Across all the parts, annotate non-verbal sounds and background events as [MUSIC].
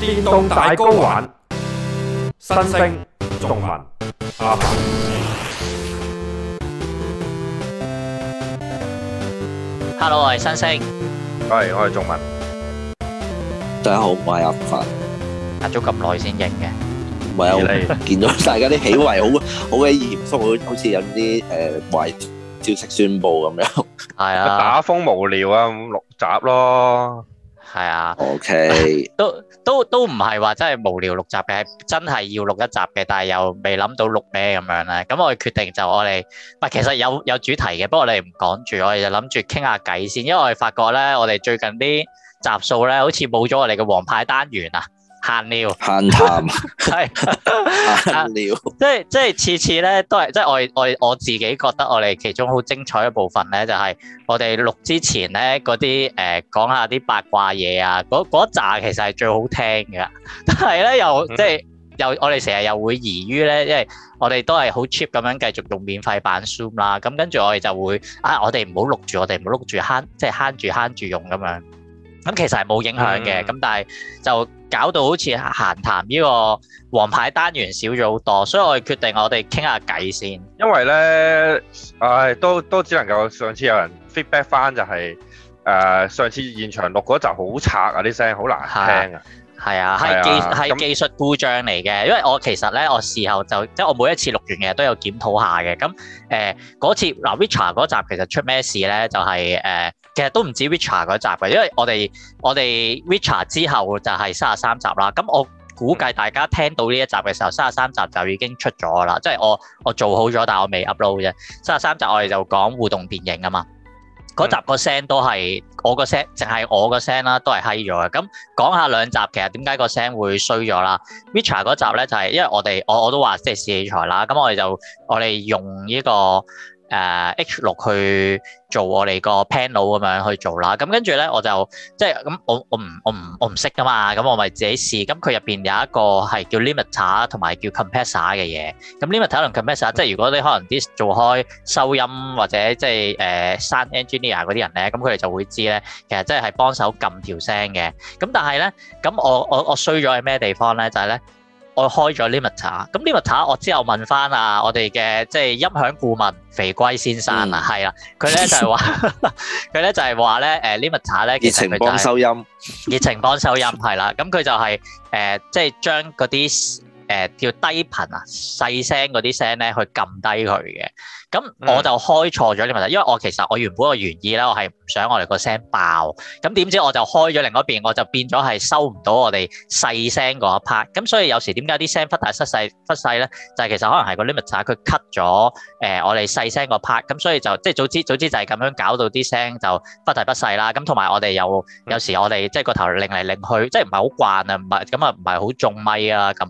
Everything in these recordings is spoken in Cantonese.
電動大 GO 玩，新星仲文阿凡，Hello，我係新星，Hi，我係仲文，大家好，我係阿凡，隔咗咁耐先贏嘅，唔係啊，見到大家啲氣氛好好嘅嚴肅，好似有啲誒壞消息宣布咁樣，係啊，打風無聊啊，咁六集咯。係啊，OK，都都都唔係話真係無聊六集嘅，真係要錄一集嘅，但係又未諗到錄咩咁樣咧。咁我哋決定就我哋，唔係其實有有主題嘅，不過我哋唔講住，我哋就諗住傾下偈先，因為我哋發覺咧，我哋最近啲集數咧好似冇咗我哋嘅皇牌單元啊。慳料，閒談，係，慳料，即係即係次次咧都係，即係我我我自己覺得我哋其中好精彩嘅部分咧就係、是、我哋錄之前咧嗰啲誒講下啲八卦嘢啊，嗰嗰一扎其實係最好聽㗎，但係咧又即係又、嗯、我哋成日又會疑于咧，因為我哋都係好 cheap 咁樣繼續用免費版 Zoom 啦，咁跟住我哋就會啊我哋唔好錄住，我哋唔好錄住慳，即係慳住慳住用咁樣。咁其實係冇影響嘅，咁、嗯、但係就搞到好似閒談呢個皇牌單元少咗好多，所以我決定我哋傾下偈先。因為咧，唉、哎，都都只能夠上次有人 feedback 返就係、是，誒、呃，上次現場錄嗰集好賊啊，啲聲好難聽啊，係啊，係技係技術故障嚟嘅，那因為我其實咧，我事後就即係我每一次錄完嘅都有檢討下嘅。咁誒，嗰、呃、次嗱、呃、Richard 嗰集其實出咩事咧？就係、是、誒。呃其實都唔知 Richard 嗰集嘅，因為我哋我哋 Richard 之後就係三十三集啦。咁我估計大家聽到呢一集嘅時候，三十三集就已經出咗啦。即係我我做好咗，但係我未 upload 啫。三十三集我哋就講互動電影啊嘛。嗰集個聲都係我個聲，淨係我個聲啦，都係閪咗嘅。咁講下兩集，其實點解個聲會衰咗啦？Richard 嗰集咧就係、是、因為我哋我我都話即係試器材啦。咁我哋就我哋用呢、這個。誒、uh, H 六去做我哋個 panel 咁樣去做啦，咁跟住咧我就即係咁，我我唔我唔我唔識噶嘛，咁我咪自己試。咁佢入邊有一個係叫 limiter 同埋叫 compressor 嘅嘢。咁 limiter 同 compressor 即係如果你可能啲做開收音或者即係誒 sound engineer 嗰啲人咧，咁佢哋就會知咧，其實真係係幫手撳條聲嘅。咁但係咧，咁我我我衰咗喺咩地方咧？就係、是、咧，我開咗 limiter，咁 limiter 我之後問翻啊，我哋嘅即係音響顧問肥龜先生啊，係啊、嗯，佢咧就係、是、話，佢咧 [LAUGHS] [LAUGHS] 就係話咧，誒、uh, limiter 咧、就是，熱情幫收音， [LAUGHS] 熱情幫收音係啦，咁佢就係誒即係將嗰啲誒叫低頻啊細聲嗰啲聲咧去撳低佢嘅。咁我就開錯咗啲問題，嗯、因為我其實我原本個原意咧，我係唔想我哋個聲爆。咁點知我就開咗另一邊，我就變咗係收唔到我哋細聲嗰一 part。咁所以有時點解啲聲忽大忽細忽細咧？就係、是、其實可能係 limit 佢 cut 咗誒我哋細聲嗰 part。咁所以就即係、就是、早知早知就係咁樣搞到啲聲就忽大忽細啦。咁同埋我哋又有，嗯、有時我哋即係個頭擰嚟擰去，即係唔係好慣啊？唔係咁啊，唔係好中咪啊咁。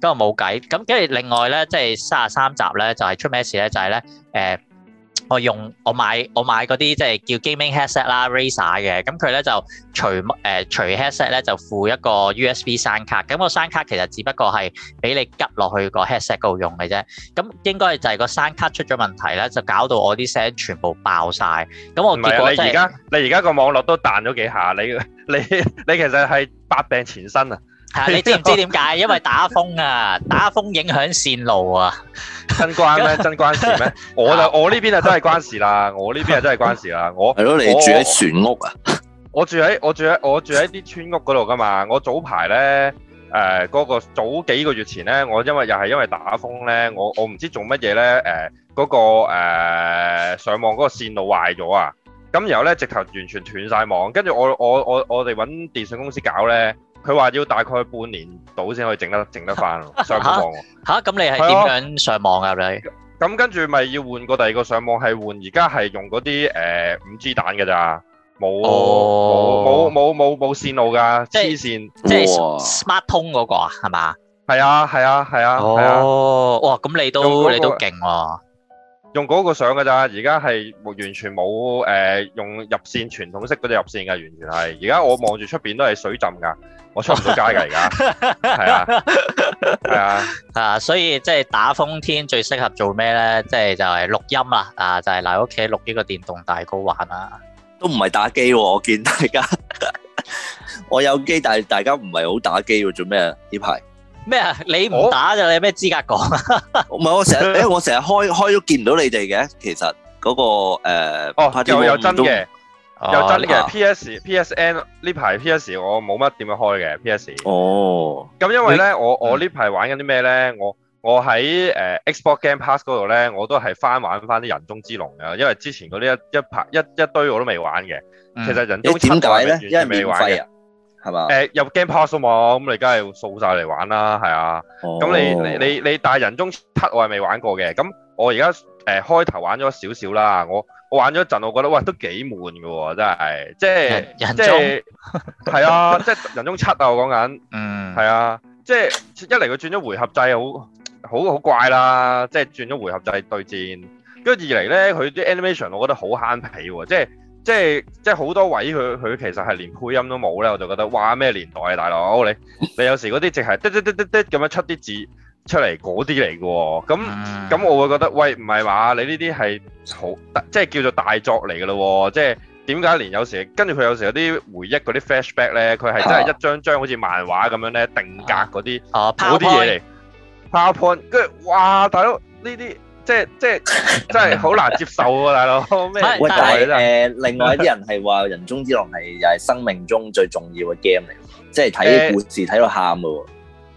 咁啊冇計。咁跟住另外咧，即係三十三集咧，就係出咩事咧？就係、是、咧。就是呢誒、呃，我用我買我買嗰啲即係叫 gaming headset 啦，Razer 嘅，咁佢咧就除乜、呃、除 headset 咧就附一個 USB sound card，咁個 sound card 其實只不過係俾你急落去個 headset 度用嘅啫，咁應該就係個 sound card 出咗問題咧，就搞到我啲聲全部爆晒。咁我唔係，你而家你而家個網絡都彈咗幾下，你你你其實係百病纏身啊！係你知唔知點解？因為打風啊，打風影響線路啊，真關咩？真關事咩？我就我呢邊啊，真係關事啦！我呢邊啊，真係 [LAUGHS] 關事啦！我係咯， [LAUGHS] 我你住喺船屋啊？我住喺我住喺我住喺啲村屋嗰度噶嘛？我早排咧，誒、呃，嗰、那個早幾個月前咧，我因為又係因為打風咧，我我唔知做乜嘢咧，誒、呃，嗰、那個誒、呃、上網嗰個線路壞咗啊！咁然後咧，直頭完全斷晒網，跟住我我我我哋搵電信公司搞咧。佢話要大概半年到先可以整得整得翻上網嚇、 [LAUGHS] 啊，咁、啊啊、你係點樣上網啊你？咁、啊嗯、跟住咪要換個第二個上網，係換、呃、而家係用嗰啲誒五 G 蛋嘅咋，冇冇冇冇冇線路㗎，黐線即係 smart 通嗰個啊，係嘛？係哇、嗯、啊係啊係啊、嗯、哦，哇！咁你都、那個、你都勁喎。用嗰個相㗎咋，而家係冇完全冇誒、呃、用入線傳統式嗰隻入線㗎，完全係。而家我望住出邊都係水浸㗎，我出唔到街㗎而家，係 [LAUGHS] 啊，係啊，啊。所以即係打風天最適合做咩咧？即係就係、是、錄音啦，啊就係嚟屋企錄呢個電動大 GO 玩啊。都唔係打機喎，我見大家 [LAUGHS] 我有機，但係大家唔係好打機喎，做咩啊？呢排？咩啊？你唔打就、哦、你有咩資格講啊？唔係我成日誒，我成日 [LAUGHS] 開開都見唔到你哋嘅。其實嗰、那個、呃、哦，又又真嘅，又、啊、真嘅、啊。P.S. P.S.N. 呢排 P.S. 我冇乜點樣開嘅。P.S. 哦，咁因為咧你，我我呢排玩緊啲咩咧？我我喺誒、呃、Xbox Game Pass 嗰度咧，我都係翻玩翻啲人中之龍嘅，因為之前嗰啲一一排一一堆我都未玩嘅。嗯、其實人中點解咧？因為未玩。啊。係、呃、嘛？誒有 game pass 啊嘛，咁你梗係掃晒嚟玩啦，係啊。咁、oh. 你你你,你但係人中七我係未玩過嘅。咁我而家誒開頭玩咗少少啦，我我玩咗一陣，我覺得哇都幾悶嘅喎、哦，真係即係中即係是係 [LAUGHS] 啊，即係人中七啊，我講緊。嗯。係啊，即係一嚟佢轉咗回合制，好好好怪啦，即係轉咗回合制對戰。跟住二嚟咧，佢啲 animation 我覺得好慳皮喎，即係。即係即係好多位佢佢其實係連配音都冇咧，我就覺得哇，咩年代啊大佬，你你有時嗰啲淨係滴滴滴滴滴咁樣出啲字出嚟嗰啲嚟嘅喎，咁咁、嗯、我會覺得喂，唔係話，你呢啲係好即係叫做大作嚟嘅咯喎，即係點解連有時跟住佢有時有啲回憶嗰啲 flashback 咧，佢係真係一張張好似漫畫咁樣咧定格嗰啲嗰啲嘢嚟，powerpoint 跟住哇大佬呢啲。即係即係 [LAUGHS] 真係好難接受喎，大佬咩？喂但係、呃，另外一啲人係話《人中之龍》係又係生命中最重要嘅 game 嚟，即係睇故事睇到喊咯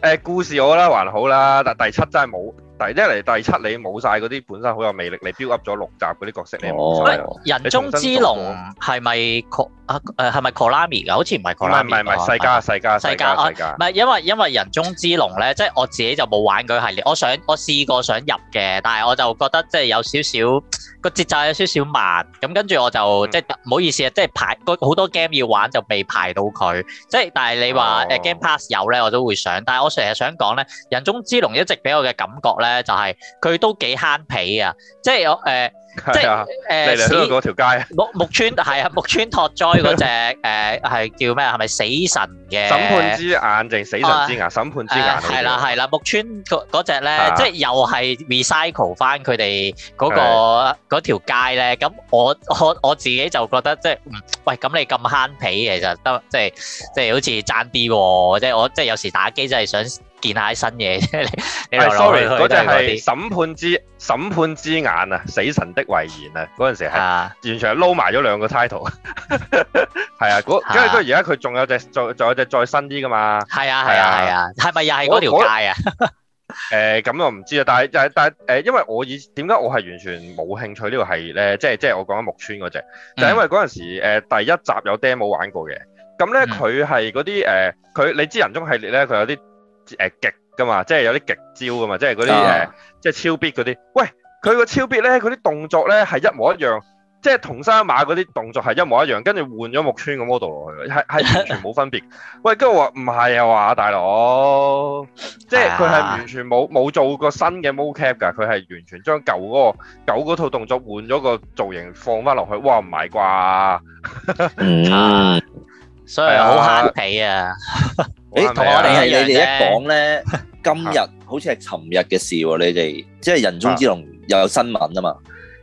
喎。故事我覺得還好啦，但第七真係冇，第一嚟第七你冇晒嗰啲本身好有魅力，你 build up 咗六集嗰啲角色咧。哦，你人中之龍係咪確？嗯，是。啊誒係咪 Callami 啊？好似唔係 Callami。唔係唔係唔係，世嘉世嘉世嘉啊！唔係因為因為人中之龍咧，即係我自己就冇玩佢系列。我想我試過想入嘅，但係我就覺得即係有少少個節奏有少少慢。咁跟住我就即係唔好意思啊，即係排個好多 game 要玩就未排到佢。即係但係你話誒 Game Pass 有咧，我都會想。但係我成日想講咧，人中之龍一直俾我嘅感覺咧，就係佢都幾慳皮啊！即係我誒。即係啊，嚟嚟去去嗰條街啊，死木木村係啊，木村拓哉嗰隻誒係叫咩啊？係咪村 [LAUGHS] 死神嘅？審判之眼定死神之眼？啊、審判之眼係、uh, 啦係啦，啦，木村嗰嗰隻咧，即係又係 recycle 翻佢哋嗰個、uh. 那個、條街咧。咁我我我自己就覺得即係，喂，咁你咁慳皮其實得，即係即係好似賺啲喎。即係我即係有時打機真係想。新嘢啫，sorry 嗰隻係《審判之審判之眼》啊，《死神的遺言》啊，嗰、那、陣、個、時係 [LAUGHS] 完全係撈埋咗兩個 title，係 [LAUGHS] 啊，跟住佢而家佢仲有隻，仲再有隻再新啲噶嘛，係啊係啊係啊，係咪又係嗰條街啊？誒，咁、呃呃、我唔知啊，但係但係誒，因為我以點解我係完全冇興趣呢個係咧，即係即係我講緊木村嗰隻，嗯、就因為嗰陣時、呃、第一集有 demo 冇玩過嘅，咁咧佢係嗰啲誒，佢你知人中系列咧，佢有啲。誒、呃、極噶嘛，即係有啲極招噶嘛，即係嗰啲誒，即係超必嗰啲。喂，佢個超必咧，佢啲動作咧係一模一樣，即係同桐生一馬嗰啲動作係一模一樣，跟住換咗木村個 model 落去，係係完全冇分別。 [LAUGHS] 喂，跟住我話唔係啊，話大佬，即係佢係完全冇冇做過新嘅 mo-cap 噶，佢係完全將舊嗰個、舊嗰套動作換咗個造型放翻落去。哇，唔係啩？ [LAUGHS] uh. 所以好慳皮啊！哎，同我哋係你哋一講咧，今日好似係尋日嘅事喎。你哋即係人中之龍又有新聞啊嘛？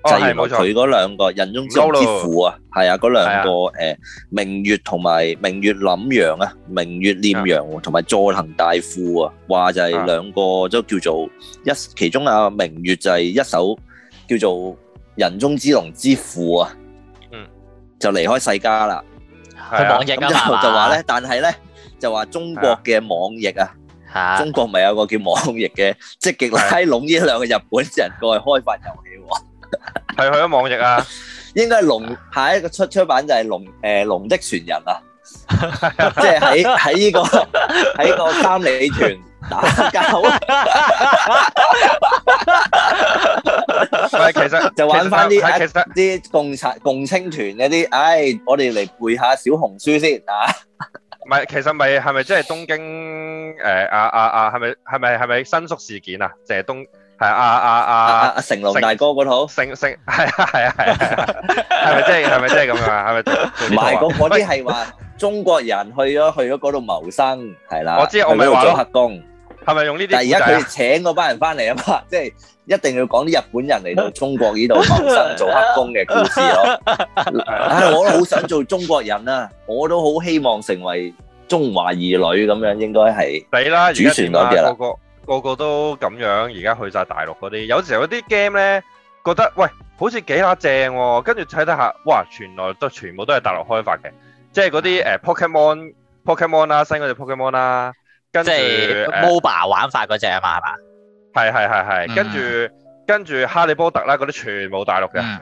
就係佢嗰兩個人中之龍之父啊，係啊，嗰兩個誒，明月同埋明月冧陽啊，明月念陽同埋助行大富啊，話就係兩個都叫做一，其中啊明月就係一首叫做人中之龍之父啊，嗯，就離開世家啦。係網易噶嘛？就話咧，但係咧就話中國嘅網易啊，中國咪有個叫網易嘅，積極拉攏呢兩個日本人過去開發遊戲。係去咗網易啊？應該係龍下一個出出版就係龍誒《龍的傳人》啊，即係喺喺呢個喺個三里屯。打狗，唔係其實就玩返啲其實啲共產共青團一啲，唉，我哋嚟背下小紅書先啊！唔係其實咪係咪即係東京誒啊啊啊係咪係咪係咪新宿事件啊？謝東係啊啊啊啊！成龍大哥嗰套成成係啊係啊係啊係咪即係係咪即係咁樣？係咪同埋嗰嗰啲係話中國人去咗去咗嗰度謀生，係啦，我知我咪話咗黑工。係咪用呢啲？但係而家佢哋請嗰班人翻嚟啊嘛，即係一定要講啲日本人嚟到中國呢度謀生做黑工嘅故事咯。我都好想做中國人啊！我都好希望成為中華兒女咁樣，應該係。係啦，主旋律嘅啦，個個個個都咁樣。而家去晒大陸嗰啲，有時候有啲 game 咧，覺得喂好似幾下正，跟住睇睇下，哇，原來都全部都係大陸開發嘅，即係嗰啲誒 Pokemon、Pokemon 啦，新嗰隻 Pokemon 啦。即係 MOBA 玩法嗰隻啊嘛，係嘛？係係係係，跟住跟住哈利波特啦，嗰啲全部大陸嘅、嗯。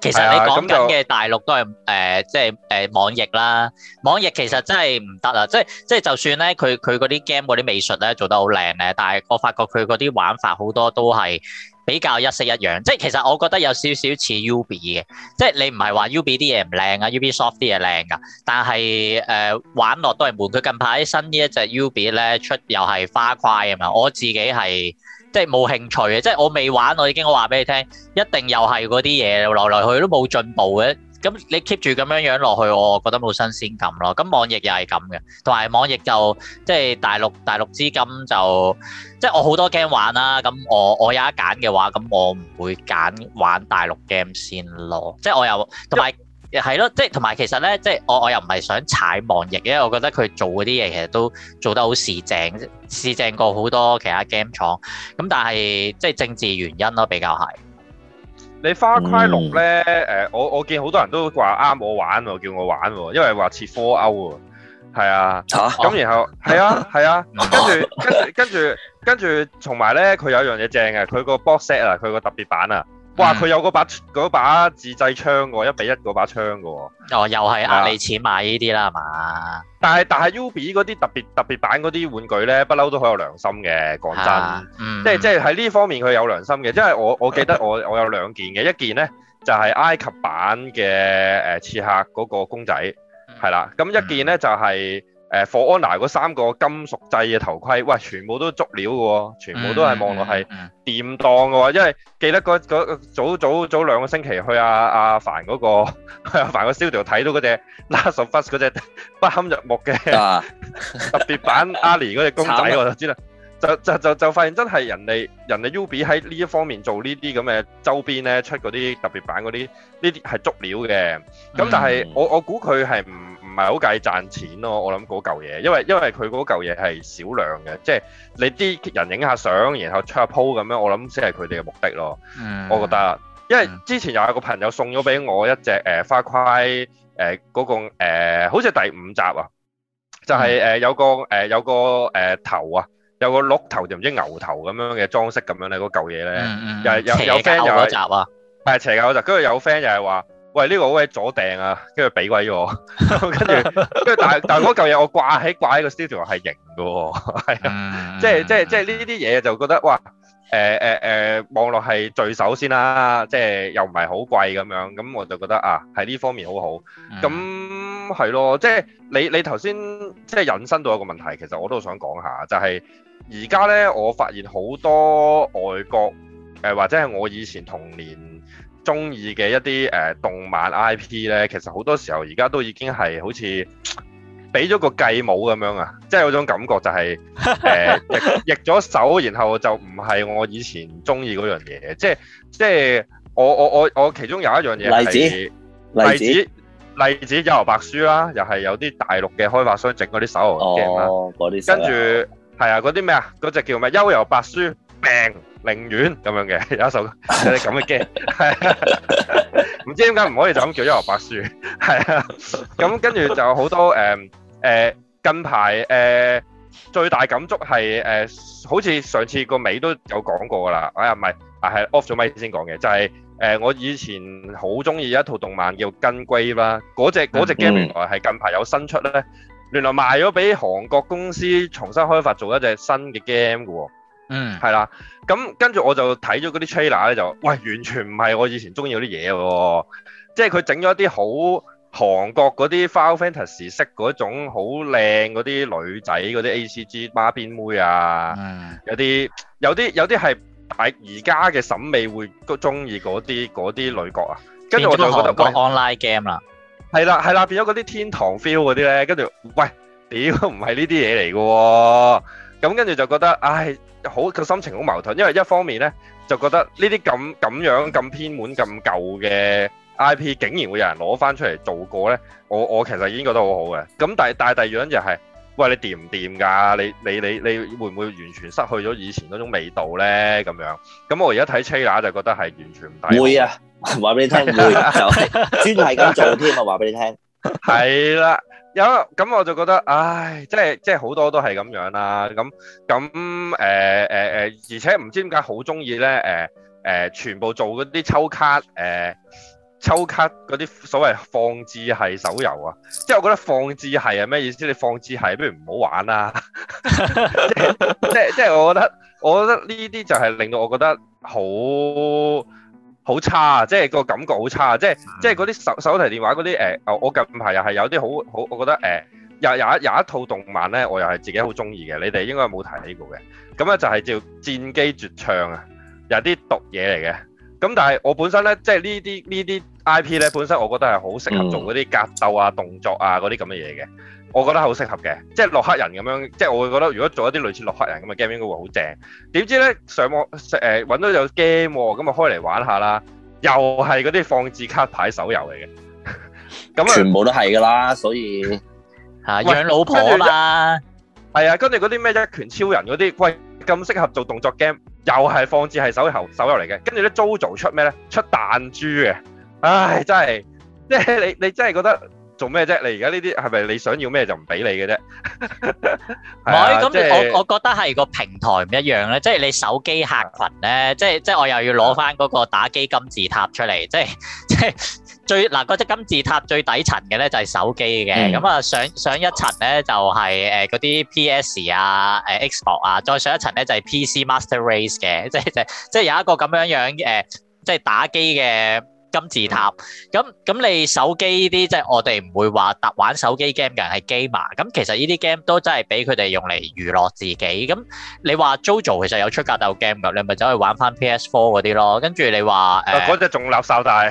其實你講緊嘅大陸都係誒，即係誒網易啦，網易其實真係唔得啊！嗯、即係即係，就算咧佢佢嗰啲 game 嗰啲美術咧做得好靚咧，但係我發覺佢嗰啲玩法好多都係。比較一式一樣，即係其實我覺得有少少似 UB 嘅，即係你唔係話 UB 啲嘢唔靚啊，UB soft 啲嘢靚㗎，但係誒、呃、玩落都係悶。佢近排新呢一隻 UB 咧出又係花塊啊嘛，我自己係即係冇興趣嘅。即係我未玩，我已經我話俾你聽，一定又係嗰啲嘢來來去都冇進步嘅。咁你 keep 住咁樣樣落去，我覺得冇新鮮感咯。咁網易又係咁嘅，同埋網易就即係、就是、大陸大陸資金就即係、就是、我好多 game 玩啦。咁我我有得揀嘅話，咁我唔會揀玩大陸 game 先咯。即係我又同埋係咯，即係同埋其實咧，即係我我又唔係想踩網易，因為我覺得佢做嗰啲嘢其實都做得好四正，四正過好多其他 game 廠。咁但係即係政治原因咯，比較係。你 Far Cry 6咧，誒、嗯呃，我我見好多人都話啱我玩喎，叫我玩喎，因為話切科歐啊，係啊，咁然後係啊，係啊，跟住跟跟住跟住，同埋咧，佢有樣嘢正嘅，佢個 box set 啊，佢個特別版啊。哇！佢有嗰把嗰把自製槍嘅，一比一嗰把槍嘅。哦，又係呃你錢買呢啲啦，係嘛？但係但係 Ubi 嗰啲特別特別版嗰啲玩具咧，不嬲都好有良心嘅，講真、啊嗯即，即係即係喺呢方面佢有良心嘅。即係我我記得我我有兩件嘅，一件咧就係、是、埃及版嘅誒、呃、刺客嗰個公仔係啦，咁、嗯、一件咧、嗯、就係、是。誒 For Honor 嗰三個金屬製嘅頭盔，喂，全部都足料嘅喎，全部都係望落係掂當嘅喎，嗯、因為記得嗰嗰、嗯、早早早兩個星期去阿、啊、阿、啊、凡嗰、那個阿、啊、凡個 studio 睇到嗰隻 Last of Us 嗰隻不堪入目嘅吧 [LAUGHS] 特別版 Ali 嗰隻公仔，了我就知啦，就就就就，就發現真係人哋人哋 UBI 喺呢一方面做呢啲咁嘅周邊咧，出嗰啲特別版嗰啲呢啲係足料嘅，咁、嗯、但係我我估佢係唔。唔係好計賺錢咯，我諗嗰嚿嘢，因為因為佢嗰嚿嘢係少量嘅，即係你啲人影下相，然後出下 po 咁樣，我諗先係佢哋嘅目的咯。嗯、我覺得，因為之前又有個朋友送咗俾我一隻誒 Far Cry 誒嗰個、呃、好似第五集啊，就係、是、誒、呃嗯、有個誒、呃、有個誒、呃、頭啊，有個鹿頭定唔知牛頭咁樣嘅裝飾咁樣咧，嗰嚿嘢咧，又係有有 friend 有一集啊、就是，係邪教嗰集、啊，跟住有 friend 又係話。喂，呢個我位左訂啊，跟住俾位我，跟住跟住，但但係嗰嚿嘢我掛喺掛喺個 studio 係型嘅喎，啊，即係即係即係呢啲嘢就覺得哇，誒誒誒，網絡係最首先啦，即係又唔係好貴咁樣，咁我就覺得啊，喺呢方面好好，咁係咯，即係你你頭先即係引申到一個問題，其實我都想講下，就係而家咧，我發現好多外國誒或者係我以前童年。中意嘅一啲誒、呃、動漫 IP 咧，其實好多時候而家都已經係好似俾咗個繼母咁樣啊！即係有種感覺就係、是、誒、呃、 [LAUGHS] 逆逆咗手，然後就唔係我以前中意嗰樣嘢。即係即係我我我我其中有一樣嘢例子例子例子《幽遊白書》啦，又係有啲大陸嘅開發商整嗰啲手遊嚟啦。哦，跟住係啊，嗰啲咩啊？嗰隻叫咩《幽遊白書》病。寧願咁樣嘅有一首有啲咁嘅 game，係唔知點解唔可以就咁叫一棵白樹？係啊，咁跟住就好多誒誒近排誒最大感觸係誒，好似上次個尾都有講過啦，啊唔係啊係 off 咗咪先講嘅，就係誒我以前好中意一套動漫叫《金龜啦》，嗰隻嗰隻 game 原來係近排有新出咧，原來賣咗俾韓國公司重新開發做一隻新嘅 game 嘅喎。嗯，係啦，咁跟住我就睇咗嗰啲 trailer 咧，就喂，完全唔係我以前中意嗰啲嘢喎，即係佢整咗啲好韓國嗰啲 Final fantasy 式嗰種好靚嗰啲女仔嗰啲 A C G 孖辮妹啊，嗯、有啲有啲有啲係大而家嘅審美會都中意嗰啲啲女角啊，跟住我就覺得喂 online game 啦，係啦係啦，變咗嗰啲天堂 feel 嗰啲咧，跟住喂，屌唔係呢啲嘢嚟嘅，咁跟住就覺得唉。哎好個心情好矛盾，因為一方面咧就覺得呢啲咁咁樣咁偏門咁舊嘅 IP，竟然會有人攞翻出嚟做過咧，我我其實已經覺得好好嘅。咁但係但係第二樣就係，喂你掂唔掂㗎？你你你你會唔會完全失去咗以前嗰種味道咧？咁樣咁我而家睇 Chila 就覺得係完全唔抵。會啊，話俾你聽，會啊，專係咁做添啊，我話俾你聽，係啦。有咁、嗯、我就覺得，唉，即係即係好多都係咁樣啦，啊。咁咁誒誒誒，而且唔知點解好鍾意咧誒誒，全部做嗰啲抽卡誒，呃、抽卡嗰啲所謂放置係手遊啊。即係我覺得放置係係咩意思？你放置係不如唔好玩啊！即係即係我覺得，我覺得呢啲就係令到我覺得好。好差啊！即係個感覺好差啊！即係即係嗰啲手手提電話嗰啲誒，我近排又係有啲好好，我覺得誒、呃，有有一有一套動漫咧，我又係自己好中意嘅，你哋應該冇提起過嘅。咁咧就係叫《戰機絕唱》啊，有啲毒嘢嚟嘅。咁但係我本身咧，即係呢啲呢啲 I P 咧，本身我覺得係好適合做嗰啲格鬥啊、動作啊嗰啲咁嘅嘢嘅。我覺得好適合嘅，即係洛克人咁樣，即係我會覺得如果做一啲類似洛克人咁嘅 game 應該會好正。點知咧，上網誒揾、呃、到有 game 咁啊，開嚟玩下啦，又係嗰啲放置卡牌手遊嚟嘅。咁 [LAUGHS] 樣全部都係噶啦，所以嚇、 [LAUGHS] 啊、養老婆啦。係啊，跟住嗰啲咩一拳超人嗰啲，喂咁適合做動作 game，又係放置係手遊手遊嚟嘅。跟住咧 Jojo 出咩咧？出彈珠啊！唉，真係即係你你，你真係覺得。做咩啫？你而家呢啲係咪你想要咩就唔俾你嘅啫？唔係咁，我、就係、我覺得係個平台唔一樣咧。即、就、係、係、你手機客群咧、嗯，即係即係我又要攞翻嗰個打機金字塔出嚟。即係即係最嗱嗰隻金字塔最底層嘅咧就係、係、手機嘅。咁啊、嗯、上上一層咧就係誒嗰啲 PS 啊誒、呃、Xbox 啊。再上一層咧就係、係、PC Master Race 嘅。即係即係即係有一個咁樣樣誒、呃，即係打機嘅。金字塔咁咁，你手機呢啲即係我哋唔會話特玩手機 game 嘅人係 gamer。咁其實呢啲 game 都真係俾佢哋用嚟娛樂自己。咁你話 Jojo 其實有出格鬥 game 㗎，你咪走去玩返 PS4 嗰啲咯。跟住你話誒，嗰隻仲垃圾大，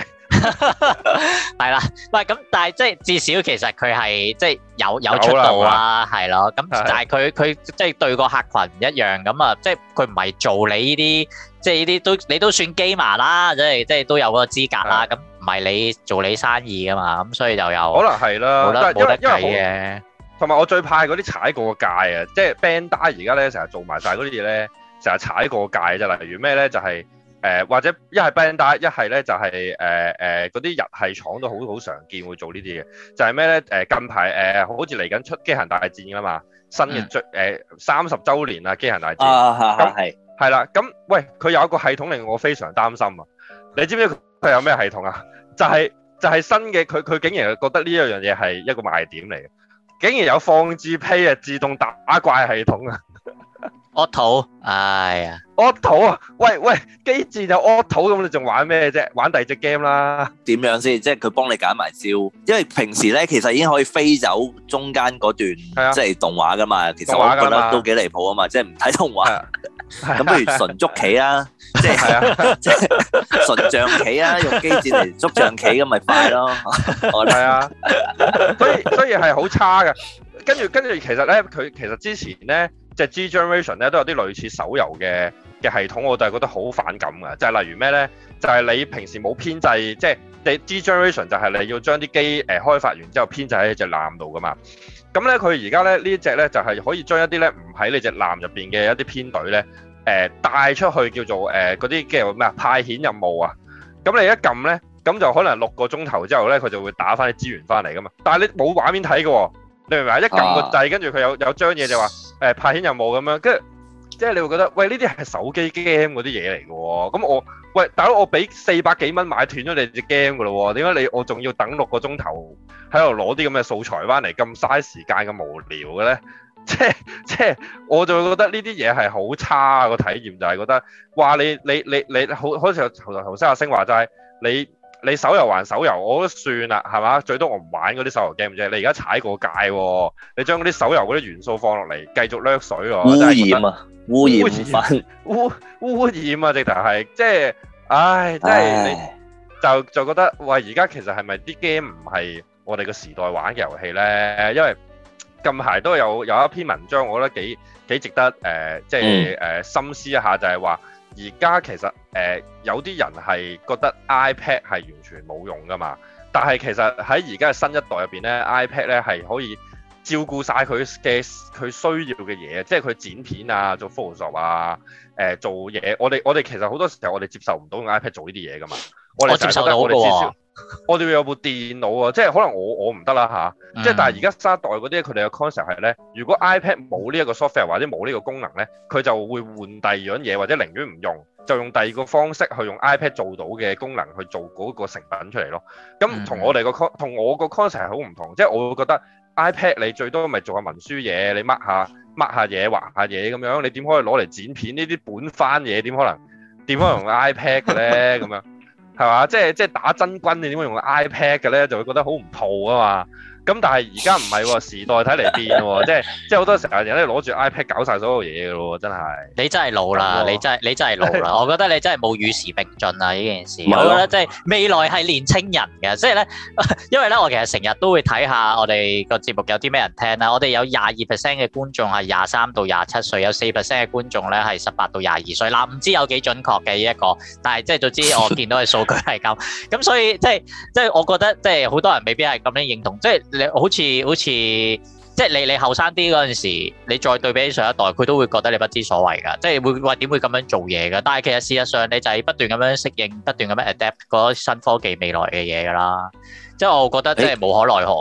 係啦。喂，咁但係即係至少其實佢係即係有有出道啦，係咯。咁但係佢佢即係對個客群唔一樣咁啊，即係佢唔係做你呢啲。即係呢啲都你都算機迷啦，即係即係都有嗰個資格啦。咁唔係你做你生意噶嘛，咁所以就有可能係啦。冇得冇得計嘅。同埋我最怕嗰啲踩過界啊！即係 Bandai 而家咧成日做埋晒嗰啲嘢咧，成日踩過界就例如咩咧？就係、是、誒、呃、或者一係 Bandai 一係咧就係誒誒嗰啲日系廠都好好常見會做呢啲嘢。就係咩咧？誒、呃、近排誒、呃、好似嚟緊出機行《機械人、嗯呃、大戰》啊嘛、嗯，新嘅誒三十周年啊，《機械人大戰》係。係啦，咁喂，佢有一個系統令我非常擔心啊！你知唔知佢有咩系統啊？就係就係新嘅，佢佢竟然覺得呢一樣嘢係一個賣點嚟嘅，竟然有放置 play 啊自動打怪系統啊！auto 哎呀，auto 啊！喂喂，機戰就 auto 咁，你仲玩咩啫？玩第二隻 game 啦，點樣先？即係佢幫你揀埋招，因為平時咧其實已經可以飛走中間嗰段，即係動畫噶嘛。其實我覺得都幾離譜啊嘛，即係唔睇動畫。咁不如純捉棋啊，即係是啊，即係 [LAUGHS] 純象棋啊，用機戰嚟捉象棋咁咪快咯，係啊 [LAUGHS] 所，所以所以係好差噶。跟住跟住，其實咧，佢其實之前咧，隻 G Generation 咧都有啲類似手遊嘅嘅系統，我就覺得好反感噶。就係、是、例如咩咧，就係、是、你平時冇編制，即、就、係、是、G Generation 就係你要將啲機誒開發完之後編制喺隻艦度噶嘛。咁咧，佢而家咧呢，呢一隻咧就係、是、可以將一啲咧唔喺你隻艦入邊嘅一啲編隊咧，誒、呃、帶出去叫做誒嗰啲叫做咩啊？派遣任務啊！咁你一撳咧，咁就可能六個鐘頭之後咧，佢就會打返啲資源返嚟㗎嘛。但係你冇畫面睇嘅喎，你明唔明啊？一撳個掣，跟住佢有有張嘢就話誒派遣任務咁樣，跟住。即係你會覺得，喂，呢啲係手機 game 嗰啲嘢嚟嘅喎。咁我，喂，大佬，我俾四百幾蚊買斷咗你隻 game 嘅咯喎。點解你我仲要等六個鐘頭喺度攞啲咁嘅素材翻嚟咁嘥時間咁無聊嘅咧？即係即係，我就會覺得呢啲嘢係好差個、啊、體驗，就係覺得話你你你你好，好似頭頭先阿星話就係你你手遊還手遊，我都算啦，係嘛？最多我唔玩嗰啲手遊 game 啫。你而家踩過界喎，你將嗰啲手遊嗰啲元素放落嚟，繼續掠水喎，真係染啊就污染污 [LAUGHS] 污染啊！直頭係，即係，唉，即係，你就就覺得，喂，而家其實係咪啲 game 唔係我哋個時代玩嘅遊戲咧？因為近排都有有一篇文章，我覺得幾幾值得，誒、呃，即係，誒、呃、深思一下，就係話而家其實，誒、呃、有啲人係覺得 iPad 係完全冇用噶嘛，但係其實喺而家嘅新一代入邊咧，iPad 咧係可以。照顧晒佢嘅佢需要嘅嘢，即係佢剪片啊，做 Photoshop 啊，誒、呃、做嘢。我哋我哋其實好多時候我哋接受唔到用 iPad 做呢啲嘢㗎嘛，我哋接受到嘅喎。我哋會有部電腦啊，即係可能我我唔得啦嚇，啊嗯、即係但係而家沙袋嗰啲佢哋嘅 concept 係咧，如果 iPad 冇呢一個 software 或者冇呢個功能咧，佢就會換第二樣嘢，或者寧願唔用，就用第二個方式去用 iPad 做到嘅功能去做嗰個成品出嚟咯。咁同、嗯、我哋個 con 同我個 concept 係好唔同，即係我會覺得 iPad 你最多咪做下文書嘢，你 mark 下 mark 下嘢，畫下嘢咁樣，你點可以攞嚟剪片呢啲本翻嘢？點可能點可能用 iPad 嘅咧咁樣？ [LAUGHS] 係嘛？即係即係打真軍，你點會用 iPad 嘅咧？就會覺得好唔妥啊嘛～咁但係而家唔係喎，時代睇嚟變喎，即係即係好多時候人哋攞住 iPad 搞曬所有嘢噶咯，真係你真係老啦，你真你真係老啦，我覺得你真係冇與時並進啊呢件事。我覺得即係未來係年青人嘅，所以咧，因為咧我其實成日都會睇下我哋個節目有啲咩人聽啦。我哋有廿二 percent 嘅觀眾係廿三到廿七歲，有四 percent 嘅觀眾咧係十八到廿二歲啦。唔知有幾準確嘅呢一個，但係即係早知我見到嘅數據係咁，咁所以即係即係我覺得即係好多人未必係咁樣認同，即係。好好你好似好似即係你你後生啲嗰陣時，你再對比起上一代，佢都會覺得你不知所謂㗎，即係會話點會咁樣做嘢㗎？但係其實事實上，你就係不斷咁樣適應，不斷咁樣 adapt 嗰新科技未來嘅嘢㗎啦。即係我覺得真係無可奈何。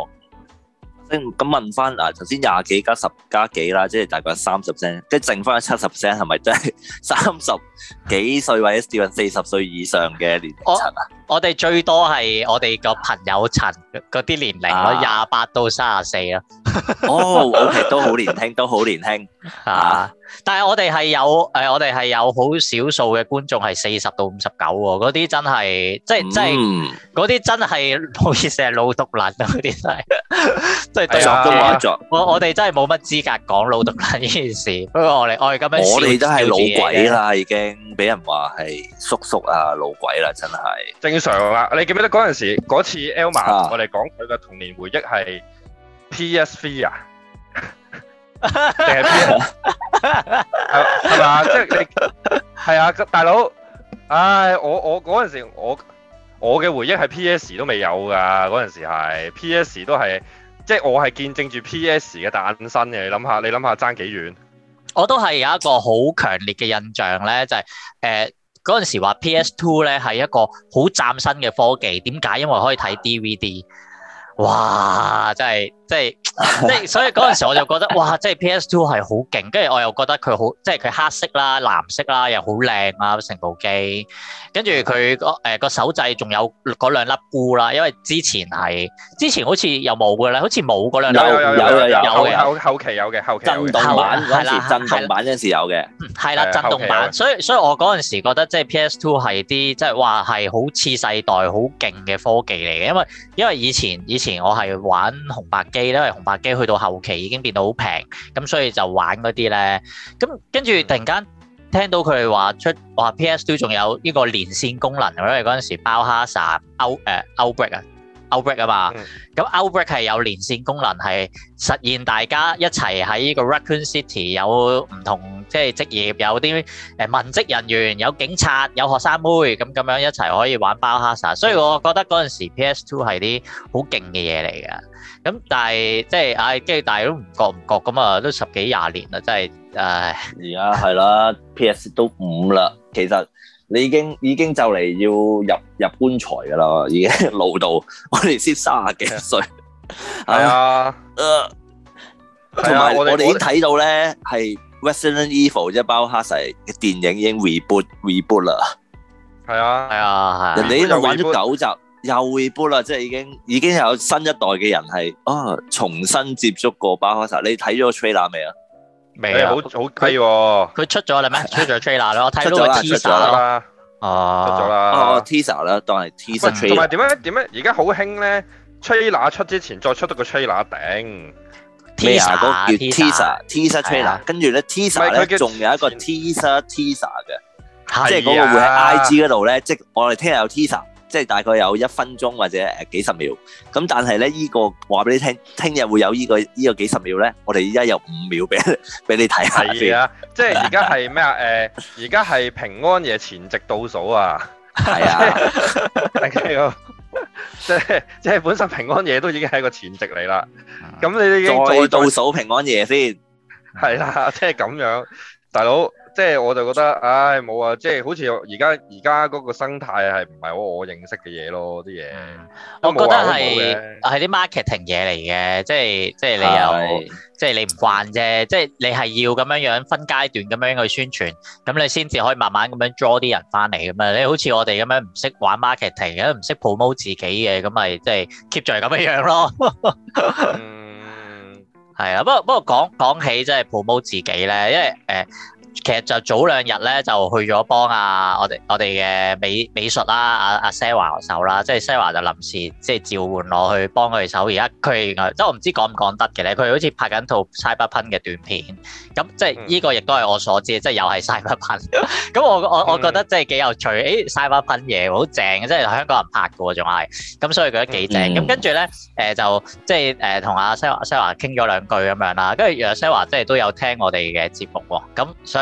咁、欸、問翻嗱，頭先廿幾加十加幾啦，即係大概三十聲，跟住剩翻七十聲係咪即係三十幾歲或者接近四十歲以上嘅年齡層啊？哦我哋最多係我哋個朋友層嗰啲年齡咯，廿八、啊、到三十四咯。哦、 [LAUGHS] oh，OK，都好年輕， [LAUGHS] 都好年輕啊！但係我哋係有，誒、呃、我哋係有好少數嘅觀眾係四十到五十九，嗰啲真係，即係、嗯、即係，嗰啲真係好似成老毒撚嗰啲，啊、真係。正常都話我、嗯、我哋真係冇乜資格講老毒撚呢件事。不過我哋我哋咁樣，我哋都係老鬼啦，已經俾人話係叔叔啊老鬼啦，真係。正常啦、啊，你記唔記得嗰陣時嗰次 Elma，我哋講佢嘅童年回憶係 PSV 啊？定係 PS 啊？係咪即係你係啊？大佬，唉、哎，我我嗰陣時我我嘅回憶係 PS 都未有噶，嗰陣時係 PS 都係即係我係見證住 PS 嘅誕生嘅，你諗下，你諗下爭幾遠？我都係有一個好強烈嘅印象咧，就係誒嗰陣時話 PS Two 咧係一個好嶄新嘅科技，點解？因為可以睇 DVD 哇！真係。即係即係所以嗰陣時我就覺得哇，即係 PS2 係好勁，跟住我又覺得佢好，即係佢黑色啦、藍色啦，又好靚啊，成部機，跟住佢個誒個手掣仲有兩粒菇啦，因為之前係之前好似又冇嘅啦，好似冇嗰兩粒。有有有有嘅，後後期有嘅，後期。震動版係啦，震動版嗰陣時有嘅，係啦，震動版，所以所以我嗰陣時覺得即係 PS2 係啲即係話係好似世代好勁嘅科技嚟嘅，因為因為以前以前我係玩紅白機。因為紅白機去到後期已經變到好平，咁所以就玩啲咧。咁跟住突然間聽到佢哋話出話 PS2 仲有呢個連線功能，因為陣時包哈薩歐誒歐 Break 啊。Outbreak 啊嘛，咁 Outbreak 係有連線功能，係實現大家一齊喺呢個 Raccoon City，有唔同即係職業，有啲誒文職人員，有警察，有學生妹，咁咁樣一齊可以玩包哈薩。所以我覺得嗰陣時 PS2 係啲好勁嘅嘢嚟嘅，咁但係即係唉，跟住大家都唔覺唔覺咁啊，都十幾廿年啦，真係唉。而家係啦，PS 都五啦，其實。你已經已經就嚟要入入棺材噶啦，已經老到我哋先卅幾歲。係啊，同埋我哋、啊、已經睇到咧係《Resident Evil》即係包哈嘅電影已經 reboot reboot 啦。係啊，係啊，係、啊。人哋呢度玩咗九集又 reboot 啦，即係已經已經有新一代嘅人係哦、啊、重新接觸過包哈士。你睇咗 trailer 未啊？未，啊，好好低喎。佢出咗啦咩 Trailer 咯，我睇到個 Tisa 啦。哦，出咗啦。哦，Tisa 啦，當係 Tisa 同埋點樣？點樣？而家好興咧 Trailer 出之前再出咗個 Trailer 頂。咩啊？嗰個叫 Tisa，Tisa Trailer 跟住咧 Tisa 咧仲有一個 Tisa Tisa 嘅，即係嗰個會喺 IG 嗰度咧，即係我哋聽日有 Tisa。即係大概有一分鐘或者誒幾十秒，咁但係咧依個，話俾你聽，聽日會有依個依個幾十秒咧，我哋依家有五秒俾，俾你睇下先。係啊，即係而家係咩啊？誒，而家係平安夜前夕倒數啊！係啊，大家要即係即係，本身平安夜都已經係一個前夕嚟啦。咁你哋已經再倒數平安夜先，係啦，即係咁樣，大佬。即係我就覺得，唉、哎、冇啊！即係好似而家而家嗰個生態係唔係我我認識嘅嘢咯，啲嘢、嗯。啊、我覺得係係啲 marketing 嘢嚟嘅，即係即係你又即係你唔慣啫。即係你係是要咁樣樣分階段咁樣去宣傳，咁你先至可以慢慢咁樣 draw 啲人翻嚟咁啊！你好似我哋咁樣唔識玩 marketing 嘅，唔識 promote 自己嘅，咁咪即係 keep 住係咁樣樣咯。係啊， [LAUGHS] 不過不過講講起即係 promote 自己咧，因為誒。呃其實就早兩日咧，就去咗幫阿我哋我哋嘅美美術啦，阿阿西華手啦，即係西華就臨時即係召喚我去幫佢哋手。而家佢即係我唔知講唔講得嘅咧，佢好似拍緊套 Cyberpunk 嘅短片，咁即係呢個亦都係我所知，即係又係 Cyberpunk。咁我我我覺得即係幾有趣，誒 Cyberpunk 嘢好正，即係香港人拍嘅喎仲係，咁所以覺得幾正。咁跟住咧，誒就即係誒同阿西華西華傾咗兩句咁樣啦，跟住原來西華即係都有聽我哋嘅節目喎，咁上。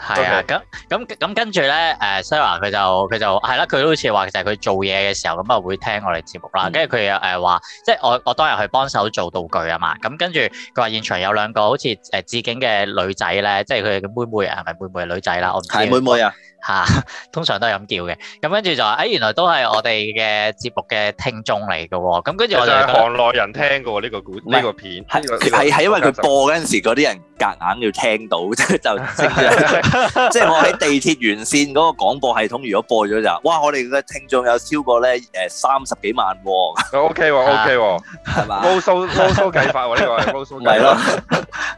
係啊，咁咁咁跟住咧，誒 Sarah 佢就佢就係啦，佢好似話其實佢做嘢嘅時候咁啊會聽我哋節目啦，跟住佢又誒話，即係我我當日去幫手做道具啊嘛，咁跟住佢話現場有兩個好似誒致敬嘅女仔咧，即係佢哋嘅妹妹係，咪妹妹女仔啦，我唔知。係妹妹啊。吓，通常都係咁叫嘅，咁跟住就，誒，原來都係我哋嘅節目嘅聽眾嚟噶，咁跟住我就行內人聽過呢個故呢個片，係係係因為佢播嗰陣時嗰啲人夾硬要聽到，即係就即係即係我喺地鐵沿線嗰個廣播系統如果播咗就，哇，我哋嘅聽眾有超過咧誒三十幾萬，OK 喎，OK 喎，係嘛？高收高收計法喎呢個高收，係咯，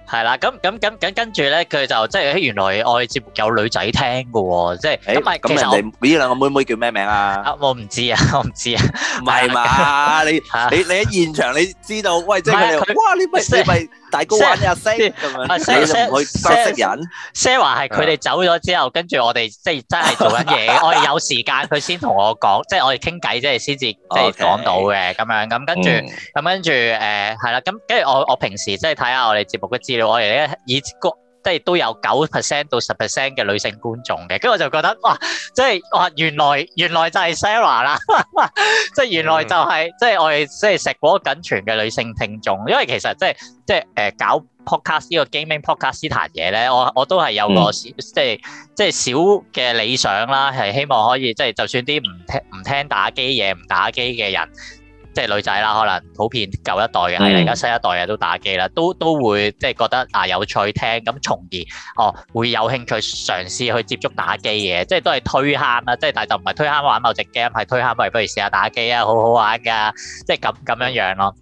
係啦，咁咁咁咁跟住咧，佢就即係，原來我哋節目有女仔聽噶。即係咁，咁人哋呢兩個妹妹叫咩名啊？我唔知啊，我唔知啊。唔係嘛？你你你喺現場，你知道？喂，即係佢哇！你乜聲？大哥玩下聲咁樣。share 就唔可以收識人。Sarah 係佢哋走咗之後，跟住我哋即係真係做緊嘢。我哋有時間，佢先同我講，即係我哋傾偈，即係先至即係講到嘅咁樣。咁跟住，咁跟住誒係啦。咁跟住我，我平時即係睇下我哋節目嘅資料，我而家以個。即係都有九 percent 到十 percent 嘅女性觀眾嘅，跟住我就覺得哇！即係哇，原來原來就係 Sarah 啦， [LAUGHS] 即係原來就係、是、即係我哋即係食果緊全嘅女性聽眾。因為其實即係即係誒搞 pod cast, podcast 呢個 gaming podcast 談嘢咧，我我都係有個小、嗯、即係即係小嘅理想啦，係希望可以即係就算啲唔聽唔聽打機嘢、唔打機嘅人。即係女仔啦，可能普遍舊一代嘅，而家新一代嘅都打機啦，都都會即係覺得啊有趣聽，咁從而哦會有興趣嘗試去接觸打機嘅，即係都係推坑啦，即係但係就唔係推坑玩某隻 game，係推坑不如不如試下打機啊，好好玩㗎，即係咁咁樣樣咯。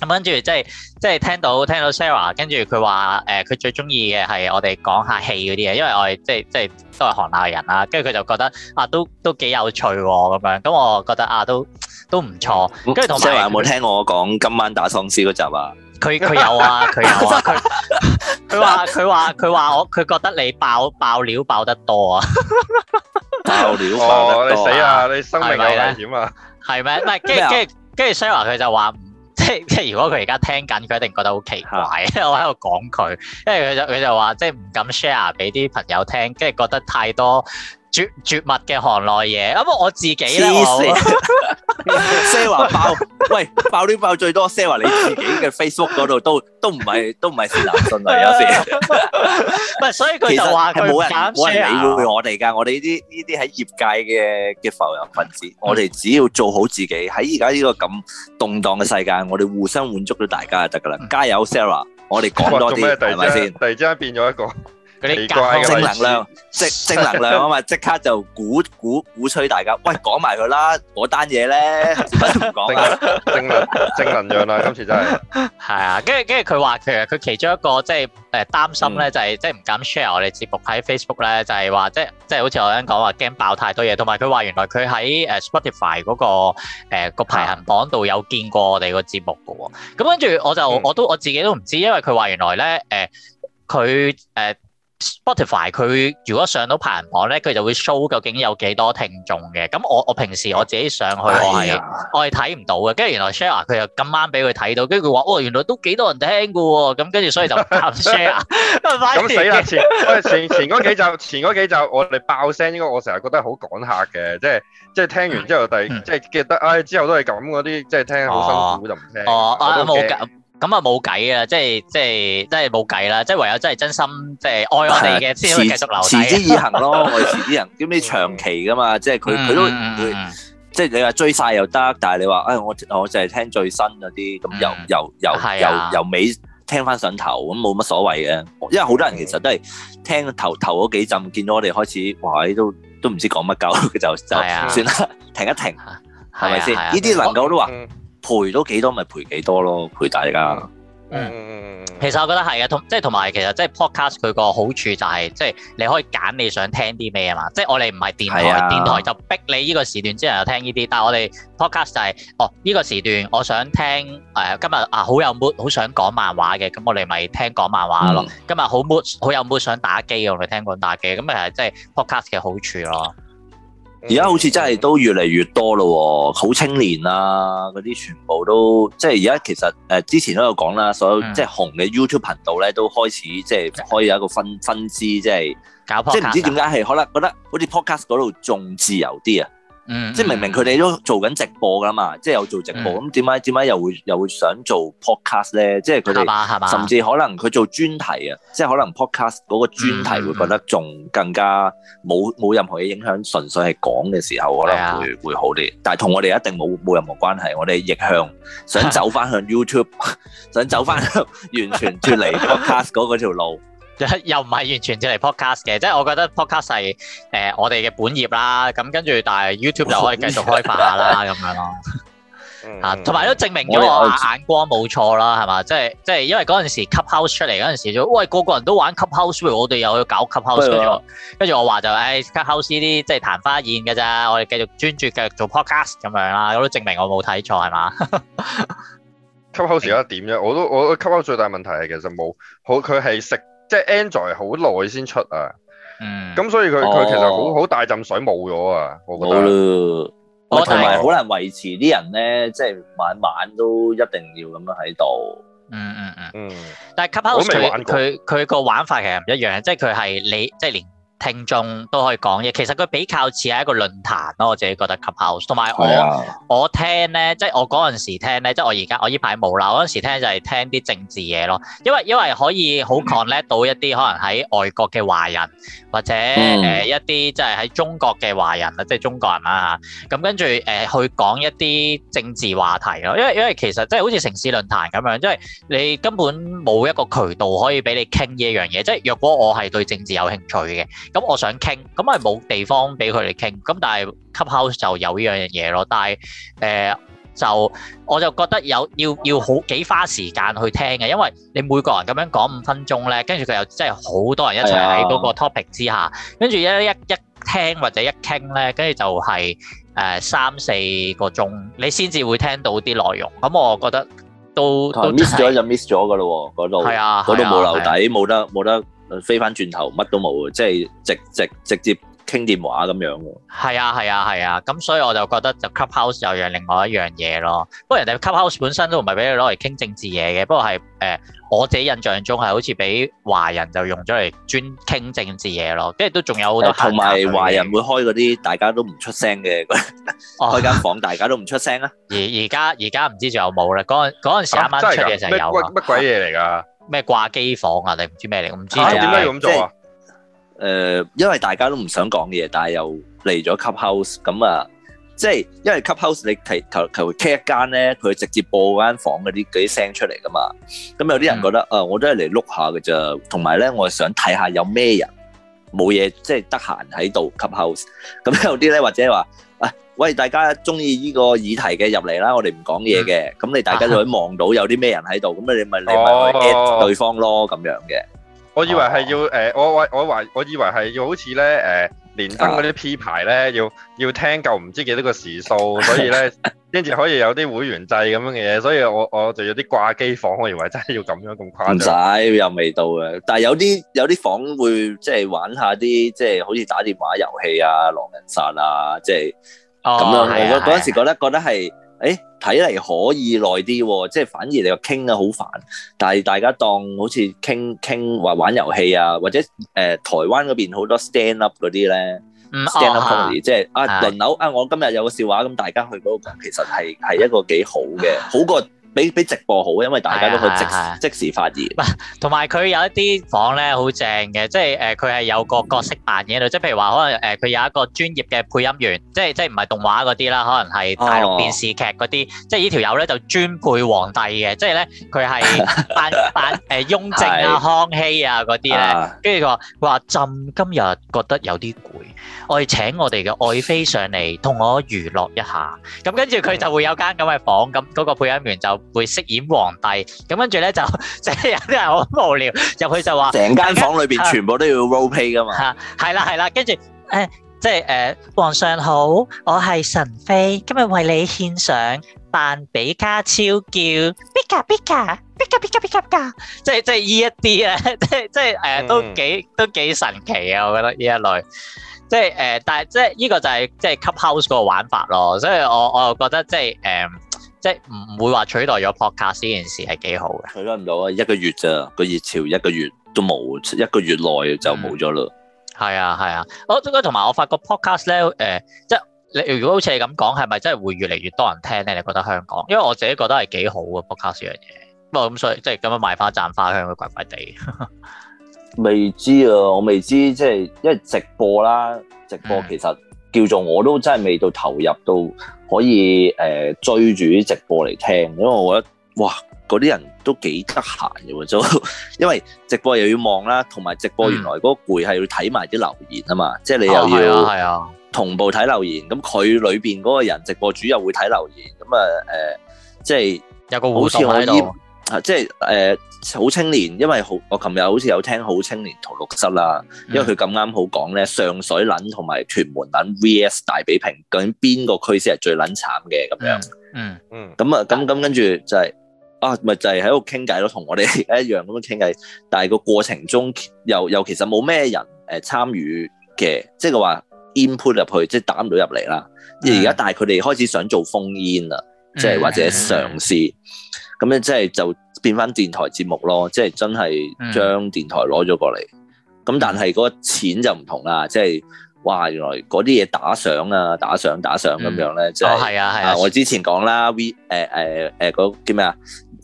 咁跟住即係即係聽到聽到 Sarah，跟住佢話誒佢、呃、最中意嘅係我哋講下戲嗰啲嘢，因為我哋即係即係都係韓亞人啦，跟住佢就覺得啊都都，都幾有趣喎、哦、咁樣，咁我覺得啊都。啊都啊啊嗯都唔錯，跟住同埋，Sir 有冇聽我講今晚打喪屍嗰集啊？佢佢有啊，佢有啊，佢佢話佢話佢話我佢覺得你爆爆料爆得多啊！ [LAUGHS] 爆料爆、啊哦、你死啊！你生命危險啊！係咩吧？唔係跟住跟住跟住 Sir 佢就話，即係即係如果佢而家聽緊，佢一定覺得好奇怪，因為、啊、 [LAUGHS] 我喺度講佢，因為佢就佢就話即係唔敢 share 俾啲朋友聽，跟住覺得太多。絕絕密嘅行內嘢，咁啊我自己啦，Sarah 爆，喂，爆料爆最多，Sarah 你自己嘅 Facebook 嗰度都都唔係都唔係信男信女，有事。唔係，所以佢就話係冇人冇人理會我哋噶我哋呢啲呢啲喺業界嘅嘅浮游分子，我哋只要做好自己，喺而家呢個咁動盪嘅世界，我哋互相滿足咗大家就得噶啦。加油，Sarah，我哋講多啲，係咪先？突然之間變咗一個。嗰啲正能量，即 [LAUGHS] 正，正能量啊嘛， [LAUGHS] 即刻就鼓鼓鼓吹大家，喂，講埋佢啦，嗰單嘢咧，乜都唔講正能正能量啊，今次真係係啊，跟住跟住佢話其實佢其中一個即係誒、呃、擔心咧，就係即係唔敢 share 我哋節目喺 Facebook 咧，就係、是、話、就是、即即係好似我啱講話驚爆太多嘢，同埋佢話原來佢喺誒 Spotify 嗰個誒個排行榜度有見過我哋個節目㗎喎，咁跟住我就，我，就我都我自己都唔知，因為佢話原來咧誒佢誒。呃呃呃呃呃呃 Spotify 佢如果上到排行榜咧，佢就會 show 究竟有幾多聽眾嘅。咁我我平時我自己上去，我係我係睇唔到嘅。跟住原來 Share 佢又咁啱俾佢睇到，跟住佢話哦，原來都幾多人聽㗎喎。咁跟住所以就 share。 [LAUGHS] [LAUGHS] 咁死啦！前前嗰幾集，前嗰幾集我哋爆聲，應該我成日覺得好趕客嘅，即係即係聽完之後第、嗯嗯、即係記得。唉、哎，之後都係咁嗰啲，即係聽好辛苦就。唔啊，咁啊，咁啊冇計啊，即係即係即係冇計啦，即係唯有真係真心即係愛我哋嘅先可以繼續留底。持之以恆咯，持之以恆，因為長期噶嘛，即係佢佢都唔會，即係你話追晒又得，但係你話啊我我淨係聽最新嗰啲，咁由由由由由尾聽翻上頭，咁冇乜所謂嘅，因為好多人其實都係聽頭頭嗰幾陣，見到我哋開始，哇！呢都都唔知講乜鳩，就就算啦，停一停，係咪先？呢啲能夠都話。賠到幾多咪賠幾多咯，賠大家嗯。嗯，其實我覺得係嘅，同即係同埋其實即係 podcast 佢個好處就係、係、即係你可以揀你想聽啲咩啊嘛。即係我哋唔係電台，啊、電台就逼你呢個時段之後又聽呢啲，但係我哋 podcast 就係、係、哦呢、呢個時段我想聽誒、呃、今日啊好有 mood，好想講漫畫嘅，咁我哋咪聽講漫畫咯。嗯、今日好 mood，好有 mood 想打機嘅，我哋聽講打機。咁誒、係、即係 podcast 嘅好處咯。而家、嗯、好似真係都越嚟越多咯、哦，好青年啊，嗰啲全部都即係而家其實誒、呃、之前都有講啦，所有、嗯、即係紅嘅 YouTube 頻道咧都開始即係開咗一個分分支，即係搞即係唔知點解係可能覺得好似 Podcast 嗰度仲自由啲啊。嗯、即係明明佢哋都做緊直播㗎嘛，即係有做直播，咁點解點解又會又會想做 podcast 咧？即係佢哋甚至可能佢做專題啊，即係可能 podcast 嗰個專題、嗯、會覺得仲更加冇冇任何嘅影響，純粹係講嘅時候，可能的會會好啲。但係同我哋一定冇冇任何關係。我哋逆向想走翻向 YouTube，的 [LAUGHS] 想走翻完全脱離 podcast 嗰嗰 [LAUGHS] 條路。又唔係完全淨係 podcast 嘅，即係我覺得 podcast 係誒、呃、我哋嘅本業啦，咁跟住但係 YouTube 就可以繼續開發下啦，咁樣咯。吓，同埋都證明咗我眼光冇錯啦，係嘛？即係即係因為嗰陣時 Clubhouse 出嚟嗰陣時就，喂，個個人都玩 Clubhouse，我哋又要搞 Clubhouse 吧，跟住我話就誒 Clubhouse 呢啲即係曇花一現嘅咋，我哋繼續專注繼續做 podcast 咁樣啦，咁都證明我冇睇錯，係嘛？Clubhouse 而家點啫？我都我 Clubhouse 最大問題係其實冇，好佢係食。即係 Android 好耐先出啊，嗯，咁所以佢佢、哦、其實好好大浸水冇咗啊，我覺得冇咯，同埋好難維持啲人咧，即係晚晚都一定要咁樣喺度、嗯，嗯嗯嗯嗯，但係吸口 p c 佢佢佢個玩法其實唔一樣，即係佢係你即係連。聽眾都可以講嘢，其實佢比較似係一個論壇咯，我自己覺得 Clubhouse，及同埋我我聽呢，即係我嗰陣時聽呢，即係我而家我依排冇啦。嗰陣時聽就係聽啲政治嘢咯，因為因為可以好 connect 到一啲、嗯、可能喺外國嘅華人，或者誒、嗯呃、一啲即係喺中國嘅華人啦，即係中國人啦、啊、咁跟住誒、呃、去講一啲政治話題咯，因為因為其實即係好似城市論壇咁樣，即係你根本冇一個渠道可以俾你傾呢一樣嘢。即係若果我係對政治有興趣嘅。咁我想傾，咁係冇地方俾佢哋傾，咁但係 Clubhouse 就有呢樣嘢咯。但係誒，就我就覺得有要要好幾花時間去聽嘅，因為你每個人咁樣講五分鐘咧，跟住佢又真係好多人一齊喺嗰個 topic 之下，跟住一一聽或者一傾咧，跟住就係誒三四個鐘，你先至會聽到啲內容。咁我覺得都 miss 咗就 miss 咗噶咯喎，嗰度係啊，嗰度冇留底，冇得冇得。飛翻轉頭，乜都冇，即係直直直接傾電話咁樣喎。係啊，係啊，係啊，咁所以我就覺得就 Clubhouse 又係另外一樣嘢咯。不過人哋 Clubhouse 本身都唔係俾你攞嚟傾政治嘢嘅，不過係誒、呃、我自己印象中係好似俾華人就用咗嚟專傾政治嘢咯。跟住都仲有好多同埋華人會開嗰啲大家都唔出聲嘅、哦、 [LAUGHS] 開間房，大家都唔出聲啊。而而家而家唔知仲有冇咧？嗰嗰陣時啱啱出嘅就有啊。乜鬼嘢嚟㗎？咩掛機房啊？你唔知咩嚟？咁知啊。點解要咁做啊？誒、呃，因為大家都唔想講嘢，但係又嚟咗 Clubhouse 咁啊。即係因為 Clubhouse 你提求求聽一間咧，佢直接播嗰間房嗰啲啲聲出嚟噶嘛。咁有啲人覺得、嗯、啊，我都係嚟碌下嘅啫。同埋咧，我係想睇下有咩人冇嘢，即係得閒喺度 Clubhouse。咁有啲咧，或者話。喂，大家中意呢個議題嘅入嚟啦，我哋唔講嘢嘅，咁 [LAUGHS] 你大家就可以望到有啲咩人喺度，咁 [LAUGHS] 你咪你咪 at 對方咯，咁樣嘅、 [LAUGHS] 呃。我以為係要誒，我我我懷我以為係要好似咧誒，連登嗰啲 P 牌咧，要要聽夠唔知幾多個時數， [LAUGHS] 所以咧，跟住可以有啲會員制咁樣嘅嘢，所以我我就有啲掛機房，我以為真係要咁樣咁誇張。唔使，又未到啊！但係有啲有啲房會即係玩下啲即係好似打電話遊戲啊、狼人殺啊，即係。咁、哦、樣，啊、我嗰陣、啊、時覺得、啊、覺得係，誒睇嚟可以耐啲喎，即係反而你話傾得好煩，但係大家當好似傾傾話玩遊戲啊，或者誒、呃、台灣嗰邊好多 stand up 嗰啲咧，stand up comedy、啊、即係啊，啊輪流啊，我今日有個笑話，咁大家去嗰個講，其實係係一個幾好嘅，好過。比比直播好，因為大家都去以即即時發言。同埋佢有一啲房咧，好正嘅，即係誒佢係有個角色扮演度，嗯、即係譬如話可能誒佢有一個專業嘅配音員，即係即係唔係動畫嗰啲啦，可能係大陸電視劇嗰啲，啊、即係呢條友咧就專配皇帝嘅，即係咧佢係扮 [LAUGHS] 扮誒雍正啊、 [LAUGHS] 康熙啊嗰啲咧，跟住佢話朕今日覺得有啲攰，我哋請我哋嘅愛妃上嚟同我娛樂一下。咁跟住佢就會有間咁嘅房，咁嗰個配音員就會飾演皇帝，咁跟住咧就即係有啲人好無聊，入去就話成間房裏邊全部都要 role play 噶嘛。係啦係啦，跟住誒即係誒皇上好，我係神妃，今日為你獻上，扮比卡超叫，比卡比卡比卡比卡比卡噶，即係即係呢一啲咧，即係即係誒都幾都幾神奇啊！我覺得呢一類，即係誒，但係即係呢個就係即係 Clubhouse 嗰個玩法咯，所以我我又覺得即係誒。就是嗯即係唔會話取代咗 podcast 呢件事係幾好嘅，取代唔到啊！一個月咋個熱潮，一個月都冇，一個月內就冇咗咯。係啊係啊，我應該同埋我發覺 podcast 咧，誒、呃，即係你如果好似你咁講，係咪真係會越嚟越多人聽咧？你覺得香港？因為我自己覺得係幾好嘅 podcast 呢樣嘢。不過咁所以即係咁樣賣花讚花香，佢怪怪地。 [LAUGHS] 未知啊，我未知即係因為直播啦，直播其實、嗯。叫做我都真係未到投入到可以誒、呃、追住啲直播嚟聽，因為我覺得哇嗰啲人都幾得閒嘅，就因為直播又要望啦，同埋直播原來個攰係要睇埋啲留言啊嘛，嗯、即係你又要係啊同步睇留言，咁佢、哦啊啊、裏邊嗰個人直播主又會睇留言，咁啊誒即係有個、啊、好似可以。即係誒好青年，因為我好我琴日好似有聽好青年荼毒室啦，因為佢咁啱好講咧上水撚同埋屯門撚 VS 大比拼，究竟邊個區先係最撚慘嘅咁樣、嗯嗯、樣？嗯嗯，咁、就是、啊，咁、就、咁、是、跟住就係啊，咪就係喺度傾偈咯，同我哋一樣咁樣傾偈，但係個過程中又又其實冇咩人誒參與嘅，即係話 input 入去，即、就、係、是、打唔到入嚟啦。而家但係佢哋開始想做封煙啦，嗯、即係或者嘗試。嗯嗯嗯嗯咁咧，即係就變翻電台節目咯，即係真係將電台攞咗過嚟。咁、嗯、但係嗰個錢就唔同啦，即係哇，原來嗰啲嘢打賞啊，打賞打賞咁、嗯、樣咧。就係、哦、啊，係啊。啊我之前講啦，We 誒誒誒嗰叫咩啊？誒、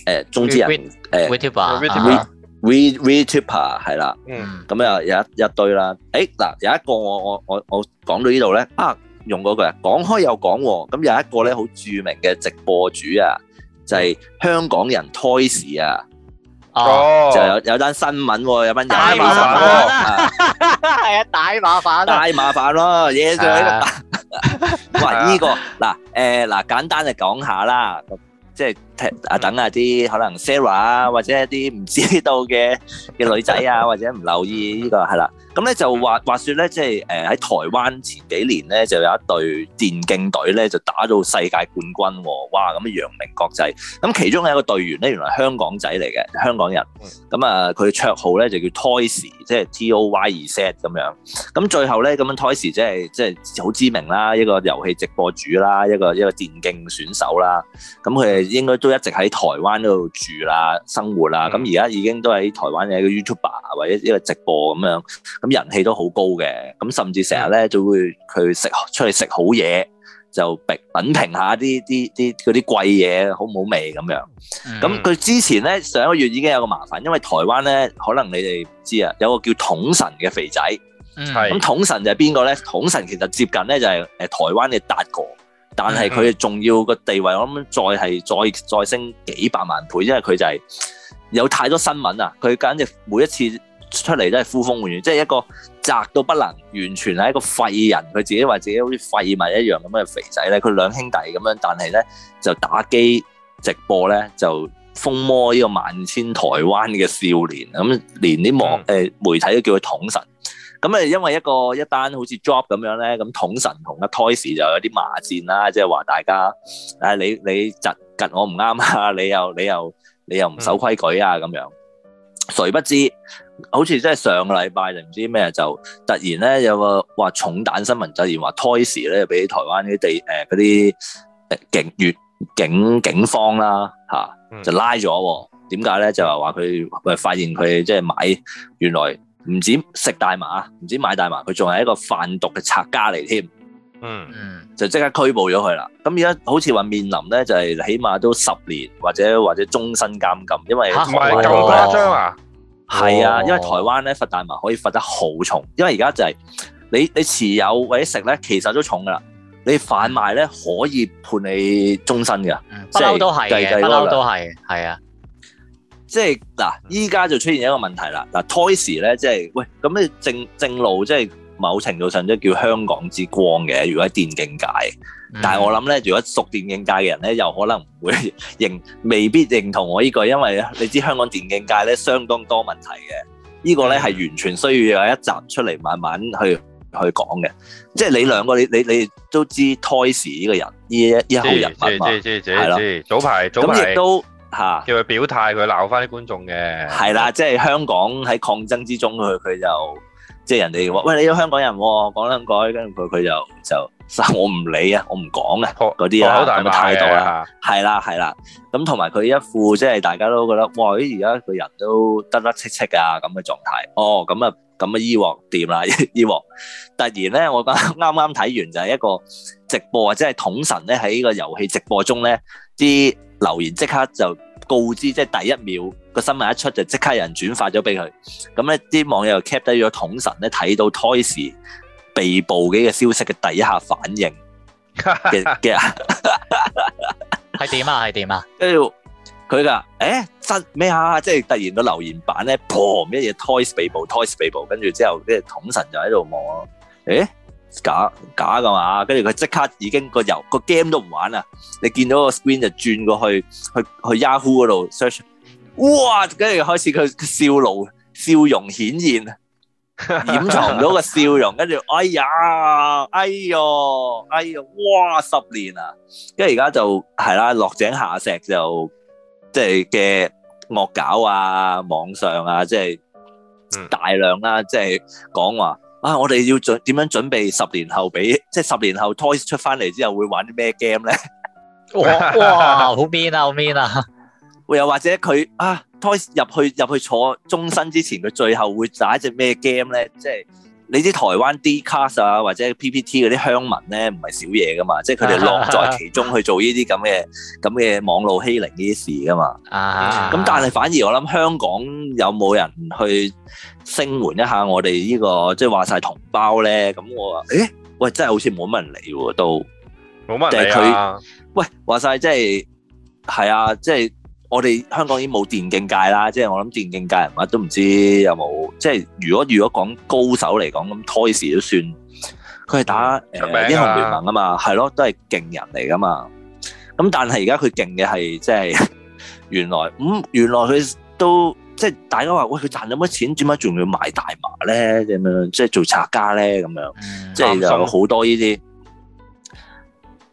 呃呃呃呃呃呃，中之人誒，VTuber，VTuber，VTuber 係啦。嗯。咁啊，有一一堆啦。誒、欸、嗱，有一個我我我我講到呢度咧，啊，用嗰句啊，講開又講喎。咁有一個咧，好著名嘅直播主啊。就係香港人 Toyz 啊！哦，就有有單新聞喎，有班人太啊，太、啊 [LAUGHS] 啊、麻煩、啊，大麻煩咯，惹上啦。喂，呢個嗱誒嗱簡單就講下啦，即係。啊等啊啲可能 Sarah 啊或者一啲唔知道嘅嘅女仔啊或者唔留意呢個係啦，咁咧就話話說咧即係誒喺台灣前幾年咧就有一隊電競隊咧就打到世界冠軍，哦，哇！咁啊揚名國際，咁其中有一個隊員咧原來香港仔嚟嘅香港人，咁啊佢綽號咧就叫 Toyz，即係 T O Y Z 咁樣，咁最後咧咁樣 Toyz 即係即係好知名啦，一個遊戲直播主啦，一個一個電競選手啦，咁佢係應該。都一直喺台灣嗰度住啦、生活啦，咁而家已經都喺台灣嘅一個 YouTuber 或者一個直播咁樣，咁人氣都好高嘅，咁甚至成日咧就會佢食出去食好嘢，就品評下啲啲啲啲貴嘢好唔好味咁樣。咁佢、嗯、之前咧上一個月已經有個麻煩，因為台灣咧可能你哋唔知啊，有個叫統神嘅肥仔，咁、嗯嗯、統神就係邊個咧？統神其實接近咧就係誒台灣嘅達哥。但係佢重要個地位，我諗再係再再升幾百萬倍，因為佢就係、是、有太多新聞啊！佢簡直每一次出嚟都係呼風喚雨，即係一個宅到不能完全係一個廢人，佢自己話自己好似廢物一樣咁嘅肥仔咧，佢兩兄弟咁樣，但係咧就打機直播咧就瘋魔呢個萬千台灣嘅少年，咁連啲網誒媒體都叫佢統神。咁誒，因為一個一單好似 job 咁樣咧，咁統神同阿 Toyz 就有啲罵戰啦，即係話大家誒、啊、你你窒緊我唔啱啊，你又你又你又唔守規矩啊咁樣。誰不知，好似即係上個禮拜就唔知咩就突然咧有個話重彈新聞，就然話 Toyz 咧俾台灣啲地誒嗰啲警越警警方啦嚇、啊、就拉咗喎。點解咧就係話佢發現佢即係買原來。唔止食大麻，唔止買大麻，佢仲係一個販毒嘅拆家嚟添。嗯嗯，就即刻拘捕咗佢啦。咁而家好似話面臨咧，就係起碼都十年或者或者終身監禁，因為嚇啊？係啊，因為台灣咧罰大麻可以罰得好重，因為而家就係你你持有或者食咧，其實都重噶啦。你販賣咧可以判你終身嘅，不嬲都係不嬲都係，係啊。即係嗱，依家就出現一個問題啦。嗱，Toyz 咧，即係喂咁你正正路即係某程度上即叫香港之光嘅，如果喺電競界。但係我諗咧，如果熟電競界嘅人咧，又可能唔會認，未必認同我呢、這個，因為你知香港電競界咧相當多問題嘅。這個、呢個咧係完全需要有一集出嚟，慢慢去去講嘅。即係你兩個，你你你都知 Toyz 依個人，呢一號人物嘛。係啦吧，早排早排。嚇！叫佢表態，佢鬧翻啲觀眾嘅，係啦，即係香港喺抗爭之中，佢佢就即係人哋話：，喂你都香港人，講兩句，跟住佢佢就就，我唔理啊，我唔講啊，嗰啲好大嘅態度啦，係啦係啦，咁同埋佢一副即係大家都覺得，哇！而家個人都得得戚戚啊，咁嘅狀態。哦，咁啊，咁啊，依鑊掂啦，依鑊。突然咧，我覺得啱啱睇完就係一個直播或者係統神咧喺個遊戲直播中咧，啲留言即刻就告知即係第一秒個新聞一出就即刻有人轉發咗俾佢，咁咧啲網友又 kept 低咗統神咧睇到 Toy 氏被捕嘅消息嘅第一下反應嘅嘅，係點啊？係點啊？跟住佢話，誒、欸、真咩啊？即係突然到留言板咧 p 咩嘢 Toy 氏被捕，Toy 氏被捕，跟住之後啲統神就喺度望，誒、欸？假假噶嘛，跟住佢即刻已經個遊個 game 都唔玩啦。你見到個 screen 就轉過去，去去 Yahoo 嗰度 search，哇！跟住開始佢笑容笑容顯現，掩藏唔到個笑容。跟住哎呀，哎呦，哎呦，哇！十年啊，跟住而家就係啦，落井下石就即係嘅惡搞啊，網上啊，即係大量啦，即係講話。啊！我哋要準點樣準備十年後俾，即係十年後 Toyz 出翻嚟之後會玩啲咩 game 咧？哇！好 mean 啊！好 mean 啊！又或者佢啊，Toyz 入去入去坐終身之前，佢最後會打隻咩 game 咧？即係。你啲台灣 D 卡啊，或者 PPT 嗰啲鄉民咧，唔係少嘢噶嘛，即係佢哋樂在其中去做呢啲咁嘅咁嘅網絡欺凌呢啲事噶嘛。咁、 [LAUGHS] 嗯、但係反而我諗香港有冇人去聲援一下我哋呢、呢個，即係話晒同胞咧。咁我話，誒，喂，真係好似冇乜人嚟喎，都冇乜人理啊。喂，話晒，即係係啊，即係。我哋香港已經冇電競界啦，即係我諗電競界人物都唔知有冇，即係如果如果講高手嚟講，咁 Toyz 都算，佢係打、呃啊、英雄聯盟啊嘛，係咯，都係勁人嚟噶嘛。咁但係而家佢勁嘅係即係原來，嗯，原來佢都即係大家話喂，佢賺咗乜錢，點解仲要賣大麻咧？咁樣即係做拆家咧？咁樣即係就好多呢啲。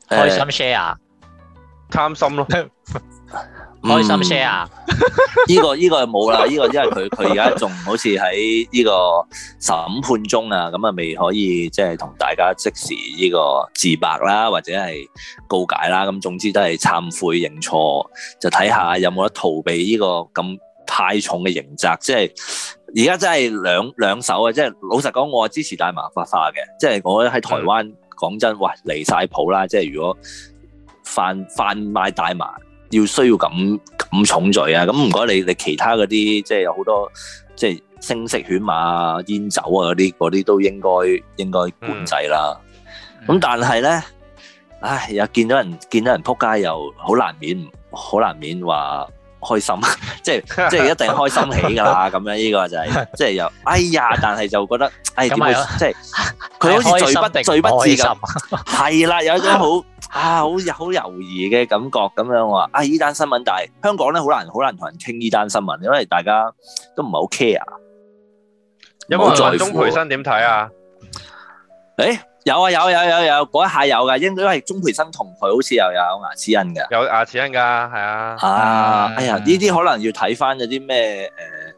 開心 Share 貪心咯。 [LAUGHS] 開心、啊、share？依、嗯這個依、這個冇啦，呢、這個因為佢佢而家仲好似喺呢個審判中啊，咁啊未可以即係同大家即時呢個自白啦，或者係告解啦，咁總之都係懺悔認錯，就睇下有冇得逃避呢個咁太重嘅刑責。即係而家真係兩兩手啊！即、就、係、是、老實講，我支持大麻合法化嘅。即係我喺台灣講真，喂離晒譜啦！即係如果販販賣大麻。要需要咁咁重罪啊！咁唔該，你你其他嗰啲即係有好多即係聲色犬馬啊、煙酒啊嗰啲嗰啲都應該應該管制啦。咁、嗯嗯、但係咧，唉又見到人見到人撲街又好難免，好難免話。開心，即係即係一定開心起噶啦，咁樣呢個就係、是， [LAUGHS] 即係又哎呀，但係就覺得哎點解？ [LAUGHS] 即係佢好似罪不罪不至死，係啦， [LAUGHS] 有一種好 [LAUGHS] 啊好好猶疑嘅感覺咁樣話，啊呢單新聞，但係香港咧好難好難同人傾呢單新聞，因為大家都唔係好 care 有。有冇問鍾培生點睇啊？誒、 [LAUGHS] 哎。有啊有啊有有、啊、有，嗰一下有噶，應該係鐘培生同佢好似又有牙齒印噶。有牙齒印噶，係啊。啊,啊,啊，哎呀，呢啲可能要睇翻嗰啲咩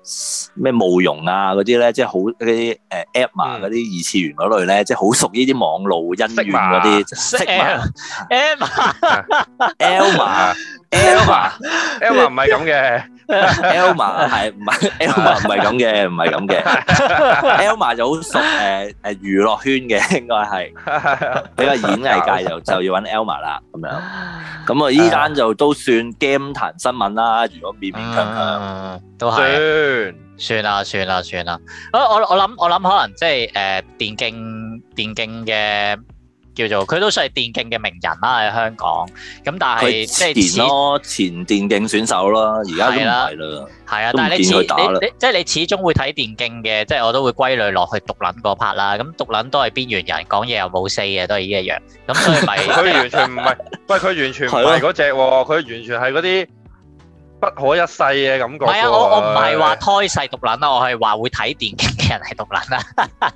誒咩慕容啊嗰啲咧，即係好嗰啲誒、呃、Emma 嗰啲二次元嗰類咧，嗯、即係好熟呢啲網路恩怨嗰啲。識嘛？Emma，Emma，Emma，Emma 唔係咁嘅。Elma 係唔係？Elma 唔係咁嘅，唔係咁嘅。Elma 就好熟，誒誒，娛樂圈嘅應該係，比較演藝界就就要揾 Elma 啦，咁樣。咁啊，依單就都算 Game 壇新聞啦，如果勉勉強強都係。算算啦，算啦，算啦。啊，我我諗我諗，可能即係誒，電競電競嘅。叫做佢都算係電競嘅名人啦喺香港，咁但係即係前咯、啊，前電競選手咯，而家都唔係啦，係啊了，但係你始即係你，你，就是、你始終會睇電競嘅，即、就、係、是、我都會歸類落去獨撚嗰 part 啦。咁獨撚都係邊緣人，講嘢又冇四嘅，都係依一樣。咁所以咪佢完全唔係，喂，佢完全唔係嗰隻喎，佢完全係嗰啲。不可一世嘅感覺。係啊，我我唔係話胎細毒撚啊，我係話會睇電影嘅人係毒撚啊。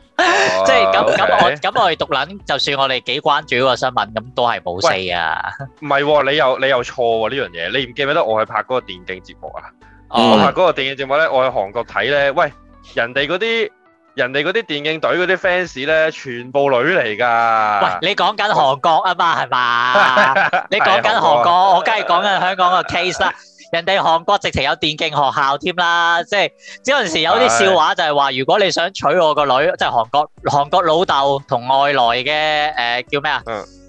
即係咁咁我咁我哋毒撚，就算我哋幾關注嗰個新聞，咁都係冇勢啊。唔係，你又你又錯呢樣嘢。你唔記唔記得我去拍嗰個電競節目啊？我拍嗰個電競節目咧，我去韓國睇咧。喂，人哋嗰啲人哋嗰啲電競隊嗰啲 fans 咧，全部女嚟噶。喂，你講緊韓國啊嘛係嘛？你講緊韓國，我梗係講緊香港嘅 case 啦。人哋韓國直情有電競學校添啦，即係嗰陣時有啲笑話就係話，如果你想娶我個女，即係韓國韓國老豆同外來嘅誒叫咩啊？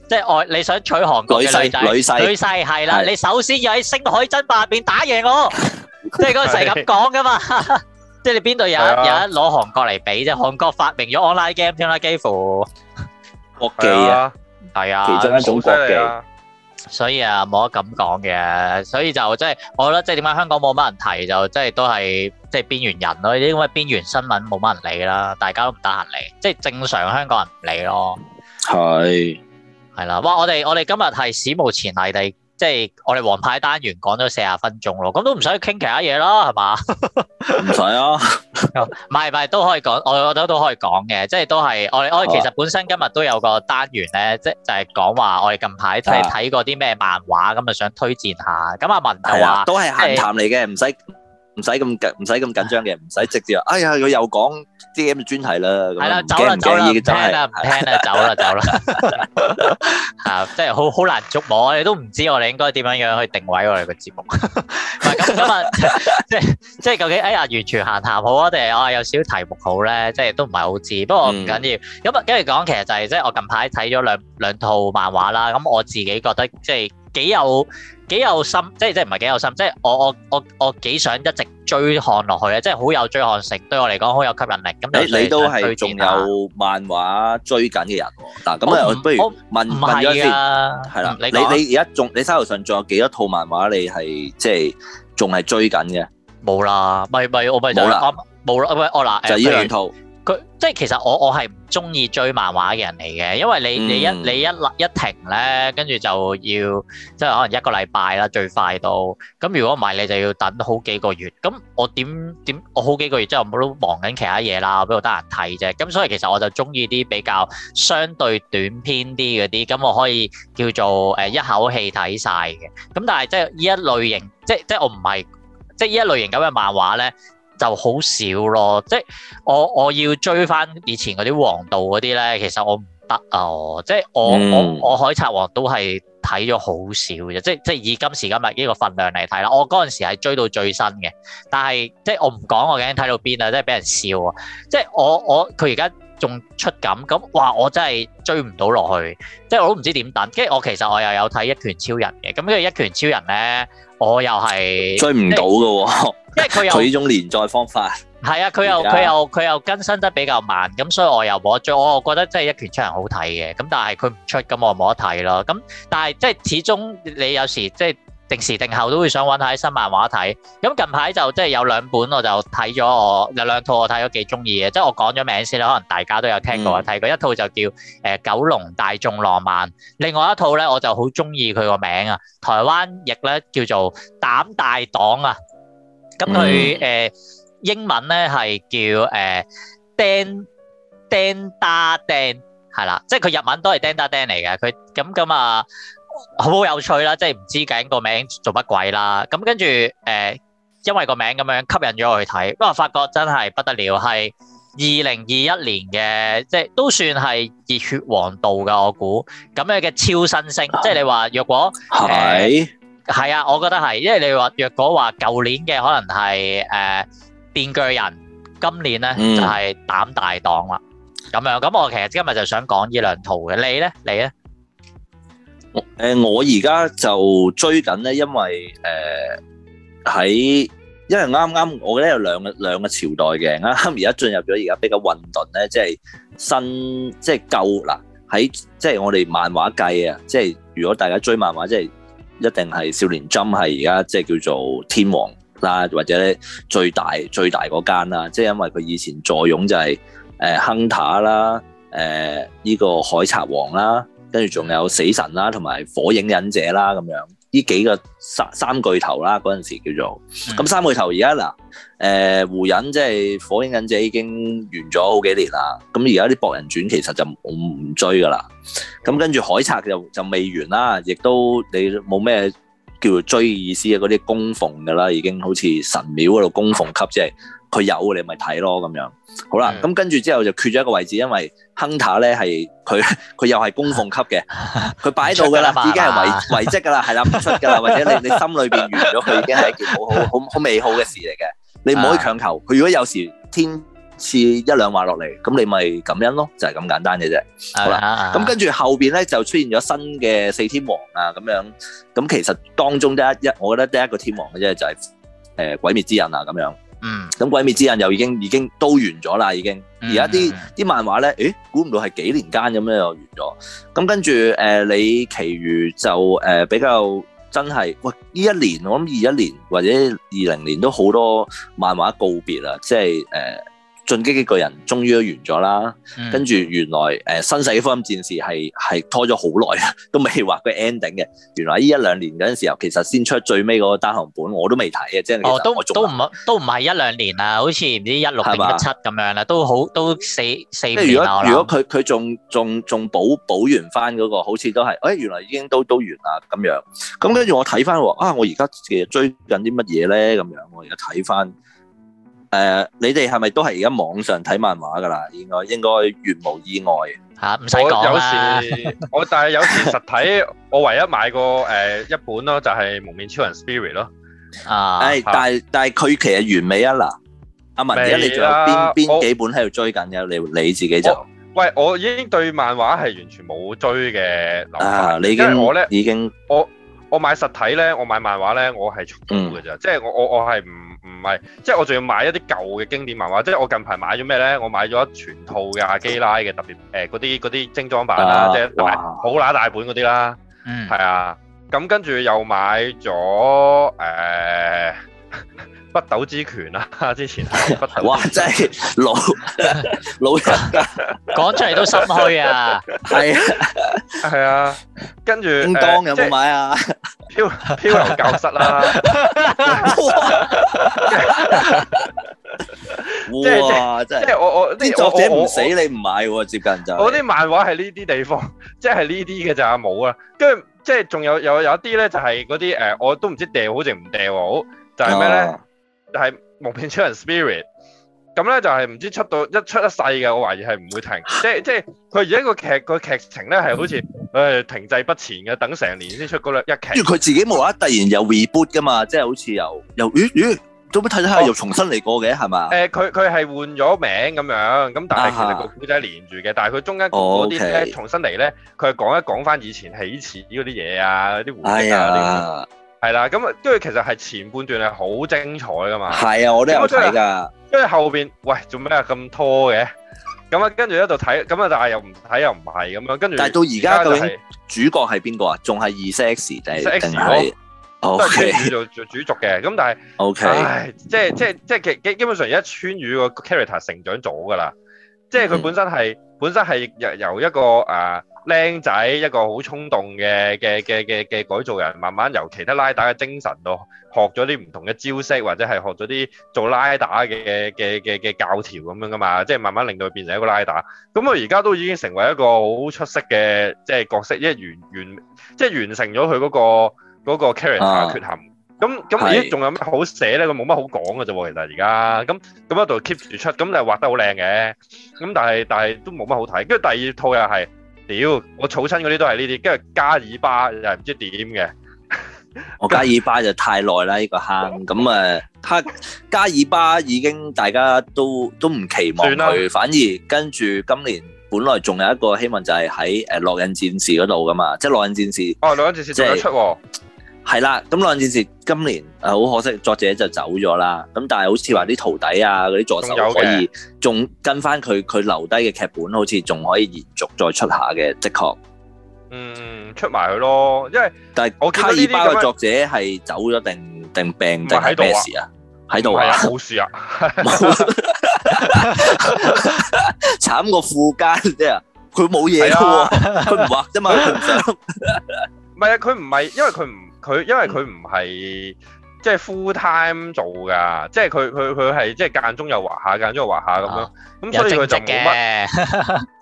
即係外你想娶韓國嘅女仔，女婿係啦，你首先要喺星海爭霸入面打贏我，即係嗰陣時係咁講噶嘛。即係你邊度有有一攞韓國嚟比啫？韓國發明咗 online game 添啦，幾乎國技啊，係啊，其中一種國技。所以啊，冇得咁講嘅，所以就即係我覺得即係點解香港冇乜人提就即係都係即係邊緣人咯，呢啲咁嘅邊緣新聞冇乜人理啦，大家都唔得閒理，即係正常香港人唔理咯。係係啦，哇！我哋我哋今日係史無前例地。即係我哋皇牌單元講咗四十分鐘咯，咁都唔使傾其他嘢啦，係嘛？唔使啊，唔係唔係都可以講，我覺得都都可以講嘅，即係都係我哋我哋其實本身今日都有個單元咧，即係就係講話我哋近排睇睇過啲咩漫畫，咁就想推薦下。咁阿文就話都係閒談嚟嘅，唔使。唔使咁緊，唔使咁緊張嘅，唔使直接話。哎呀，佢又講 D M 專題啦，係啦，走啦，走啦，唔聽啦，走啦，走啦。啊，即係好好難捉摸，你都唔知我哋應該點樣樣去定位我哋個節目。咁今日即係即係究竟，哎呀，完全閒談好啊，定係啊有少少題目好咧？即係都唔係好知，不過唔緊要。咁啊，跟住講，其實就係即係我近排睇咗兩兩套漫畫啦。咁我自己覺得即係幾有。幾有心，即係即係唔係幾有心？即係我我我我幾想一直追看落去咧，即係好有追看性，對我嚟講好有吸引力。咁你都係仲有漫畫追緊嘅人喎？嗱，咁啊，不如問問咗先，係啦，你你而家仲你手頭上仲有幾多套漫畫你係即係仲係追緊嘅？冇啦，咪咪我咪就冇啦，冇啦，唔係我嗱就呢兩套。佢即係其實我我係唔中意追漫畫嘅人嚟嘅，因為你你一你一立一停咧，跟住就要即係可能一個禮拜啦，最快都咁。如果唔係你就要等好幾個月。咁我點點我好幾個月之後我都忙緊其他嘢啦，邊度得閒睇啫？咁所以其實我就中意啲比較相對短篇啲嗰啲，咁我可以叫做誒一口氣睇晒嘅。咁但係即係呢一類型，即係即係我唔係即係呢一類型咁嘅漫畫咧。就好少咯，即係我我要追翻以前嗰啲王道嗰啲咧，其實我唔得啊，即係我、嗯、我我海賊王都係睇咗好少嘅，即係即係以今時今日呢個份量嚟睇啦，我嗰陣時係追到最新嘅，但係即係我唔講我究竟睇到邊啊，即係俾人笑啊，即係我我佢而家。仲出咁咁，哇！我真係追唔到落去，即係我都唔知點等。跟住我其實我又有睇《一拳超人》嘅，咁跟住《一拳超人》呢，我又係追唔到嘅喎。因為佢又佢呢種連載方法係啊，佢又佢又佢又更新得比較慢，咁所以我又冇得追。我覺得真係《一拳超人》好睇嘅，咁但係佢唔出咁，我就冇得睇咯。咁但係即係始終你有時即係。定時定候都會想揾睇新漫畫睇，咁近排就即係有兩本我就睇咗，我有兩套我睇咗幾中意嘅，即係我講咗名先啦，可能大家都有聽過睇過一套就叫誒《九龍大眾浪漫》，另外一套咧我就好中意佢個名啊，台灣譯咧叫做《膽大黨》啊，咁佢誒英文咧係叫誒 Dan Dan Da Dan，係啦，即係佢日文都係 Dan Da Dan 嚟嘅，佢咁咁啊。好有趣啦，即係唔知揀個名做乜鬼啦，咁跟住誒，因為個名咁樣吸引咗我去睇，不過發覺真係不得了，係二零二一年嘅，即係都算係熱血王道噶，我估咁樣嘅超新星，即係你話若果係係啊，我覺得係，因為你話若果話舊年嘅可能係誒變巨人，今年咧就係膽大黨啦，咁樣，咁我其實今日就想講呢兩套嘅，你咧，你咧？誒、呃，我而家就追緊咧，因為誒喺、呃、因為啱啱我咧有兩兩個，個朝代嘅，啱啱而家進入咗而家比較混沌咧，即、就、係、是、新即係舊啦，喺即係我哋漫畫界啊，即、就、係、是、如果大家追漫畫，即、就、係、是、一定係少年 Jump 係而家即係叫做天王啦，或者最大最大嗰間啦，即、就、係、是、因為佢以前坐擁就係誒 Hunter 啦，誒、呃、呢、呃這個海賊王啦。跟住仲有死神啦，同埋火影忍者啦，咁樣呢幾個三三巨頭啦，嗰陣時叫做咁、嗯、三巨頭。而家嗱，誒湖人即係火影忍者已經完咗好幾年啦。咁而家啲博人傳其實就我唔追噶啦。咁跟住海賊就就未完啦，亦都你冇咩叫做追意思啊。嗰啲供奉噶啦，已經好似神廟嗰度供奉級，即係佢有你咪睇咯咁樣。好啦，咁、嗯嗯、跟住之後就缺咗一個位置，因為。亨塔咧係佢，佢又係供奉級嘅，佢擺喺度噶啦，依家係遺遺跡噶啦，係啦，唔出噶啦，或者你你心裏邊預咗佢，已經係一件好好好好美好嘅事嚟嘅，你唔可以強求佢。啊、如果有時天賜一兩話落嚟，咁你咪咁樣咯，就係、是、咁簡單嘅啫。好啦，咁、啊啊、跟住後邊咧就出現咗新嘅四天王啊，咁樣咁其實當中第一，我覺得第一個天王嘅、就、啫、是，就係誒鬼滅之人啊，咁樣。嗯，咁《鬼滅之刃》又已經已經都完咗啦，已經。而家啲啲漫畫咧，誒，估唔到係幾年間咁樣就完咗。咁跟住誒、呃，你其餘就誒、呃、比較真係，喂，呢一年我諗二一年或者二零年都好多漫畫告別啦，即係誒。呃進擊嘅巨人終於都完咗啦，跟住、嗯、原來誒、呃、新世紀福音戰士係係拖咗好耐啊， [LAUGHS] 都未畫個 ending 嘅。原來呢一兩年嗰陣時候，其實先出最尾嗰個單行本，我都未睇嘅，即係哦，都都唔都唔係一兩年啦，好似唔知一六定一七咁樣啦吧，都好都四四。如果我想 如果佢佢仲仲仲補補完翻、那、嗰個，好似都係誒、哎、原來已經都都完啦咁樣。咁跟住我睇翻話啊，我而家其實追緊啲乜嘢咧咁樣，我而家睇翻。啊啊現在現在在誒，uh, 你哋係咪都係而家網上睇漫畫噶啦？應該應該絕無意外吓，唔使講啦。我但係有時實體， [LAUGHS] 我唯一買過誒、呃、一本咯、就是，就係《幪面超人 SPIRITS》咯。啊，哎、但係但係佢其實完美啊嗱。阿文，而家你仲有邊邊幾本喺度追緊嘅？你你自己就喂，我已經對漫畫係完全冇追嘅。啊，你已經我咧已經我我買實體咧，我買漫畫咧，我係儲嘅咋，即係、嗯、我我我係唔。嗯唔係，即係我仲要買一啲舊嘅經典漫畫，即係我近排買咗咩咧？我買咗全套嘅阿基拉嘅特別誒嗰啲嗰啲精裝版啦、啊，啊、即係好乸大本嗰啲啦，係啊，咁、嗯啊、跟住又買咗誒。呃北斗之拳啊！之前北斗哇，真係老老實、啊，講 [LAUGHS] 出嚟都心虛啊！係啊，係啊 [LAUGHS] 着，跟住唔當有冇買啊？漂飄流教室啦！即真係即係我哇我啲作者唔死你、啊，你唔買喎？接近就我啲漫畫係呢啲地方，即係呢啲嘅咋冇啦。跟住即係仲有有有一啲咧，就係嗰啲誒，我都唔知掟好定唔掟好，就係咩咧？ [LAUGHS] 就係《幪面超人 SPIRITS》，咁咧就係唔知出到一出一世嘅，我懷疑係唔會停。即係即係佢而家個劇個劇情咧係好似，誒停滯不前嘅，等成年先出一劇。跟住佢自己無啦啦突然又 reboot 噶嘛，即係好似又又咦咦，做乜睇咗下又重新嚟過嘅係嘛？誒，佢佢係換咗名咁樣，咁但係其實個古仔連住嘅，但係佢中間嗰啲咧重新嚟咧，佢係講一講翻以前起始嗰啲嘢啊，嗰啲回憶啊。係啦，咁啊，跟住其實係前半段係好精彩噶嘛。係啊，我都有睇㗎。跟住後邊，喂，做咩啊？咁拖嘅。咁啊，跟住喺度睇，咁啊，但係又唔睇又唔係咁樣。跟住。但係到而家究竟主角係邊個啊？仲係二 sex 定係？二 sex。哦，即係叫做做主軸嘅。咁但係，OK，即係即係即係基基基本上而家穿宇個 character 成長咗㗎啦。即係佢本身係本身係由由一個誒。靚仔一個好衝動嘅嘅嘅嘅嘅改造人，慢慢由其他拉打嘅精神度學咗啲唔同嘅招式，或者係學咗啲做拉打嘅嘅嘅嘅教條咁樣噶嘛，即係慢慢令到佢變成一個拉打。咁佢而家都已經成為一個好出色嘅即係角色，即係完完即係完成咗佢嗰個嗰個 character 缺陷。咁咁咦，仲有咩好寫咧？佢冇乜好講噶啫喎，其實而家咁咁一路 keep 住出，咁但係畫得好靚嘅，咁但係但係都冇乜好睇。跟住第二套又係。屌，我炒親嗰啲都係呢啲，跟住加爾巴又唔知點嘅。 [LAUGHS] 我加爾巴就太耐啦，呢、呢個坑咁誒。他加爾巴已經大家都都唔期望佢，了反而跟住今年本來仲有一個希望就係喺誒洛印戰士嗰度噶嘛，即係落印戰士。哦，落印戰士仲有出係啦，咁《浪戰時》今年啊，好可惜作者就走咗啦。咁但係好似話啲徒弟啊，嗰啲助手可以仲跟翻佢，佢留低嘅劇本好似仲可以延續再出下嘅，的確。嗯，出埋佢咯，因為但係我卡爾巴嘅作者係走咗定定病定咩事啊？喺 [LAUGHS] 度 [LAUGHS] 附、 [LAUGHS] 哦、是啊，冇事啊，慘過副監富樫啲啊，佢冇嘢啊，佢唔畫啫嘛，唔係啊，佢唔係因為佢唔。佢因為佢唔係即係 full time 做㗎，即係佢佢佢係即係間中又畫下，間中又畫下咁樣，咁、啊嗯、所以佢就冇乜。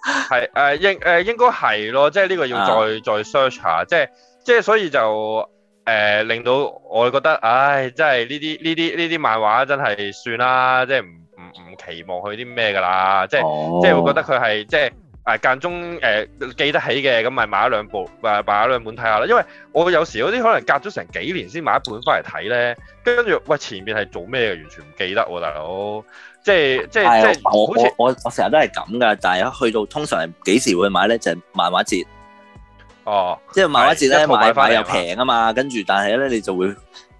係誒、啊 [LAUGHS] 呃、應誒、呃、應該係咯，即係呢個要再再 search 下，即係即係所以就誒、呃、令到我覺得，唉、哎，真係呢啲呢啲呢啲漫畫真係算啦，即係唔唔唔期望佢啲咩㗎啦，即係、哦、即係會覺得佢係即係。誒、啊、間中誒、呃、記得起嘅，咁咪買咗兩部，誒買咗兩本睇下啦！因為我有時嗰啲可能隔咗成幾年先買一本翻嚟睇咧，跟住喂前面係做咩嘅？完全唔記得喎，大佬。即係即係、哎、呀即係我好似我我我成日都係咁噶，但係去到通常係幾時會買咧？就係漫畫節。哦。即係漫畫節咧，買翻又平啊嘛，跟住但係咧，你就會，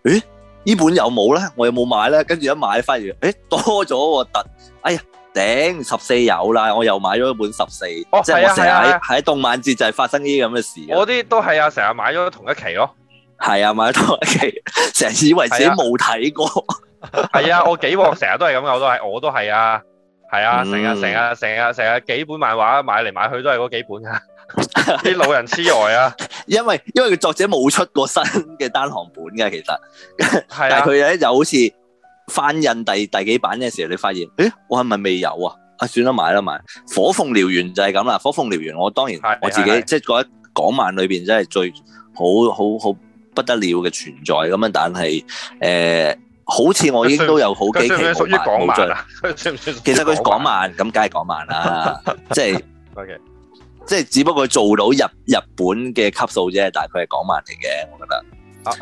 咦？呢本有冇咧？我有冇買咧？跟住一買翻嚟，誒多咗喎，突，哎呀！頂十四有啦，我又買咗一本十四，即係我成日喺喺動漫節就係發生呢啲咁嘅事。我啲都係啊，成日買咗同一期咯。係啊，買咗同一期，成日以為自己冇睇過。係啊，我幾望成日都係咁噶，我都係，我都係啊。係啊，成日成日成日成日幾本漫畫買嚟買去都係嗰幾本噶，啲老人痴呆啊。因為因為佢作者冇出過新嘅單行本㗎，其實。係啊。但係佢咧就好似。翻印第第幾版嘅時候，你發現，誒，我係咪未有啊？啊，算啦，買啦買。火鳳燎原就係咁啦。火鳳燎原，我當然是我自己即係覺得港漫裏邊真係最好好好，好不得了嘅存在咁啊。但係誒、呃，好似我已經都有好幾期港漫、啊。算唔算港其實佢港漫咁，梗係港漫啦，即係，即係只不過做到日日本嘅級數啫，但係佢係港漫嚟嘅，我覺得。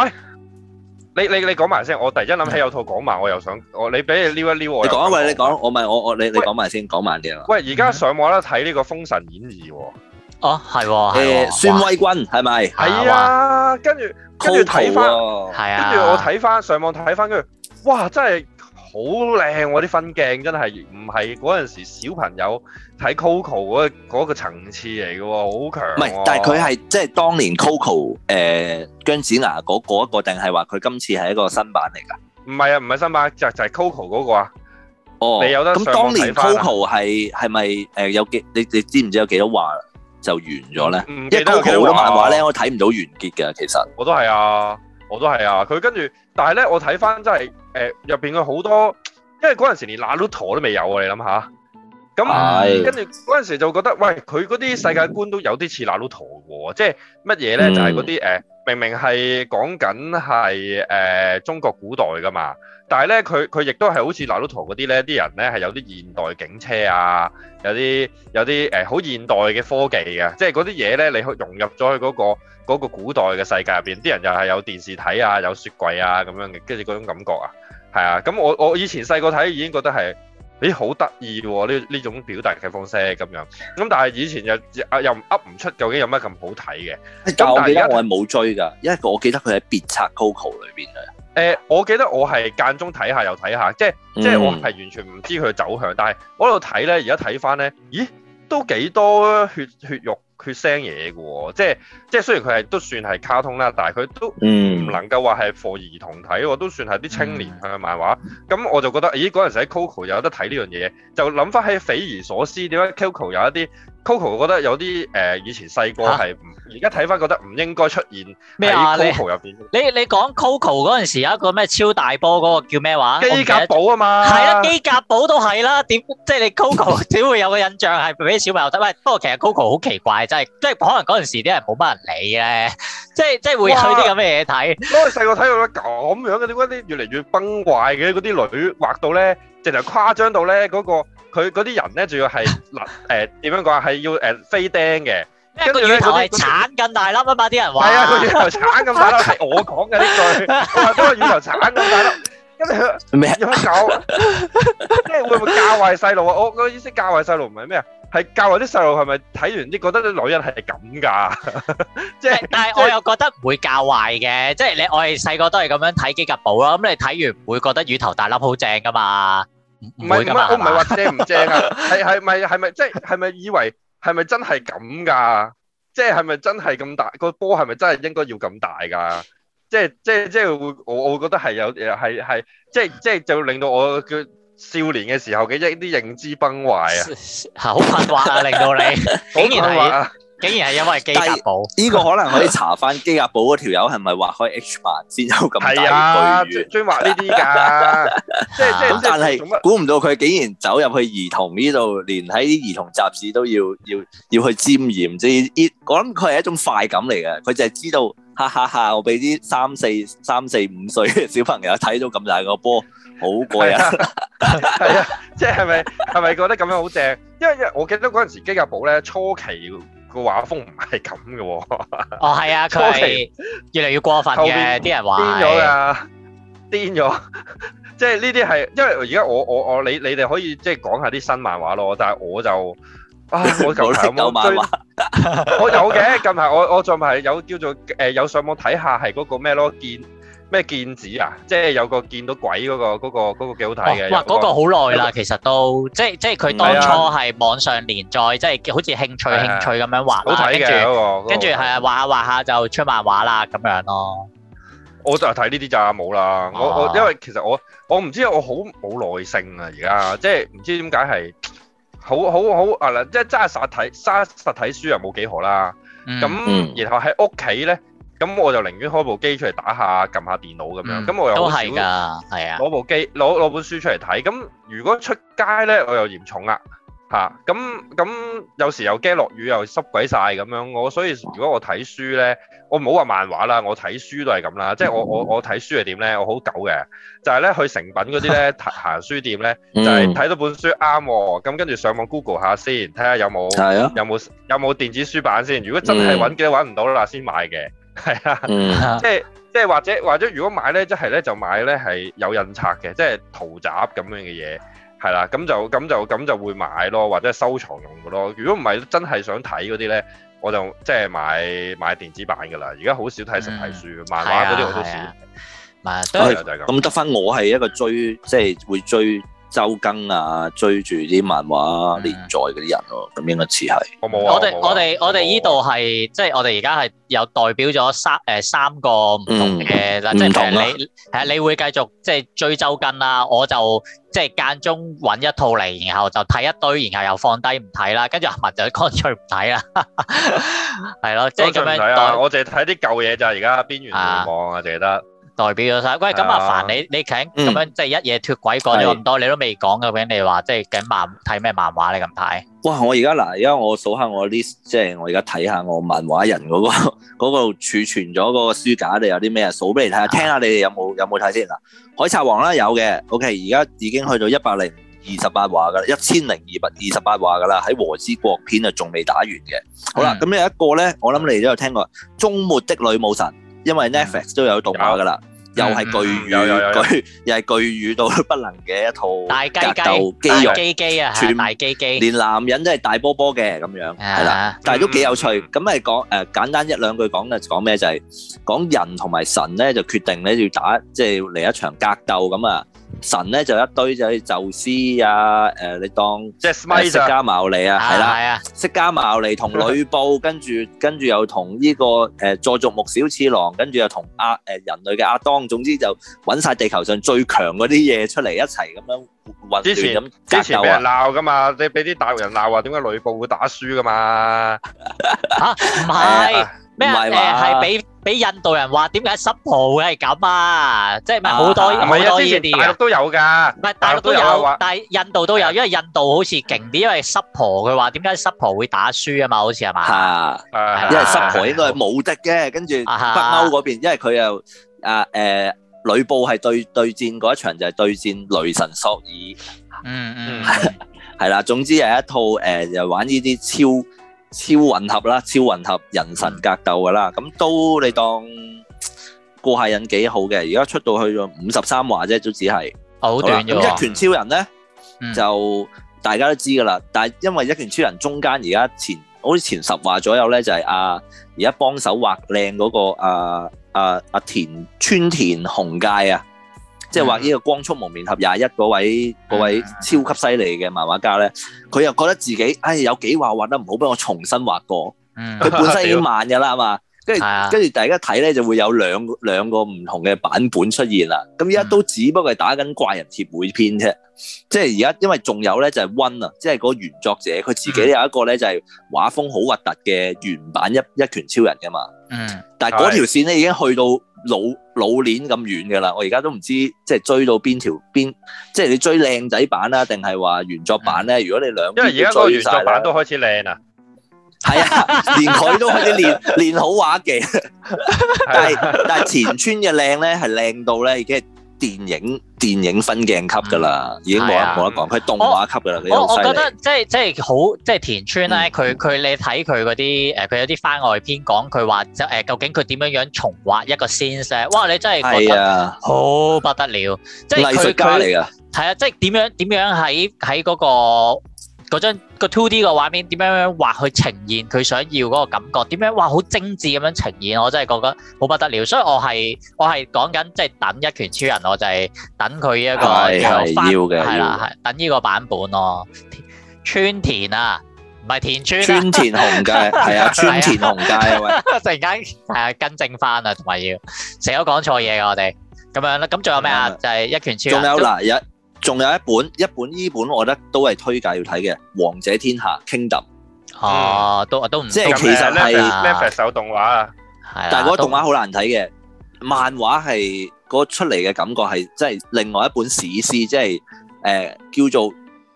喂、啊。你你你講埋先，我第一諗起有套講埋，我又想我你俾你撩一撩。我。你講一弄你你你喂，你講，我咪我我你你講埋先，講慢啲啊。喂，而家上網咧睇呢個《封神演義》喎、嗯。哦，係喎、哦。誒、哦，孫、欸、威軍係咪？係哇啊，跟住跟住睇翻，係啊，跟住我睇翻上網睇翻佢，哇，真係～好靚，我啲、啊、分鏡真係唔係嗰陣時小朋友睇 Coco 嗰嗰、那個層次嚟嘅，好強、啊。唔係，但係佢係即係當年 Coco 誒、呃，姜子牙嗰、那、嗰個，定係話佢今次係一個新版嚟㗎？唔係啊，唔係新版，就就是、係 Coco 嗰個啊。哦，oh, 你有得睇咁當年 Coco 係係咪誒有幾？你你知唔知有幾多話就完咗咧？嗯、因為 Coco 漫畫咧，我睇唔到完結嘅，其實。我都係啊，我都係啊。佢跟住，但係咧，我睇返真係。誒入邊嘅好多，因為嗰陣時連納魯陀都未有啊！你諗下，咁的跟住嗰陣時就覺得，喂佢嗰啲世界觀都有啲似納魯陀喎，即係乜嘢咧？就係嗰啲誒，明明係講緊係誒中國古代㗎嘛，但係咧佢佢亦都係好似納魯陀嗰啲咧，啲人咧係有啲現代警車啊，有啲有啲誒好現代嘅科技嘅，即係嗰啲嘢咧，你去融入咗去嗰、嗰個。嗰個古代嘅世界入邊，啲人又係有電視睇啊，有雪櫃啊咁樣嘅，跟住嗰種感覺啊，係啊，咁我我以前細個睇已經覺得係咦，好得意喎，呢呢種表達嘅方式咁樣，咁但係以前又又噏唔出究竟有咩咁好睇嘅。咁但係我係冇追㗎，因為我記得佢喺《別冊 Coco》裏邊嘅。誒，我記得我係間中睇下又睇下，即係即係我係完全唔知佢走向，但係我喺度睇咧，而家睇翻咧，咦都幾多血血肉。血腥嘢嘅喎，即係即係雖然佢係都算係卡通啦，但係佢都唔能夠話係 for 兒童睇喎，都算係啲青年嘅漫畫。咁、嗯嗯、我就覺得咦，嗰陣時喺 Coco 有得睇呢樣嘢，就諗翻起匪夷所思，點解 Coco 有，有一啲？Coco，我覺得有啲誒、呃，以前細個係，而家睇翻覺得唔應該出現咩啊？Coco 你裡面 你你講 Coco 嗰陣時有一個咩超大波嗰、那個叫咩話？機甲寶啊嘛，係啊，機甲寶都係啦。點即係你 Coco 點 [LAUGHS] 會有個印象係俾小朋友睇？喂，不過其實 Coco 好奇怪，真即係即係可能嗰陣時啲人冇乜人理咧，即係即係會去啲咁嘅嘢睇。因為細個睇到咁樣嘅，點解啲越嚟越崩壞嘅嗰啲女畫到咧，直頭誇張到咧嗰個。佢嗰啲人咧，仲要係嗱誒點樣講啊？係要誒飛釘嘅，跟住咧佢哋鏟咁大粒啊嘛！啲人話係啊，個乳頭鏟咁大粒，我講嘅呢句，我係講個乳頭鏟咁大粒，跟住咩啊？養狗，即係會唔會教壞細路啊？我我意思教壞細路唔係咩啊？係教壞啲細路係咪睇完啲覺得啲女人係咁㗎？即係但係我又覺得唔會教壞嘅，即係你我哋細個都係咁樣睇機甲寶咯。咁你睇完唔會覺得乳頭大粒好正㗎嘛？唔係唔係， [LAUGHS] 我唔係話正唔正啊，係係咪係咪即係咪以為係咪真係咁噶？即係咪真係咁大個波，係咪真係應該要咁大噶？即係即係即係會我我覺得係有，誒係係即係即係就令到我嘅少年嘅時候嘅一啲認知崩壞啊，好八卦啊，令到你竟 [LAUGHS] 然係。竟然係因為機甲寶，呢是 [LAUGHS] 個可能可以查翻機甲寶嗰條友係咪畫開 H 板先有咁大嘅巨魚？追追話呢啲噶，即係即係。啊、但係估唔到佢竟然走入去兒童呢度，連喺兒童雜誌，都要要要去沾染，即、就、係、是、我諗佢係一種快感嚟嘅，佢就係知道哈哈，哈哈！我俾啲三四三四五歲嘅小朋友睇到咁大個波，好過癮。係啊，即係咪係咪覺得咁樣好正？因為因為我記得嗰陣時機甲寶咧初期。個畫風唔係咁嘅喎，哦係啊，佢係越嚟越過分嘅，啲人話癲咗啊，癲咗，即係呢啲係，因為而家我我我你你哋可以即係講下啲新漫畫咯，但係我就啊我求其漫畫，我有嘅近排我我仲係有叫做誒有上網睇下係嗰個咩咯見。咩劍子啊？即係有個見到鬼嗰、嗰個嗰、嗰個幾、嗰個、好睇嘅、哦。哇！嗰、嗰個好耐啦，嗰個、其實都即係即係佢當初係網上連載，是啊、即係好似興趣興趣咁樣畫。好睇嘅跟住係啊，嗰個、畫下畫下就出漫畫啦咁樣咯。我就係睇呢啲咋，冇啦、哦。我我因為其實我我唔知我好冇耐性啊，而家即係唔知點解係好好好啊啦！即係揸實體揸實體書又冇幾何啦。咁、嗯、然後喺屋企咧。咁我就寧願開部機出嚟打下，撳下電腦咁樣。咁、嗯、我又都係㗎，係啊。攞部機，攞攞本書出嚟睇。咁如果出街咧，我又嫌重啦嚇。咁、啊、咁有時又驚落雨，又濕鬼晒咁樣。我所以如果我睇書咧，我唔好話漫畫啦，我睇書都係咁啦。即係我、嗯、我我睇書係點咧？我好狗嘅，就係、是、咧去誠品嗰啲咧行書店咧，就係、是、睇到本書啱咁，跟住上網 Google 下先，睇下有冇有冇的有冇電子書版先。如果真係揾幾揾唔到啦，先買嘅。係啊， [LAUGHS] 即係即係或者或者如果買咧，即係咧就是、買咧係有印刷嘅，即係圖集咁樣嘅嘢，係啦，咁就咁就咁就會買咯，或者收藏用嘅咯。如果唔係真係想睇嗰啲咧，我就即係買買電子版噶啦。而家好少睇實體書嘅，漫畫嗰啲好少。咁得翻，我係一個追，即係會追周更啊，追住啲漫畫、嗯、連載嗰啲人咯、啊，咁應該似係。嗯、我哋、啊、我哋、啊、我哋依度係即係我哋而家係有代表咗三誒、呃、三個唔同嘅嗱，即係、嗯、你係啊，你會繼續即係、即係、追周更啊，我就即係、即係、間中揾一套嚟，然後就睇一堆，然後又放低唔睇啦，跟住阿文就乾脆唔睇啦，係咯，即係咁樣。啊、我哋睇啲舊嘢就係，而家邊緣望啊，淨係、 [LAUGHS] 啊、得。代表咗晒喂，咁阿凡你、啊、你傾咁樣，即係一夜脫軌，講咗咁多，你都未講嘅，畢的你話即係緊漫睇咩漫畫，你近排哇，我而家嗱，而家我數下我啲即係我而家睇下我漫畫人嗰、嗰個嗰、嗰個儲存咗嗰個書架，有看看你有啲咩啊？數俾你睇下，聽下你哋有冇有冇睇先啊？海賊王啦，有嘅，OK，而家已經去到一百零二十八話噶啦，一千零二百二十八話噶啦，喺和之國篇啊，仲未打完嘅。好啦，咁、嗯、有一個咧，我諗你都有聽過，終末的女武神。因為 Netflix 都有動畫㗎啦，又係巨乳，巨又係巨乳到不能嘅一套格鬥肌肉雞雞啊，大雞雞，連男人都係大波波嘅咁樣，係啦，但係都幾有趣。咁係講誒簡單一兩句講咧，講咩就係講人同埋神咧，就決定咧要打，即係嚟一場格鬥咁啊。神咧就一堆就係宙斯啊，誒、呃、你當即係釋迦牟尼啊，係啦、啊，釋迦牟尼同呂布，跟住跟住又同呢、這個誒佐佐木小次郎，跟住又同阿誒人類嘅阿當，總之就揾晒地球上最強嗰啲嘢出嚟一齊咁樣混戰，啊。之前之前俾人鬧噶嘛，你俾啲大陸人鬧話點解呂布會打輸噶嘛？ [LAUGHS] 啊唔係。咩啊？誒係俾俾印度人話點解濕婆會係咁啊？即係咪好多好多熱大陸都有㗎？唔係大陸都有，但係印度都有，因為印度好似勁啲。因為濕婆佢話點解濕婆會打輸啊嘛？好似係嘛？嚇！因為濕婆應該係冇敵嘅，跟住北歐嗰邊，因為佢又啊誒，呂布係對對戰嗰一場就係對戰雷神索爾。嗯嗯，係啦，總之係一套誒，又玩呢啲超。超混合啦，超混合人神格鬥噶啦，咁、嗯、都你當過下癮幾好嘅，而家出到去咗五十三話啫，都只係，好短咁。一拳超人咧就大家都知噶啦，但係因為一拳超人中間而家前好似前十話左右咧就係阿而家幫手畫靚嗰個阿阿田村田雄介啊。啊啊即係話呢個光速蒙面俠廿一嗰位嗰位超級犀利嘅漫畫家咧，佢又覺得自己唉有幾畫畫得唔好，畀我重新畫過。佢、嗯、本身已經慢㗎啦，係嘛、嗯？跟住跟住大家睇咧就會有兩兩個唔同嘅版本出現啦。咁依家都只不過係打緊怪人貼會篇啫。即係而家因為仲有咧就係 One 啊，即係嗰個原作者佢自己有一個咧就係、是、畫風好核突嘅原版一一拳超人㗎嘛。嗯，但係嗰條線咧已經去到。老老年咁遠嘅啦，我而家都唔知即係追到邊條邊，即係你追靚仔版啦，定係話原作版咧？如果你兩邊都追曬啦，因為而家個原作版都開始靚啊，係啊，連佢都開始練練好畫技，但係但係前村嘅靚咧係靚到咧已經。電影電影分鏡級噶啦，嗯、已經冇得冇得講，佢、啊、動畫級噶啦，你好犀利。我我，我覺得即係即係好，即係田村咧、啊，佢佢、嗯、你睇佢嗰啲誒，佢、呃、有啲番外篇講，佢話即誒，究竟佢點樣樣重畫一個 scene？哇！你真係覺得、啊、好不得了，即係藝術家嚟噶。係啊，即係點樣點樣喺喺嗰個。嗰張個 two D 個畫面點樣樣畫去呈現佢想要嗰個感覺，點樣，哇好精緻咁樣呈現，我真係覺得好不得了。所以我係我係講緊即係等一拳超人，我就係等佢依一個翻，係要嘅，係啦，等依個版本咯。村田啊，唔係田村，村田雄介係啊，村田雄介，突然間係啊，更正翻啦，同埋要成日講錯嘢嘅我哋，咁樣啦，咁仲有咩啊？就係一拳超人仲有嗱一。仲有一本，一本依本，我覺得都係推介要睇嘅《王者天下》Kingdom、嗯啊。都唔即係其實係咩手動畫，但係嗰動畫好難睇嘅。漫畫係嗰、那個、出嚟嘅感覺係即係另外一本史詩，即係誒、呃、叫做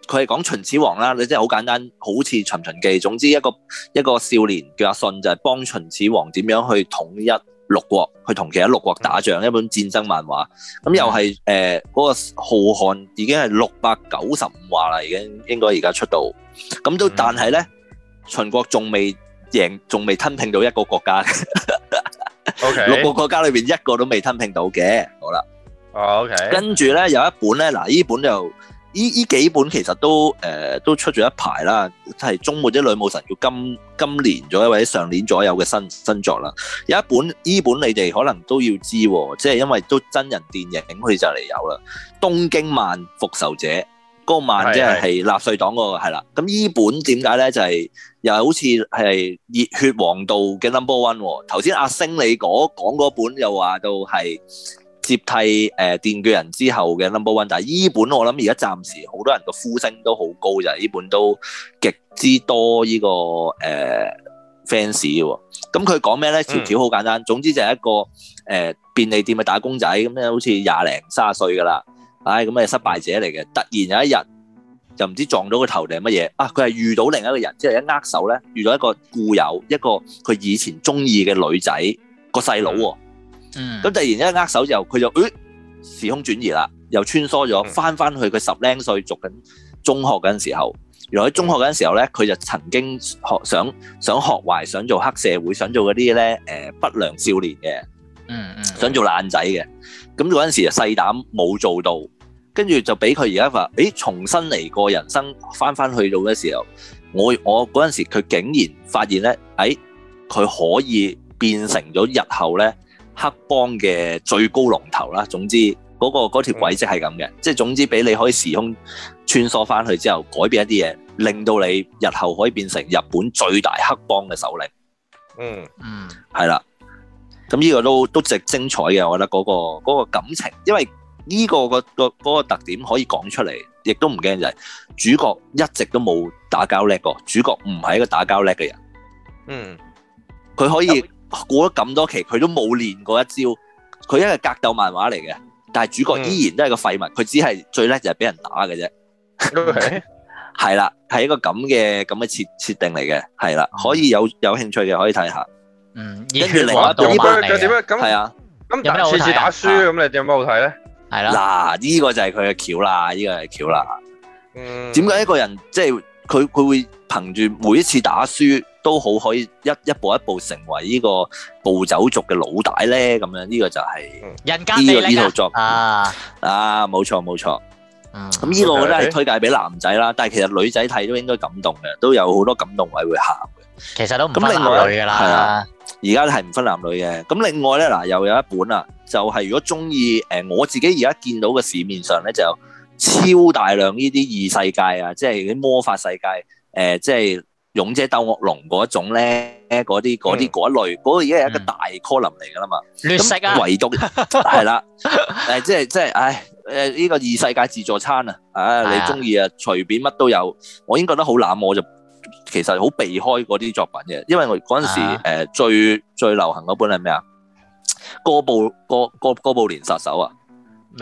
佢係講秦始皇啦。你即係好簡單，好似《尋秦記》，總之一個一個少年叫阿信就係、是、幫秦始皇點樣去統一六國去同其他六國打仗，一本戰爭漫畫，咁又係誒嗰個浩瀚已經係六百九十五話啦，已經應該而家出到，咁都但係咧，秦國仲未贏，仲未吞併到一個國家，六個國家裏邊一個都未吞併到嘅。好啦，啊 OK，跟住咧有一本咧，嗱呢本就。依依幾本其實都誒、呃、都出咗一排啦，係終末的女武神叫今今年咗或者上年左右嘅新新作啦。有一本依本你哋可能都要知、啊，即係因為都真人電影佢就嚟有啦，《東京卍復仇者》嗰卍即係係納粹黨嗰、那個係啦。咁依是是 的本點解咧？就係、是、又係好似係熱血王道嘅 number one。頭先阿星你嗰講嗰本又話到係。接替誒、呃、電鋸人之後嘅 Number One，但係呢本我諗而家暫時好多人個呼聲都好高，就係呢本都極之多、這個呃 [NOISE] 呃、呢個誒 fans 嘅。咁佢講咩咧？條條好簡單，總之就係一個誒、呃、便利店嘅打工仔，咁咧好似廿零卅歲㗎啦。唉、哎，咁啊失敗者嚟嘅。突然有一日，就唔知撞到個頭定係乜嘢啊？佢係遇到另一個人，即係一握手咧，遇到一個故友，一個佢以前中意嘅女仔個細佬喎。嗯，咁突然一握手之後佢就誒時空轉移啦，又穿梭咗翻翻去佢十零歲讀緊中學嗰陣時候，原來喺中學嗰陣時候咧，佢就曾經學想想學壞，想做黑社會，想做嗰啲咧誒不良少年嘅，嗯嗯，想做爛仔嘅，咁嗰陣時就細膽冇做到，跟住就俾佢而家話，誒重新嚟過人生，翻翻去到嘅時候，我我嗰陣時佢竟然發現咧，誒佢可以變成咗日後咧。黑幫嘅最高龍頭啦，總之嗰、嗰個嗰條軌跡係咁嘅，嗯、即係總之俾你可以時空穿梭翻去之後，改變一啲嘢，令到你日後可以變成日本最大黑幫嘅首領。嗯嗯，係、嗯、啦，咁呢個都都極精彩嘅，我覺得嗰、嗰個嗰個感情，因為呢、呢個、嗰個個嗰、嗰個特點可以講出嚟，亦都唔驚就係主角一直都冇打交叻過，主角唔係一個打交叻嘅人。嗯，佢可以。過咗咁多期，佢都冇練過一招。佢因為格鬥漫畫嚟嘅，但係主角依然都係個廢物。佢只係最叻就係俾人打嘅啫。係啦，係一個咁嘅咁嘅設設定嚟嘅。係啦，可以有有興趣嘅可以睇下。嗯，跟住另外有啲佢點樣咁，咁次次打輸，咁你點樣好睇咧？係啦，嗱呢個就係佢嘅橋啦，呢個係橋啦。嗯，點解一個人即係佢佢會憑住每一次打輸？都好可以一一步一步成為呢個暴走族嘅老大咧，咁樣呢、這個就係人呢套、這個這個、作啊，啊！啊，冇錯冇錯，咁呢、嗯、個我覺得係推介俾男仔啦，嗯、但係其實女仔睇都應該感動嘅，都有好多感動位會喊嘅。其實都唔分男女嘅啦，而家都係唔分男女嘅。咁另外咧嗱，又有一本啦，就係、是、如果中意誒，我自己而家見到嘅市面上咧就有超大量呢啲異世界啊，即係啲魔法世界誒、呃，即係。勇者鬥惡龍嗰一種咧，嗰啲嗰啲嗰一類，嗰已經係一個大 column 嚟噶啦嘛，劣世界唯獨係啦，誒，即係即係，唉，誒，呢個異世界自助餐啊，啊，你中意啊，隨便乜都有，我已經覺得好冷我就，其實好避開嗰啲作品嘅，因為我嗰陣時誒最最流行嗰本係咩啊？哥布哥哥哥布林殺手啊，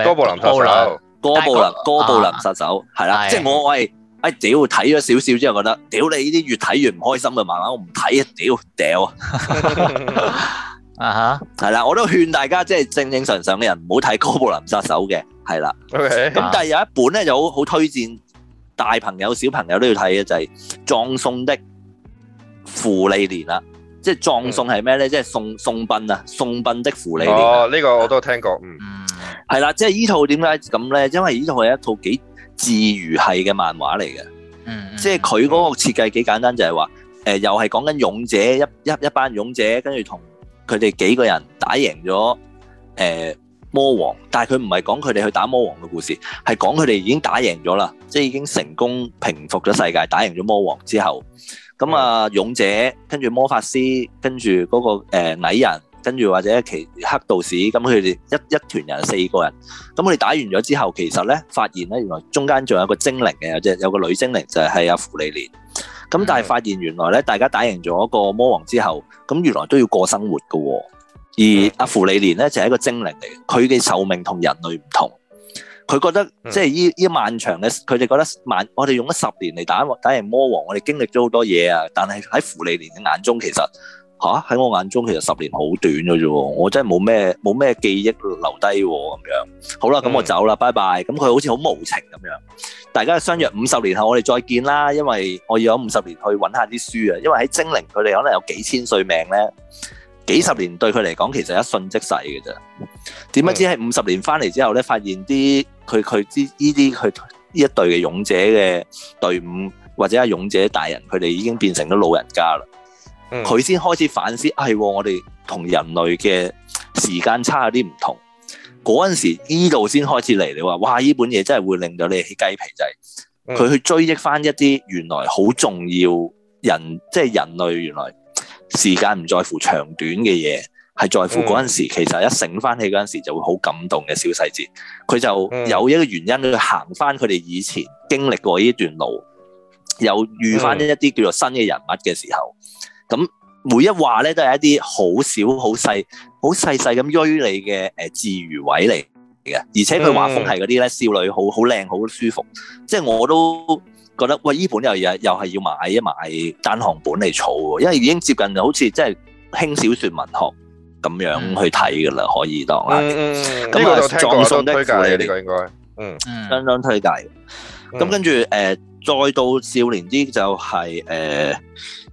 哥布林殺手，哥布林哥布林殺手係啦，即係我我係。屌睇咗少少之後覺得，屌你呢啲越睇越唔開心嘅，慢慢我唔睇啊，屌掉啊，啊吓係啦，我都勸大家即係、就是、正正常常嘅人唔好睇《高布林殺手》嘅，係啦 Okay.、嗯，咁但係有一本咧就好好推薦，大朋友小朋友都要睇嘅就係、是《葬送的芙莉蓮》啦，即係葬、嗯、送係咩咧？即係送送殯啊，送殯的芙莉蓮哦，呢、這個我都聽過，嗯，係啦，即係呢套點解咁咧？因為呢套係一套幾。至如係嘅漫畫嚟嘅，嗯嗯、即係佢嗰個設計幾簡單，就係話誒又係講緊勇者一一一班勇者，跟住同佢哋幾個人打贏咗誒魔王，但係佢唔係講佢哋去打魔王嘅故事，係講佢哋已經打贏咗啦，即係已經成功平復咗世界，打贏咗魔王之後，咁、嗯嗯嗯、啊勇者跟住魔法師跟住嗰個誒矮、呃、人。跟住或者其黑道士，咁佢哋一一團人四個人，咁我哋打完咗之後，其實咧發現咧，原來中間仲有個精靈嘅，有隻有個女精靈就係阿芙利蓮。咁但係發現原來咧，大家打贏咗個魔王之後，咁原來都要過生活噶喎。而阿芙利蓮咧就係一個精靈嚟，佢嘅壽命同人類唔同。佢覺得即係呢，呢漫長嘅，佢哋覺得漫，我哋用咗十年嚟打打贏魔王，我哋經歷咗好多嘢啊。但係喺芙利蓮嘅眼中，其實。吓喺、啊、我眼中其實十年好短嘅啫，我真係冇咩冇咩記憶留低咁、啊、樣。好啦，咁我走啦，嗯、拜拜。咁、嗯、佢好似好無情咁樣。大家相約五十年後我哋再見啦，因為我要有五十年去揾下啲書啊。因為喺精靈佢哋可能有幾千歲命咧，幾十年對佢嚟講其實一瞬即逝嘅啫。點不知喺五十年翻嚟之後咧，發現啲佢佢之呢啲佢呢一隊嘅勇者嘅隊伍，或者係勇者大人，佢哋已經變成咗老人家啦。佢先開始反思，係、哎、我哋同人類嘅時間差有啲唔同。嗰陣時，呢度先開始嚟你話，哇！呢本嘢真係會令到你起雞皮仔，佢去追憶翻一啲原來好重要人，即係人類原來時間唔在乎長短嘅嘢，係在乎嗰陣時。其實一醒翻起嗰陣時，就會好感動嘅小細節。佢就有一個原因，佢去行翻佢哋以前經歷過呢段路，又遇翻一啲叫做新嘅人物嘅時候。咁每一話咧都係一啲好小好細、好細細咁追你嘅，誒字余位嚟嘅，而且佢畫風係嗰啲咧少女好好靚、好舒服，即係我都覺得喂，呢本又又係要買一買單行本嚟儲，因為已經接近好似即係輕小說文學咁樣去睇噶啦，嗯、可以當啊。咁啊，壯推介嚟嘅應該，嗯，相當推介咁跟住誒。嗯再到少年啲就係誒，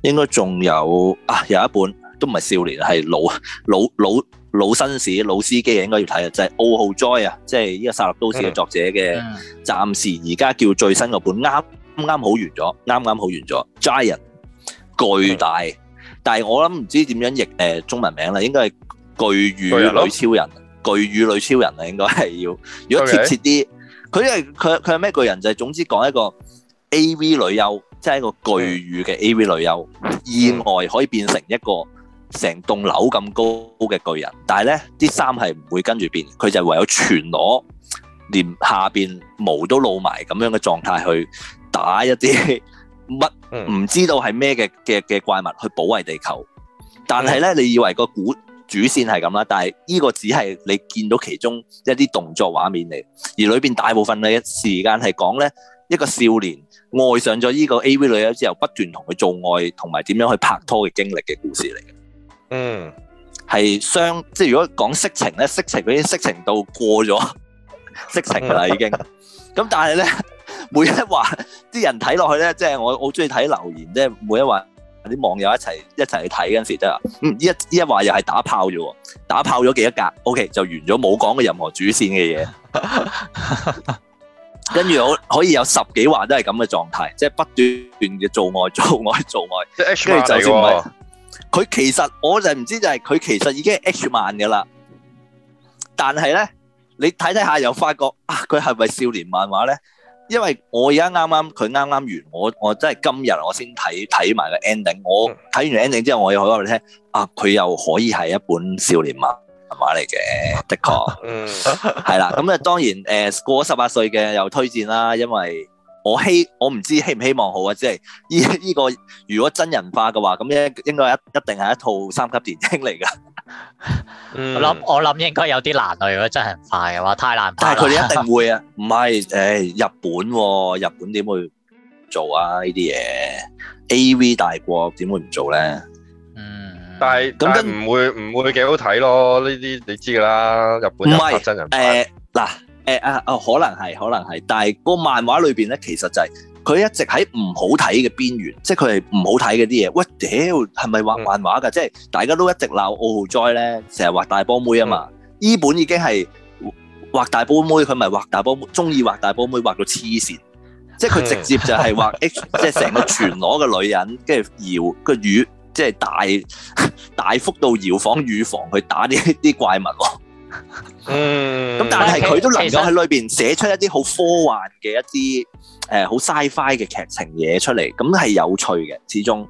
應該仲有啊有一本都唔係少年係老老老老紳士老司機應該要睇啊，就係《奧浩哉》啊，即係呢個《殺戮都市》嘅作者嘅，暫時而家叫最新嗰本啱啱好完咗，啱啱好完咗《GIGANT》巨大，但係我諗唔知點樣譯誒中文名啦，應該係巨乳女超人，巨乳女超人啊，應該係要如果貼切啲，佢因為佢佢係咩巨人就係總之講一個。A.V. 女優，即係一個巨乳嘅 A.V. 女優，意外可以變成一個成棟樓咁高嘅巨人，但係咧啲衫係唔會跟住變，佢就唯有全裸，連下邊毛都露埋咁樣嘅狀態去打一啲乜唔知道係咩嘅嘅嘅怪物去保衞地球。但係咧，你以為個古主線係咁啦，但係呢個只係你見到其中一啲動作畫面嚟，而裏邊大部分嘅時間係講咧一個少年。愛上咗依個 A.V. 女友之後，不斷同佢做愛，同埋點樣去拍拖嘅經歷嘅故事嚟嘅。嗯，係相，即係如果講色情咧，色情嗰啲色情到過咗色情啦已經。咁但係咧，每一話啲人睇落去咧，即係我好中意睇留言，即係每一話啲網友一齊一齊去睇嗰陣時都話。呢一依一話又係打炮咋，打炮咗幾多格？O.K. 就完咗，冇講過任何主線嘅嘢。 [LAUGHS] 跟住我可以有十幾話都係咁嘅狀態，即係不斷嘅做愛、做愛、做愛，即係 H 漫畫嚟嘅。佢其實我就唔知，就係，就係佢其實已經係 H 萬嘅啦。但係咧，你睇睇下又發覺啊，佢係咪少年漫畫咧？因為我而家啱啱佢啱啱完，我我真係今日我先睇睇埋個 ending。我睇完 ending 之後，我又去嗰度聽啊，佢又可以係一本少年漫。話嚟嘅。的確，係啦，咁啊，當然，誒，過咗十八歲嘅又推薦啦，因為我希，我唔知希唔希望好啊，即係呢呢個如果真人化嘅話，咁應應該一一定係一套三級電影嚟噶，嗯嗯。我諗我諗應該有啲難啊，如果真人化嘅話，太難拍。 [LAUGHS] 但係佢哋一定會啊，唔係，誒、哎，日本、哦，日本點會做啊？呢啲嘢，A.V. 大國點會唔做咧？但係咁跟唔會唔是會幾好睇咯？呢啲你知噶啦，日本唔係真人。誒嗱誒啊啊，可能係，可能係，但係個漫畫裏邊咧，其實就係、是、佢一直喺唔好睇嘅邊緣，即係佢係唔好睇嗰啲嘢。喂，屌、呃，係咪畫漫畫噶？嗯、即係大家都一直鬧奧浩哉咧，成日畫大波妹啊嘛。依、嗯、本已經係畫大波妹，佢咪畫大波妹，中意畫大波妹畫到黐線，即係佢直接就係畫 H，即係成個全裸嘅女人跟住搖個魚。即係大大幅度搖晃，預防去打呢啲怪物咯。嗯，咁但係佢都能夠喺裏邊寫出一啲好科幻嘅一啲誒好 sci-fi 嘅劇情嘢出嚟，咁係有趣嘅，始終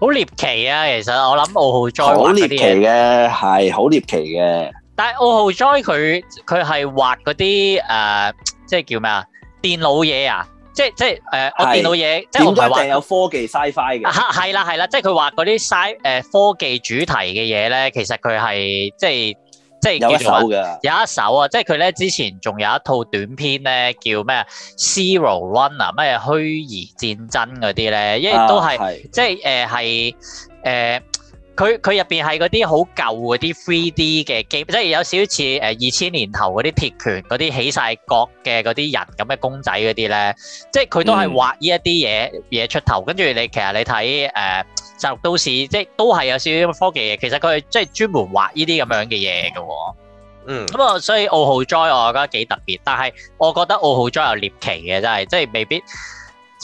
好獵奇啊！其實我諗奧浩哉嗰啲嘢嘅係好獵奇嘅，但係奧浩哉佢佢係畫嗰啲誒即係叫咩啊電腦嘢啊！即即誒、呃，我電腦嘢是即點都一定有科技 sci-fi 嘅嚇，係啦係啦，即係佢話嗰啲 Sci 誒、呃、科技主題嘅嘢咧，其實佢係即係即係有一首嘅有一首啊，即係佢咧之前仲有一套短片咧，叫咩 Zero Runner 啊，咩虛擬戰爭嗰啲咧，因為都係、啊、即係誒係誒。呃佢佢入邊係嗰啲好舊嗰啲 3D 嘅 game，即係有少少似誒二千年後嗰啲鐵拳嗰啲起晒角嘅嗰啲人咁嘅公仔嗰啲咧，即係佢都係畫呢一啲嘢嘢出頭，跟住你其實你睇誒《殺戮都市》，即係都係有少少科技嘅，其實佢即係專門畫呢啲咁樣嘅嘢嘅喎。嗯，咁啊，所以《奧浩哉》我覺得幾特別，但係我覺得《奧浩哉》有獵奇嘅真係，即係未必。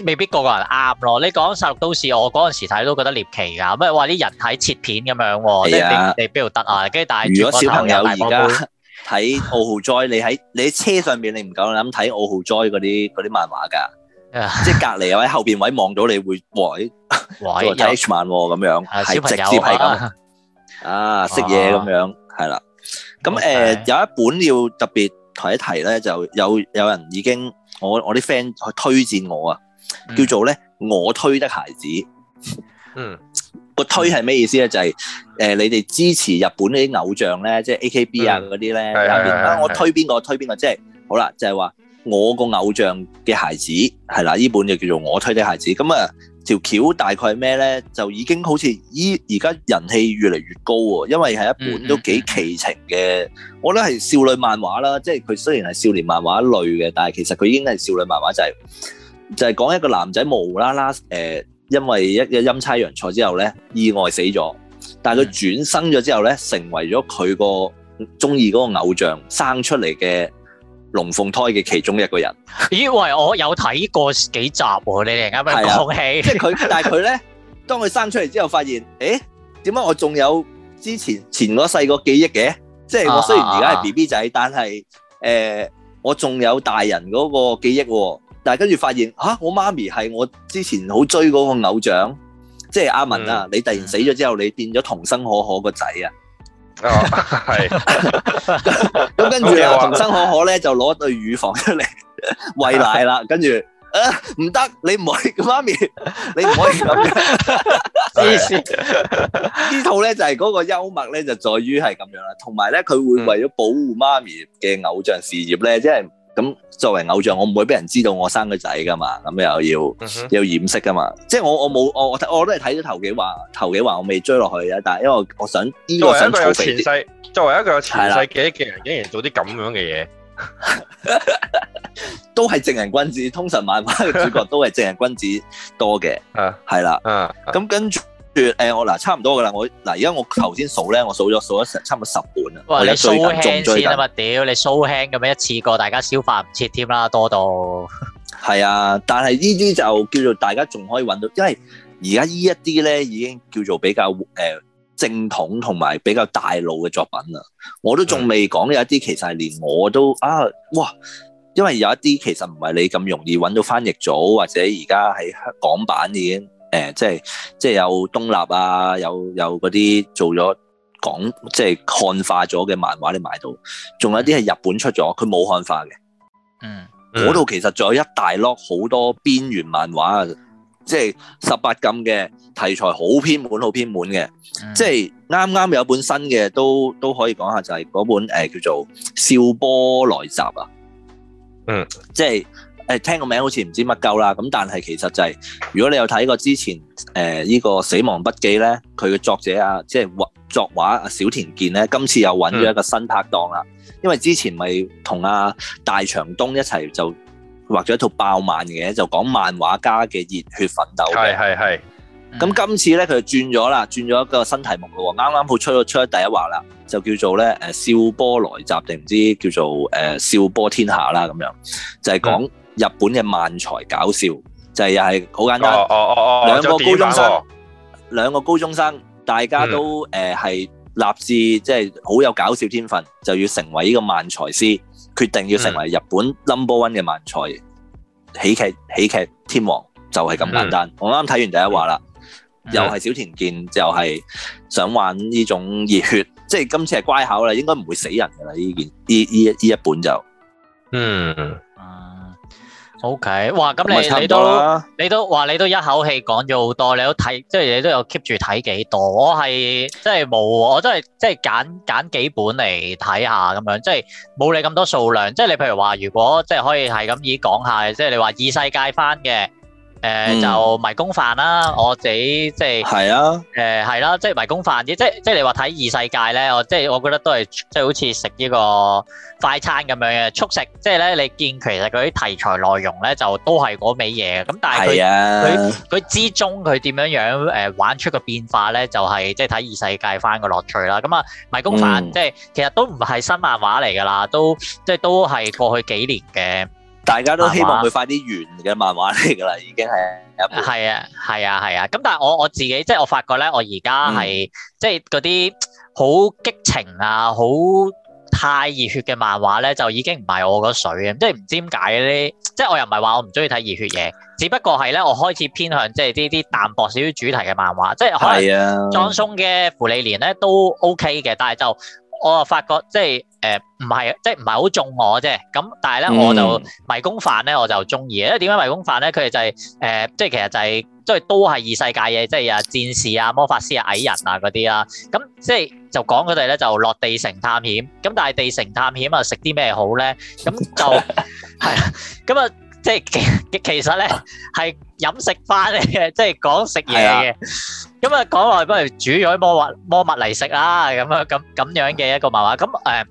未必個個人啱咯。你講《殺戮都市》，我嗰陣時睇都覺得獵奇㗎，咩話啲人體切片咁樣喎？你你邊度得啊？跟住但係如果小朋友而家睇《惡豪災》，你喺你喺車上邊你唔夠膽睇《惡豪災》嗰啲嗰啲漫畫㗎，即係隔離位後邊位望到你會壞壞睇 H 漫喎咁樣，係直接係咁啊識嘢咁樣係啦。咁誒有一本要特別提一提咧，就有有人已經我我啲 friend 去推薦我啊。叫做咧，mm. 我推的孩子，嗯，mm. 個推係咩意思咧？就係、是、誒、呃，你哋支持日本啲偶像咧，即係 A K B 啊嗰啲咧，入啊，我推邊個推邊個，即係好、就是、啦，就係話我個偶像嘅孩子係啦，呢本就叫做我推的孩子。咁、嗯、啊，條橋大概係咩咧？就已經好似依而家人氣越嚟越高喎，因為係一本都幾奇情嘅，mm. 我覺得係少女漫畫啦，即係佢雖然係少年漫畫一類嘅，但係其實佢已經係少女漫畫就係、是。就係講一個男仔無啦啦誒，因為一嘢陰差陽錯之後咧，意外死咗。但係佢轉生咗之後咧，成為咗佢個中意嗰個偶像生出嚟嘅龍鳳胎嘅其中一個人。以為我有睇過幾集，啊，你哋啱啱講起，即係佢，但係佢咧，當佢生出嚟之後，發現誒點解我仲有之前前嗰世個記憶嘅？即係我雖然而家係 BB 仔，但係誒我仲有大人嗰個記憶喎。但係跟住發現嚇、啊，我媽咪係我之前好追嗰個偶像，即係阿文啊。嗯、你突然死咗之後，你變咗童生可可個仔啊！哦，係。咁 [LAUGHS] 跟住啊，童吧生可可咧就攞一對乳房出嚟餵奶啦。跟住啊，唔得，你唔可以，媽咪，你唔可以咁樣。呢套咧就係、是、嗰個幽默咧，就在於係咁樣啦。同埋咧，佢會為咗保護媽咪嘅偶像事業咧，即係、嗯。咁作為偶像，我唔會俾人知道我生個仔㗎嘛，咁又要要掩飾㗎嘛。即係我我冇我我睇我都係睇咗頭幾話頭幾話，幾話我未追落去啊。但係因為我想，這個，我想作為一個有前世少作為一個有前世記憶嘅人，的竟然做啲咁樣嘅嘢， [LAUGHS] 都係正人君子。通常漫畫嘅主角都係正人君子多嘅，係啦。咁跟住。誒，我嗱差唔多噶啦，我嗱而家我頭先數咧，我數咗數咗成差唔多十本啦。哇！我追你蘇輕先啊嘛，屌你蘇輕咁樣一次過，大家消化唔切添啦，多到。係 [LAUGHS] 啊，但係呢啲就叫做大家仲可以揾到，因為而家呢一啲咧已經叫做比較誒、呃、正統同埋比較大路嘅作品啦。我都仲未講有一啲其實係連我都啊哇，因為有一啲其實唔係你咁容易揾到翻譯組，或者而家喺港版已經。誒、呃，即係即係有東立啊，有有嗰啲做咗講，即係漢化咗嘅漫畫你買到，仲有啲係日本出咗，佢冇漢化嘅。嗯，嗰度其實仲有一大粒好多邊緣漫畫，即係十八禁嘅題材，好偏門，好偏門嘅。嗯、即係啱啱有本新嘅，都都可以講下，就係、是、嗰本誒、呃、叫做《笑波衝天》啊。嗯，即係。誒聽個名好似唔知乜鳩啦，咁但係其實就係、是、如果你有睇過之前誒呢、呃這個死亡筆記咧，佢嘅作者啊，即係畫作畫啊小田健咧，今次又揾咗一個新拍檔啦。嗯、因為之前咪同阿大場東一齊就畫咗一套爆漫嘅，就講漫畫家嘅熱血奮鬥嘅。係係係。咁今次咧佢就轉咗啦，轉咗一個新題目咯喎。啱啱好出咗出咗第一話啦，就叫做咧誒笑波來襲定唔知叫做誒、呃、笑波天下啦咁樣，就係、是、講。嗯日本嘅漫才搞笑就係又係好簡單，兩、哦哦哦、個高中生，兩、嗯、個高中生，大家都誒係立志，即係好有搞笑天分，就要成為呢個漫才師，嗯、決定要成為日本 number one 嘅漫才喜劇喜劇天王，就係、是、咁簡單。嗯、我啱啱睇完第一話啦，嗯、又係小畑健，嗯、就係想玩呢種熱血，即、就、係、是、今次係乖巧啦，應該唔會死人噶啦，呢件呢呢呢一本就嗯。O、okay. K，哇！咁你多你都你都話你都一口氣講咗好多，你都睇即係你都有 keep 住睇幾多。我係即係冇，我真係即係揀揀幾本嚟睇下咁樣，即係冇你咁多數量。即係你譬如話，如果即係可以係咁依講下，即係你話異世界番嘅。誒、呃嗯、就迷宮飯啦，我自己，即係係啊，誒係、呃、啦，即係迷宮飯啲，即即係你話睇異世界咧，我即係我覺得都係即係好似食呢個快餐咁樣嘅速食，即係咧你見其實佢啲題材內容咧就都係嗰味嘢，咁但係佢佢佢之中佢點樣樣誒玩出個變化咧，就係、是、即係睇異世界翻個樂趣啦。咁啊迷宮飯、嗯、即係其實都唔係新漫畫嚟噶啦，都即係都係過去幾年嘅。大家都希望會快啲完嘅漫畫嚟㗎啦，已經係。係啊，係啊，係啊。咁但係我我自己即係我發覺咧，我而家係即係嗰啲好激情啊，好太熱血嘅漫畫咧，就已經唔係我個水嘅。即係唔知點解呢？即係我又唔係話我唔中意睇熱血嘢，只不過係咧，我開始偏向即係呢啲淡薄少少主題嘅漫畫。嗯、即係可能。係啊。葬送嘅芙莉蓮咧都 OK 嘅，但係就我發覺即係。誒，唔係，即係唔係好中我啫。咁但係咧我就迷宮飯咧我就中意，因為點解迷宮飯咧佢哋就係誒，即係其實就係即係都係異世界嘅，即係啊戰士啊、魔法師啊、矮人啊嗰啲啦，咁即係就講佢哋咧就落地城探險，咁但係地城探險啊食啲咩好咧？咁就係啦，咁啊即係其其實咧係飲食番嘅，即係講食嘢嘅，咁啊講落不如煮咗魔物魔物嚟食啦，咁樣咁咁樣嘅一個漫畫，咁誒。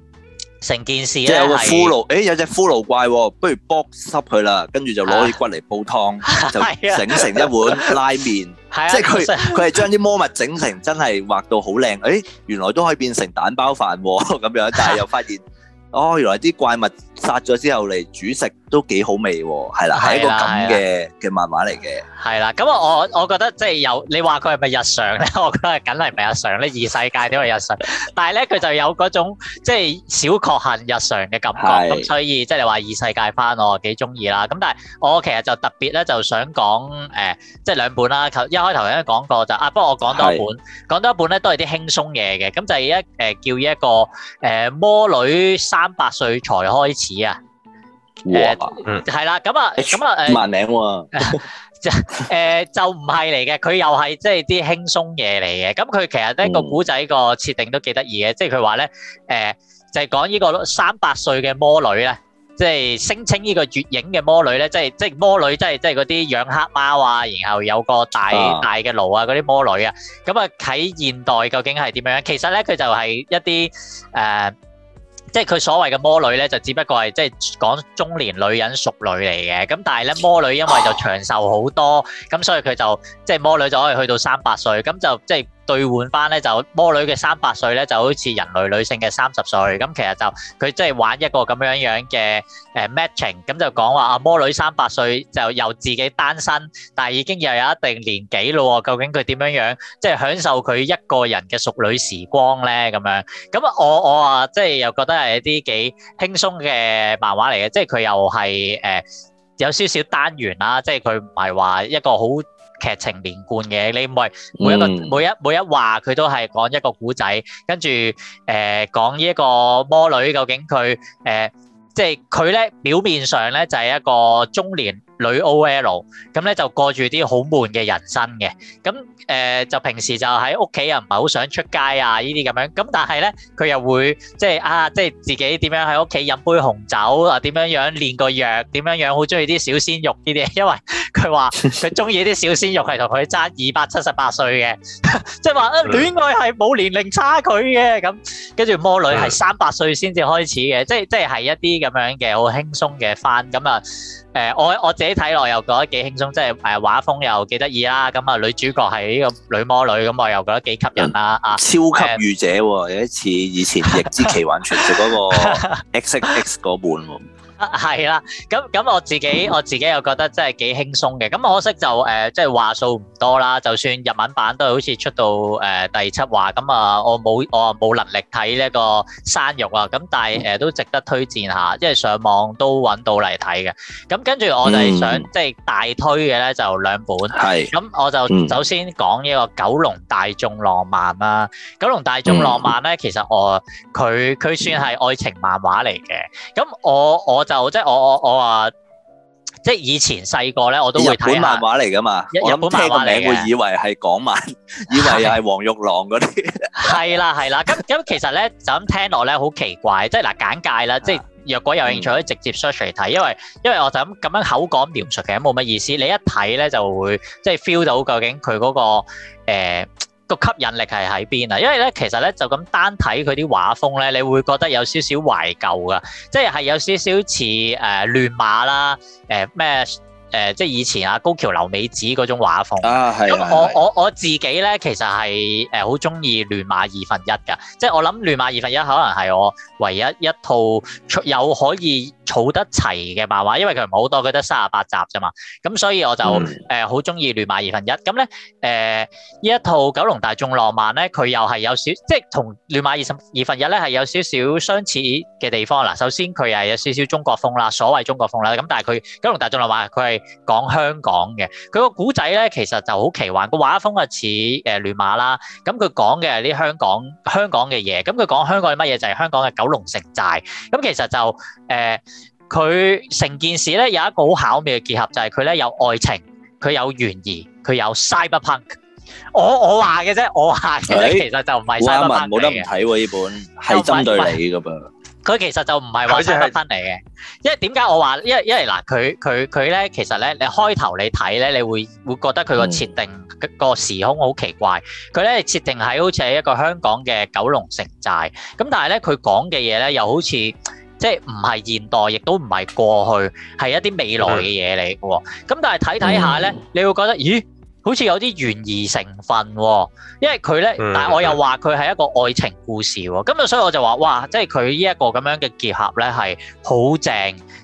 成件事即係有個骷髏，誒是、欸、有隻骷髏怪、啊，不如卜濕佢啦，跟住就攞啲骨嚟煲湯，啊、就整成一碗拉麵。啊、即係佢佢係將啲魔物整成真係畫到好靚，誒、欸、原來都可以變成蛋包飯喎、啊、咁樣，但係又發現， [LAUGHS] 哦，原來啲怪物殺咗之後嚟煮食。都幾好味喎，係啦，係一個咁嘅嘅漫畫嚟嘅。係啦，咁我我覺得即係有你話佢係咪日常咧？我覺得緊係唔係日常咧？異世界點係日常，但係咧佢就有嗰種即係小確幸日常嘅感覺，咁所以即係話異世界番我幾中意啦。咁但係我其實就特別咧就想講誒，即係兩本啦。頭一開頭已經講過就啊，不過我講多一本，講多一本咧都係啲輕鬆嘢嘅。咁就係一誒叫一個誒魔女三百歲才開始啊。我啊，哇嗯，係啦，咁啊，咁啊，誒、欸，萬零喎，就誒就唔係嚟嘅，佢又係即係啲輕鬆嘢嚟嘅，咁佢其實咧個古仔個設定都幾得意嘅，即係佢話咧，誒就係講呢個三百歲嘅魔女咧，即係聲稱呢個月影嘅魔女咧，即係即係魔女，即係即係嗰啲養黑貓啊，然後有個大大嘅爐啊，嗰啲魔女啊，咁啊喺現代究竟係點樣？其實咧佢就係一啲誒。呃即係佢所謂嘅魔女咧，就只不過係即係講中年女人熟女嚟嘅，咁但係咧魔女因為就長壽好多，咁所以佢就即係魔女就可以去到三百歲，咁就即係。兌換翻咧，就魔女嘅三百歲咧，就好似人類女性嘅三十歲。咁其實就佢即係玩一個咁樣樣嘅誒 matching，劇情連貫嘅，你唔係每一個、嗯、每一每一話佢都係講一個故仔，跟住誒講呢一個魔女究竟佢誒、呃，即係佢咧表面上咧就係、係、一個中年、女 OL 咁咧就過住啲好悶嘅人生嘅，咁誒就平時就喺屋企又唔係好想出街啊，呢啲咁樣，咁但係咧佢又會即係啊即係自己點樣喺屋企飲杯紅酒啊，點樣樣練個藥，點樣樣好中意啲小鮮肉呢啲，因為佢話佢中意啲小鮮肉係同佢爭二百七十八歲嘅，即係話啊戀愛係冇年齡差距嘅，咁，跟住魔女係三百歲先至開始嘅，即係即係係一啲咁樣嘅好輕鬆嘅番咁啊。誒我我自己睇落又覺得幾輕鬆，即係誒畫風又幾得意啦。咁啊女主角係呢個女魔女，咁我又覺得幾吸引啦。者啊，超級御姐喎，有一次以前《逆之奇幻傳説》嗰 [LAUGHS] 個 X X 嗰本喎。 [LAUGHS] 啊，係啦，咁咁我自己我自己又覺得真係幾輕鬆嘅，咁可惜就誒，即係話數唔多啦，就算日文版都係好似出到誒第七話，咁啊，我冇我冇能力睇呢個生肉啊，咁但係誒都值得推薦下，因為上網都揾到嚟睇嘅，咁跟住我就係想即係大推嘅咧就兩本，係，咁我就首先講呢個《九龍大眾浪漫》啦，《九龍大眾浪漫》咧其實我佢佢算係愛情漫畫嚟嘅，咁我我。就即係我我我話，即係以前細個咧，我都會睇日本漫畫嚟㗎嘛。咁聽個名會以為係港漫，以為又係黃玉郎嗰啲。係啦係啦，咁咁其實咧，就咁聽落咧好奇怪，即係嗱簡介啦。即係若果有興趣，可以直接 search 嚟睇，因為因為我就咁咁樣口講描述嘅，冇乜意思。你一睇咧就會即係 feel 到究竟佢嗰個誒。個吸引力係喺邊啊？因為咧，其實咧就咁單睇佢啲畫風咧，你會覺得有少少懷舊㗎，即係有少少似誒亂馬啦，誒、呃、咩？誒、呃，即係以前啊，高橋留美子嗰種畫風。咁、嗯、我我我自己咧，其實係誒好中意亂馬二分一㗎。即係我諗亂馬二分一可能係我唯一一套有可以儲得齊嘅漫畫，因為佢唔好多，佢得三十八集咋嘛。咁所以我就誒好中意亂馬二分一。咁咧誒呢、呃、一套《九龍大眾浪漫》咧，佢又係有少即係同亂馬二分二分一咧係有少少相似嘅地方。嗱，首先佢係有少少中國風啦，所謂中國風啦。咁但係佢《九龍大眾浪漫》佢係。講香港嘅，佢個古仔咧，其實就好奇幻，個畫風啊似誒亂馬啦。咁佢講嘅係啲香港香港嘅嘢，咁佢講香港係乜嘢就係香港嘅九龍城寨。咁其實就誒，佢成件事咧有一個好巧妙嘅結合，就係佢咧有愛情，佢有懸疑，佢有 cyberpunk。我我話嘅啫，我話嘅啫，其實就唔係。唔，阿文冇得唔睇喎呢本，係針對你噶嘛。佢其實就唔係話拆得拆嚟嘅，因為點解我話，因為因為嗱，佢佢佢咧，其實咧，你開頭你睇咧，你會會覺得佢個設定、嗯、個時空好奇怪，佢咧設定喺好似係一個香港嘅九龍城寨，咁但係咧佢講嘅嘢咧又好似即係唔係現代，亦都唔係過去，係一啲未來嘅嘢嚟嘅喎，咁的但係睇睇下咧，嗯、你會覺得咦？好似有啲懸疑成分喎，因為佢咧，嗯、但係我又話佢係一個愛情故事喎，咁啊、嗯，所以我就話，哇，即係佢呢一個咁樣嘅結合咧，係好正，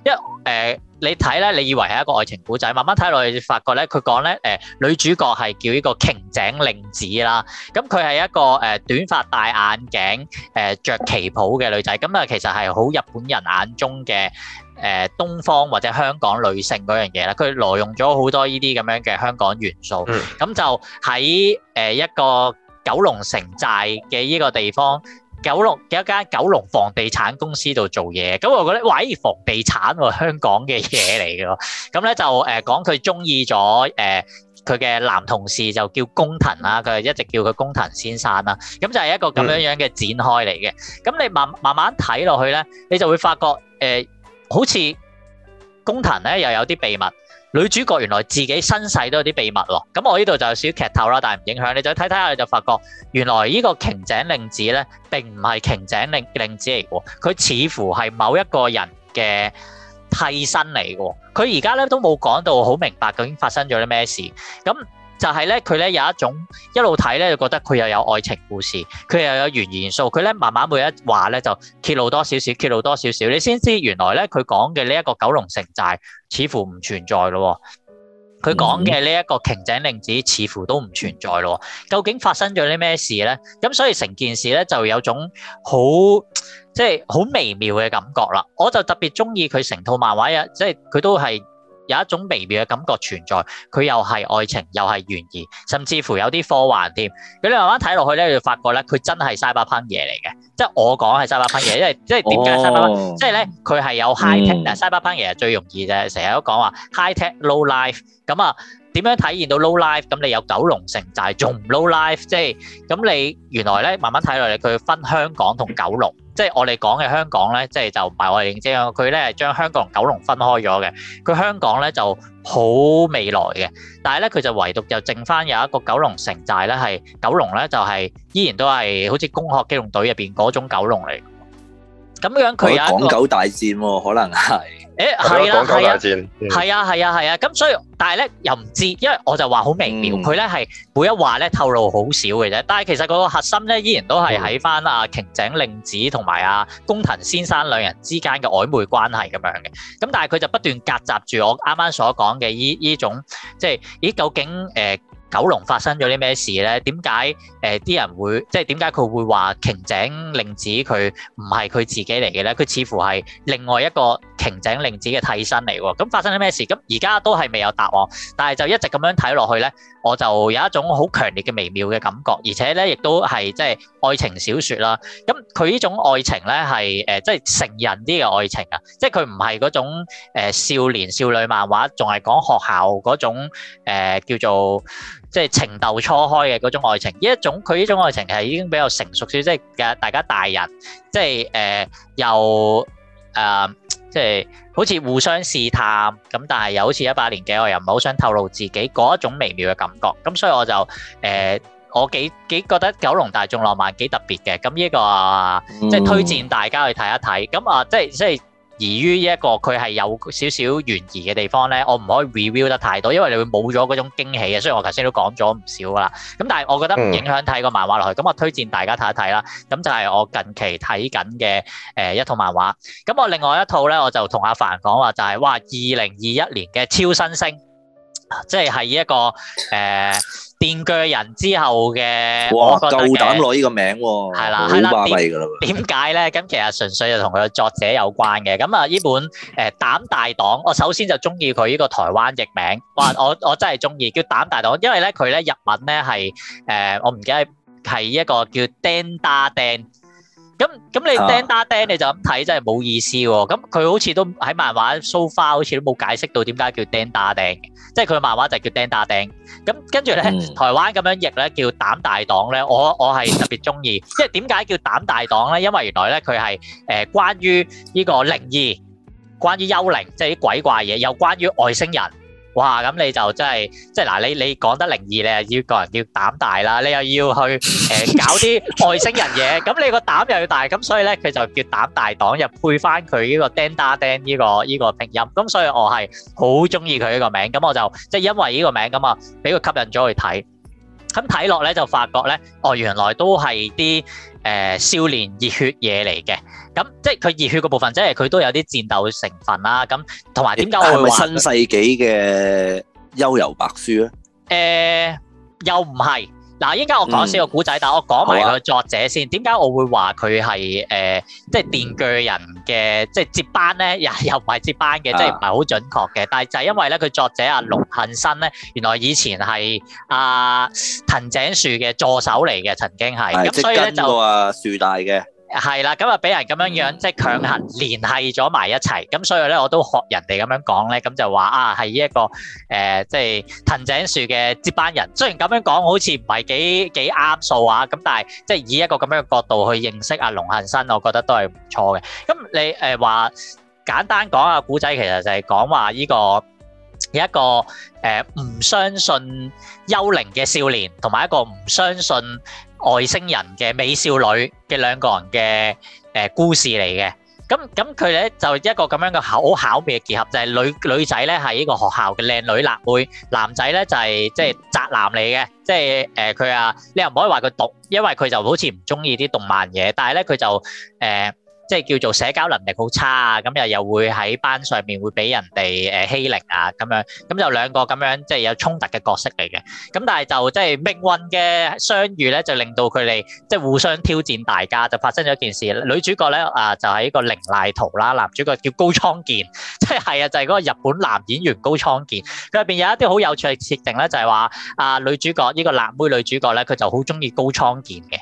因為誒、呃你睇咧，你以為係一個愛情古仔，慢慢睇落去，發覺咧，佢講咧，誒、呃，女主角係叫依個鯨井令子啦。咁佢係一個誒、呃、短髮戴眼鏡，誒、呃、着旗袍嘅女仔。咁啊，其實係好日本人眼中嘅誒、呃、東方或者香港女性嗰樣嘢啦。佢挪用咗好多呢啲咁樣嘅香港元素。咁、嗯、就喺誒、呃、一個九龍城寨嘅依個地方。九龍嘅一間九龍房地產公司度做嘢，咁我覺得懷疑房地產喎、啊、香港嘅嘢嚟嘅咯，咁 [LAUGHS] 咧就誒，講佢中意咗，誒佢嘅男同事就叫工藤啦，佢係一直叫佢工藤先生啦，咁就係一個咁樣樣嘅展開嚟嘅，咁、嗯、你慢慢慢睇落去咧，你就會發覺誒、呃、好似工藤咧又有啲秘密。女主角原來自己身世都有啲秘密喎，咁我呢度就有少少劇透啦，但係唔影響你再睇睇下，你就發覺原來呢個鯨井令子呢並唔係鯨井令令子嚟嘅，佢似乎係某一個人嘅替身嚟嘅，佢而家呢都冇講到好明白究竟發生咗啲咩事，咁。但係咧，佢咧有一種一路睇咧，就覺得佢又有愛情故事，佢又有懸疑元素。佢咧慢慢每一話咧就揭露多少少，揭露多少少，你先知原來咧佢講嘅呢一個九龍城寨似乎唔存在咯。佢講嘅呢一個鯨井令子似乎都唔存在咯。嗯、究竟發生咗啲咩事咧？咁所以成件事咧就有種好即係好微妙嘅感覺啦。我就特別中意佢成套漫畫啊，即係佢都係。有一種微妙嘅感覺存在，佢又係愛情，又係懸疑，甚至乎有啲科幻添。咁你慢慢睇落去咧，你就發覺咧，佢真係 cyberpunk 嘢嚟嘅。即係我講係 cyberpunk 嘢，因為即係點解 cyberpunk 即係咧佢係有 high tech，但係、oh. cyberpunk 嘢最容易就係成日都講話 high tech low life 咁啊。點樣體現到 low life？咁你有九龍城寨仲唔 low life？即係咁你原來咧，慢慢睇落嚟，佢分香港同九龍。即係我哋講嘅香港咧，即係就唔係我哋認知啊。佢咧係將香港同九龍分開咗嘅。佢香港咧就好未來嘅，但係咧佢就唯獨就剩翻有一個九龍城寨咧，係九龍咧就係依然都係好似攻殼機動隊入邊嗰種九龍嚟。咁樣佢有港九大戰喎，可能係。誒係啦，係啊，係啊，係啊，咁所以但係咧又唔知，因為我就話好微妙，佢咧係每一話咧透露好少嘅啫。但係其實嗰個核心咧依然都係喺翻阿瓊井令子同埋阿工藤先生兩人之間嘅曖昧關係咁樣嘅。咁但係佢就不斷夾雜住我啱啱所講嘅依依種，即係咦究竟誒、呃、九龍發生咗啲咩事咧？點解誒啲人會即係點解佢會話瓊井令子佢唔係佢自己嚟嘅咧？佢似乎係另外一個。情井令子嘅替身嚟喎，咁發生咗咩事？咁而家都係未有答案，但係就一直咁樣睇落去咧，我就有一種好強烈嘅微妙嘅感覺，而且咧亦都係即係愛情小説啦。咁佢呢種愛情咧係誒即係成人啲嘅愛情啊，即係佢唔係嗰種誒少年少女漫畫，仲係講學校嗰種誒叫做即係情竇初開嘅嗰種愛情。呢一種佢呢種愛情係已經比較成熟少少，即係嘅大家大人，即係誒又誒。即係好似互相試探咁，但係又好似一把年紀，我又唔係好想透露自己嗰一種微妙嘅感覺。咁所以我就誒、呃，我幾幾覺得《九龍大眾浪漫》幾特別嘅。咁呢一個即、啊、係、即係、推薦大家去睇一睇。咁、嗯、啊，即係即係。即係而於呢一個佢係有少少懸疑嘅地方咧，我唔可以 review 得太多，因為你會冇咗嗰種驚喜嘅。雖然我頭先都講咗唔少啦，咁但係我覺得唔影響睇個漫畫落去。咁、嗯、我推薦大家睇一睇啦。咁就係我近期睇緊嘅誒一套漫畫。咁我另外一套咧，我就同阿凡講話就係、話、哇，二零二一年嘅超新星，即係係一個誒。呃電鋸人之後嘅，哇，夠膽攞呢個名喎，啊，係啦的，係啦，啲咁，點解咧？咁其實純粹就同佢作者有關嘅。咁啊，呢本誒膽大黨，我首先就中意佢呢個台灣譯名，哇，我我真係中意叫膽大黨，因為咧佢咧日文咧係誒，我唔記得係一個叫「Dan Dadan」。咁咁你釘打釘，你就咁睇真係冇意思喎。咁佢好似都喺漫畫 so far 好似都冇解釋到點解叫釘打釘嘅，即係佢嘅漫畫就叫釘打釘。咁跟住咧，台灣咁樣譯咧叫膽大黨咧，我我係特別中意，即係點解叫膽大黨咧？因為原來咧佢係誒關於呢個靈異，關於幽靈，即係啲鬼怪嘢，又關於外星人。哇！咁你就真係即係嗱，你你講得靈異咧，要個人要膽大啦，你又要去誒搞啲外星人嘢，咁你個膽又要大，咁所以咧佢就叫膽大黨，又配翻佢呢個 Dandadan 呢個呢個拼音，咁所以我係好中意佢呢個名，咁我就即係因為呢個名咁啊，俾佢吸引咗去睇，咁睇落咧就發覺咧，哦原來都係啲。誒、呃、少年熱血嘢嚟嘅，咁即係佢熱血個部分，即係佢都有啲戰鬥成分啦。咁同埋點解我會話，係咪新世紀嘅幽遊白書咧？誒、呃，又唔係。嗱，依家我講少個古仔，嗯、但係我講埋佢作者先。點解、啊、我會話佢係誒，即、呃、係、就是、電鋸人嘅即係接班咧？又又唔係接班嘅，啊、即係唔係好準確嘅。但係就係因為咧，佢作者阿龍恆生咧，原來以前係阿、啊、藤井樹嘅助手嚟嘅，曾經係咁，所以呢就樹大嘅。係啦，咁啊俾人咁樣樣即係強行聯繫咗埋一齊，咁所以咧我都學人哋咁樣講咧，咁就話啊係依一個誒即係藤井樹嘅接班人。雖然咁樣講好似唔係幾幾啱數啊，咁但係即係以一個咁樣嘅角度去認識阿龍恆生，我覺得都係唔錯嘅。咁你誒話簡單講下古仔，其實就係講話依個依一個誒唔相信幽靈嘅少年，同埋一個唔相信。外星人嘅美少女嘅兩個人嘅誒故事嚟嘅，咁咁佢咧就一個咁樣嘅好巧妙嘅結合，就係、是、女女仔咧係呢個學校嘅靚女辣妹，男仔咧就係即係宅男嚟嘅，即係誒佢啊，你又唔可以話佢毒，因為佢就好似唔中意啲動漫嘢，但係咧佢就誒。呃即係叫做社交能力好差啊，咁又又會喺班上面會俾人哋誒欺凌啊咁樣，咁就兩個咁樣即係有衝突嘅角色嚟嘅，咁但係就即係命運嘅相遇咧，就令到佢哋即係互相挑戰，大家就發生咗一件事。女主角咧啊、呃，就係、一個凌瀨圖啦，男主角叫高倉健，即係係啊，就係、係、嗰個日本男演員高倉健。佢入邊有一啲好有趣嘅設定咧，就係話啊女主角呢個辣妹女主角咧，佢就好中意高倉健嘅。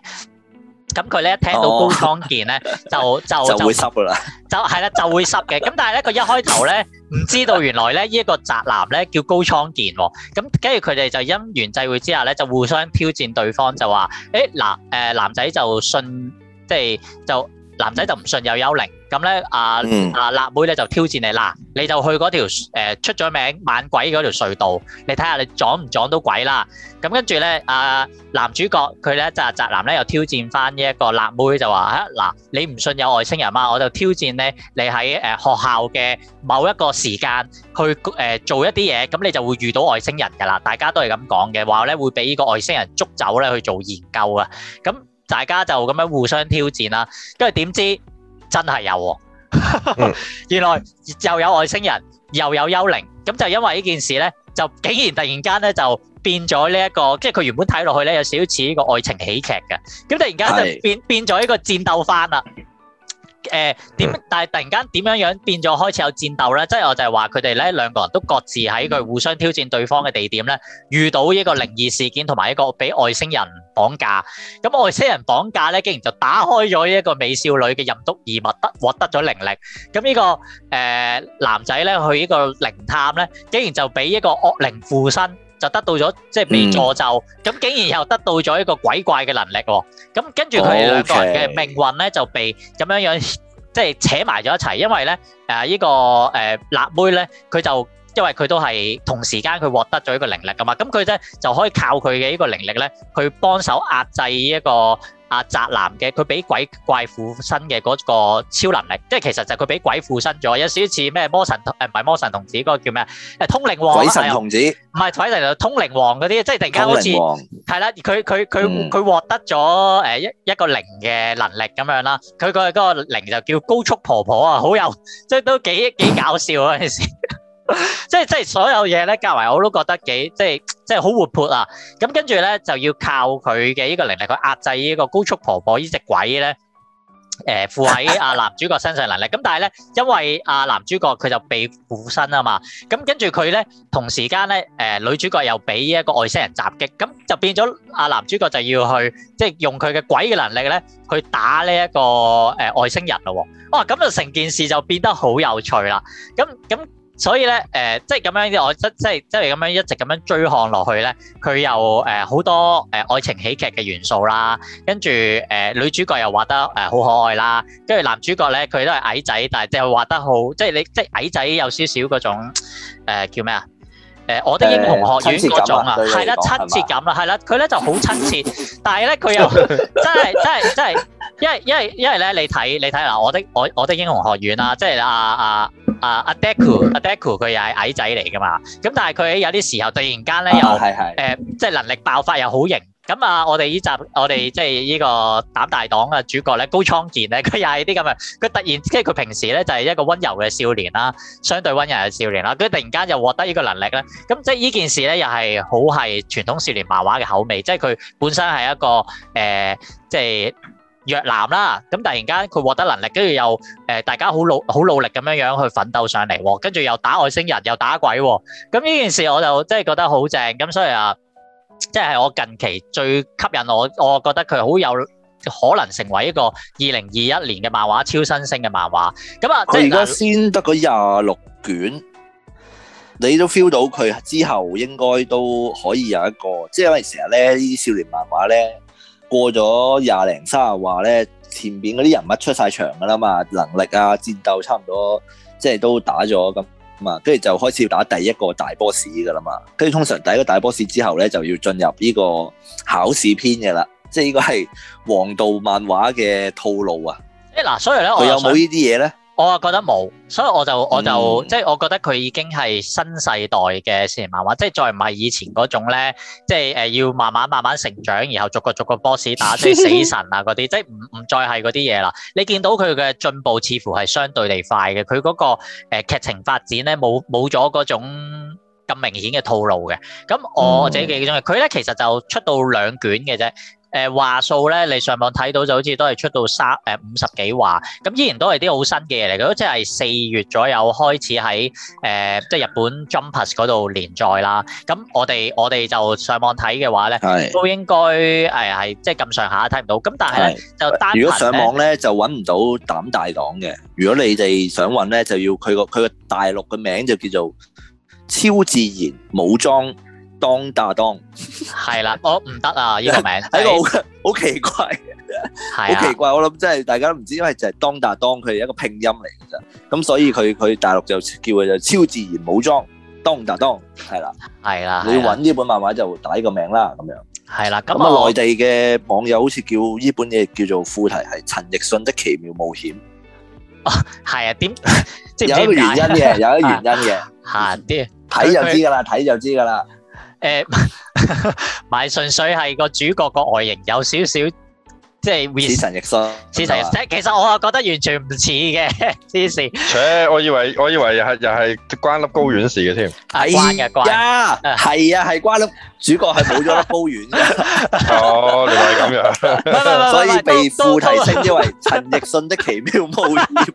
咁佢咧聽到高倉健咧 [LAUGHS] 就就就，就會濕噶啦，就係啦就會濕嘅。咁 [LAUGHS] 但係咧佢一開頭咧唔知道原來咧呢一個宅男咧叫高倉健喎，哦。咁跟住佢哋就因緣際會之下咧就互相挑戰對方就話，誒、欸、男誒、呃、男仔就信即係就。男仔就唔信有幽靈，咁咧啊啊！辣妹咧就挑戰你，嗱，你就去嗰條誒出咗名猛鬼嗰條隧道，你睇下你撞唔撞到鬼啦？咁跟住咧啊，男主角佢咧就宅男咧又挑戰翻呢一個辣妹，就話啊嗱，你唔信有外星人嘛？我就挑戰咧，你喺誒學校嘅某一個時間去誒做一啲嘢，咁你就會遇到外星人噶啦。大家都係咁講嘅，話咧會俾呢個外星人捉走咧去做研究啊。咁大家就咁樣互相挑戰啦，跟住點知真係有喎、啊， [LAUGHS] 原來又有外星人，又有幽靈，咁就因為呢件事呢，就竟然突然間呢，就變咗呢一個，即係佢原本睇落去呢，有少少似呢個愛情喜劇嘅，咁突然間就變是變咗一個戰鬥番啦。誒點？但係突然間點樣樣變咗開始有戰鬥咧？即係我就係話佢哋咧，兩個人都各自喺佢互相挑戰對方嘅地點咧，遇到呢個靈異事件同埋一個俾外星人綁架。咁外星人綁架咧，竟然就打開咗呢一個美少女嘅任督二脈，得獲得咗靈力。咁呢個誒男仔咧，去呢個靈探咧，竟然就俾一個惡靈附身。就得到咗即係被詛咒，咁、嗯、竟然又得到咗一個鬼怪嘅能力喎、哦。咁跟住佢哋兩個人嘅命運咧，Okay. 就被咁樣樣即係扯埋咗一齊，因為咧誒呢個誒、呃、辣妹咧，佢就因為佢都係同時間佢獲得咗一個能力噶嘛，咁佢咧就可以靠佢嘅呢個能力咧，去幫手壓制呢、這、一個。阿宅、啊、男嘅佢俾鬼怪附身嘅嗰個超能力，即係其實就佢俾鬼附身咗，有少少似咩魔神同誒，唔係魔神童子嗰個叫咩誒，通靈王啊，鬼神童子唔係通靈王，係係通靈王嗰啲，即係突然間好似係啦，佢佢佢佢獲得咗誒一一個靈嘅能力咁樣啦，佢個嗰個靈就叫高速婆婆啊，好有即係都幾幾搞笑嗰陣時 [LAUGHS] 即係即係所有嘢咧，夾埋我都覺得幾即係即係好活潑啊！咁跟住咧就要靠佢嘅呢個能力去壓制呢個高速婆婆呢隻鬼咧。誒，附喺阿男主角身上能力。咁但係咧，因為阿男主角佢就被附身啊嘛。咁跟住佢咧，同時間咧，誒，女主角又俾呢一個外星人襲擊，咁就變咗阿男主角就要去即係用佢嘅鬼嘅能力咧，去打呢一個誒外星人咯。哇！咁就成件事就變得好有趣啦。咁咁。所以咧，誒、呃，即係咁樣，我即即係即係咁樣一直咁樣追看落去咧，佢又誒好、呃、多誒、呃、愛情喜劇嘅元素啦，跟住誒女主角又畫得誒好可愛啦，跟住男主角咧佢都係矮仔，但係即係畫得好，即係你即係矮仔有少少嗰種、呃、叫咩啊？誒、呃、我的英雄學院嗰種啊，係啦、欸，親切感啦，係啦，佢咧吧就好親切， [LAUGHS] 但係咧佢又真係真係真係， [LAUGHS] 因為因為因為咧你睇你睇嗱我的我的我的英雄學院啦，即係啊啊～啊啊啊啊啊啊啊啊阿 decku 阿 decku 佢又係矮仔嚟噶嘛，咁但係佢有啲時候突然間咧又誒、啊呃、即係能力爆發又好型，咁啊我哋依集我哋即係呢個膽大黨嘅主角咧高倉健咧，佢又係啲咁嘅。佢突然即係佢平時咧就係、是、一個溫柔嘅少年啦，相對溫柔嘅少年啦，佢突然間又獲得呢個能力啦。咁即係呢件事咧又係好係傳統少年漫畫嘅口味，即係佢本身係一個誒、呃、即係。弱男啦，咁突然間佢獲得能力，跟住又誒，大家好努好努力咁樣樣去奮鬥上嚟，跟住又打外星人，又打鬼，咁呢件事我就真係覺得好正，咁所以啊，即係我近期最吸引我，我覺得佢好有可能成為一個二零二一年嘅漫畫超新星嘅漫畫。咁啊，佢而家先得嗰廿六卷，你都 feel 到佢之後應該都可以有一個，即係因為成日咧呢啲少年漫畫咧。過咗廿零卅話咧，前邊嗰啲人物出晒場噶啦嘛，能力啊，戰鬥差唔多，即係都打咗咁咁啊，跟住就開始要打第一個大 boss 噶啦嘛，跟住通常第一個大 boss 之後咧就要進入呢個考試篇嘅啦，即係呢個係王道漫畫嘅套路啊。即嗱、欸，所以咧佢有冇呢啲嘢咧？我啊覺得冇，所以我就我就、嗯、即係我覺得佢已經係新世代嘅少年漫畫，即係再唔係以前嗰種咧，即係誒要慢慢慢慢成長，然後逐個逐個 boss 打，即係死神啊嗰啲， [LAUGHS] 即係唔唔再係嗰啲嘢啦。你見到佢嘅進步似乎係相對地快嘅，佢嗰、嗰個誒、呃、劇情發展咧冇冇咗嗰種咁明顯嘅套路嘅。咁我自己幾中意佢咧，其實就出到兩卷嘅啫。誒話數咧，你上網睇到就好似都係出到三誒五十幾話，咁依然都係啲好新嘅嘢嚟。嗰即係四月左右開始喺誒即係日本 Jumpers 嗰度連載啦。咁我哋我哋就上網睇嘅話咧，都應該誒係即係咁上下睇唔到。咁但係咧就單。如果上網咧就揾唔到膽大黨嘅。如果你哋想揾咧，就要佢個佢個大陸嘅名就叫做超自然武裝。當大當係啦，我唔得啊！呢個名係一個的的好好奇怪，係的好奇怪。我諗即係大家都唔知，因為就係當大當佢係一個拼音嚟嘅啫。咁所以佢佢大陸就叫佢就超自然武裝當大當係啦，係啦。你搵呢本漫畫就打呢個名啦，咁樣係啦。咁啊，內地嘅網友好似叫呢本嘢，叫做副題係陳奕迅的奇妙冒險。哦，係啊？點即係有一個原因嘅，有一個原因嘅，啊、行啲睇就知噶啦，睇就知噶啦。誒，唔係純粹係個主角個外形有少少。即係陳奕迅，陳奕迅，其實我啊覺得完全唔似嘅呢啲事。切，我以為我以為又係又係關粒高丸事嘅添，係啊，係啊，係關粒主角係冇咗粒高丸嘅。哦，原來係咁樣，所以被副題稱之為陳奕迅的奇妙冒險。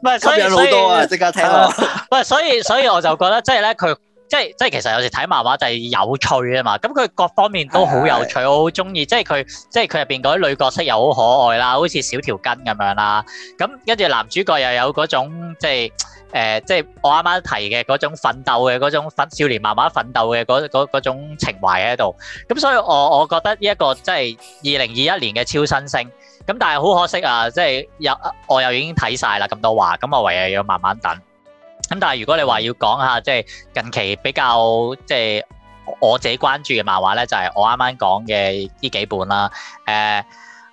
唔係，吸引好多啊！即刻聽咯。唔係，所以所以我就覺得，即係咧佢。即係即係，其實有時睇漫畫就係有趣啊嘛！咁佢各方面都好有趣，的我好中意。即係佢即係佢入邊嗰啲女角色又好可愛啦，好似小條筋咁樣啦。咁跟住男主角又有嗰種即係誒，即係、呃、我啱啱提嘅嗰種奮鬥嘅嗰種少年漫畫奮鬥嘅嗰種情懷喺度。咁所以我我覺得呢一個即係二零二一年嘅超新星。咁但係好可惜啊！即係又我又已經睇晒啦咁多話，咁我唯有要慢慢等。咁但係如果你話要講下，即係近期比較即係我自己關注嘅漫畫咧，就係我啱啱講嘅呢幾本啦。誒，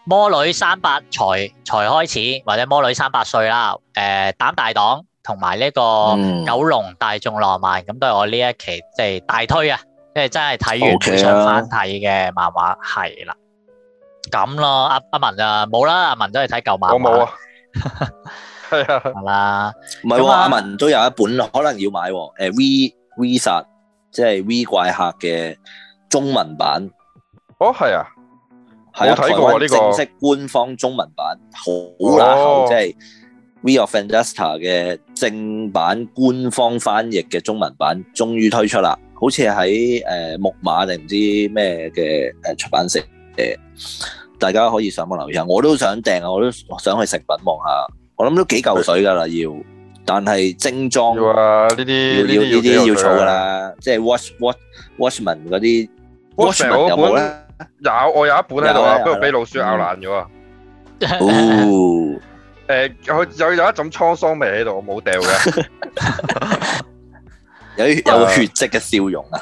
魔女三百才才開始，或者魔女三百歲啦。誒，膽大黨同埋呢個九龍大眾浪漫，咁都係我呢一期即係大推啊！即係真係睇完想翻睇嘅漫畫係啦。咁咯，阿阿文啊，冇啦，阿文都係睇舊漫畫。係啦，唔係阿文都有一本，可能要買誒。V V s 殺，即係 V 怪客嘅中文版，哦係啊，係 [LAUGHS] 啊，睇呢、啊、台灣正式官方中文版好拉，即係 V for Vendetta 嘅正版官方翻譯嘅中文版終於推出啦。好似喺誒木馬定唔知咩嘅誒出版社誒、呃，大家可以上網留意下，我都想訂啊，我都想去食品望下。啊我諗都幾嚿水噶啦，要，但係精裝要啊，呢啲要呢啲要儲噶啦，即係 watch watch watchman 嗰啲。我成我本有，我有一本喺度啊，不過俾老鼠咬爛咗啊。哦，誒，有有有一種滄桑味，喺度，我冇掉嘅。有有血跡嘅笑容啊！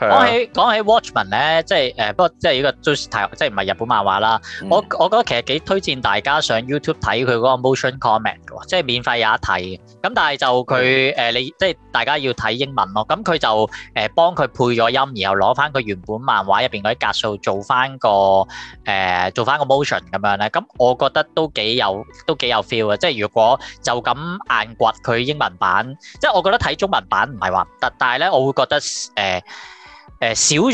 講起講起 Watchman 咧，即係誒，不過即係呢個都太，即係唔係日本漫畫啦。我我覺得其實幾推薦大家上 YouTube 睇佢嗰個 motion comment 嘅喎，即係免費有一睇嘅。咁但係就佢誒，你即係大家要睇英文咯。咁佢就誒幫佢配咗音，然後攞翻佢原本漫畫入邊嗰啲格數做翻個誒，做翻個 motion 咁樣咧。咁我覺得都幾有都幾有 feel 嘅。即係如果就咁硬掘佢英文版，即係我覺得睇中文版唔係話唔得，但係咧我會覺得誒。少咗，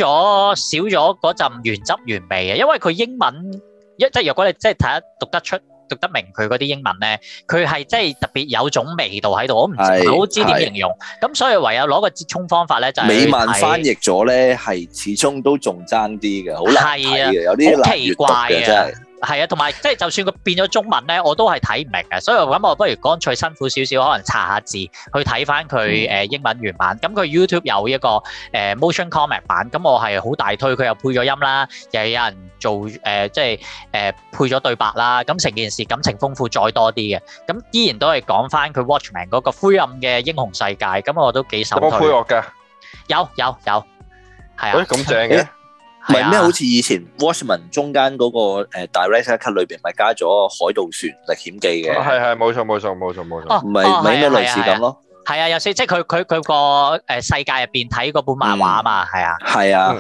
少咗嗰陣原汁原味，因為佢英文，即，如果你即，睇得出，讀得明佢嗰啲英文呢，佢係即係特別有種味道喺度，我唔知好知點形容。咁，所以唯有攞個折衷方法呢，就係。美漫翻譯咗呢，始終都仲爭啲㗎，好冷。係呀，有啲奇怪嘅。少了，我不，係啊，同埋即係就算佢變咗中文咧，我都係睇唔明嘅，所以我諗，我不如乾脆辛苦少少，可能查下字去睇翻佢誒英文原版。咁佢 YouTube 有一個誒 motion comic 版，咁我係好大推。佢又配咗音啦，又有人做誒即係誒配咗對白啦。咁成件事感情豐富再多啲嘅，咁依然都係講翻佢 Watchman 嗰個灰暗嘅英雄世界。咁我都幾受。有冇配樂㗎？有有有，係啊。誒咁正嘅。咪咩？好似以前 Watchmen 中間嗰個 Director 級裏邊咪加咗海盜船歷險記嘅？係係冇錯冇錯冇錯冇錯，唔係比較類似咁咯。係啊，有少即係佢佢佢個誒世界入邊睇嗰本漫畫嘛，係啊，係啊，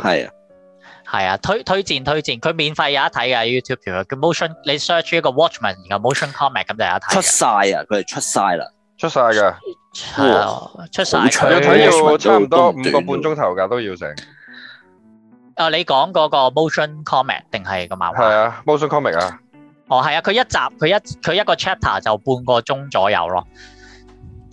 係啊，推推薦推薦，佢免費有一睇嘅 YouTube 佢 Motion，你 search 一個 Watchmen 然後 Motion comic 咁就有得睇。出晒啊！佢哋出晒啦，出晒嘅，係啊，出晒！要睇要差唔多五個半鐘頭㗎，都要成。啊！你講嗰個 motion comic 定係個漫畫？係啊，motion comic 啊。 [MUSIC] 哦，係啊，佢一集佢一佢一個 chapter 就半個鐘左右咯。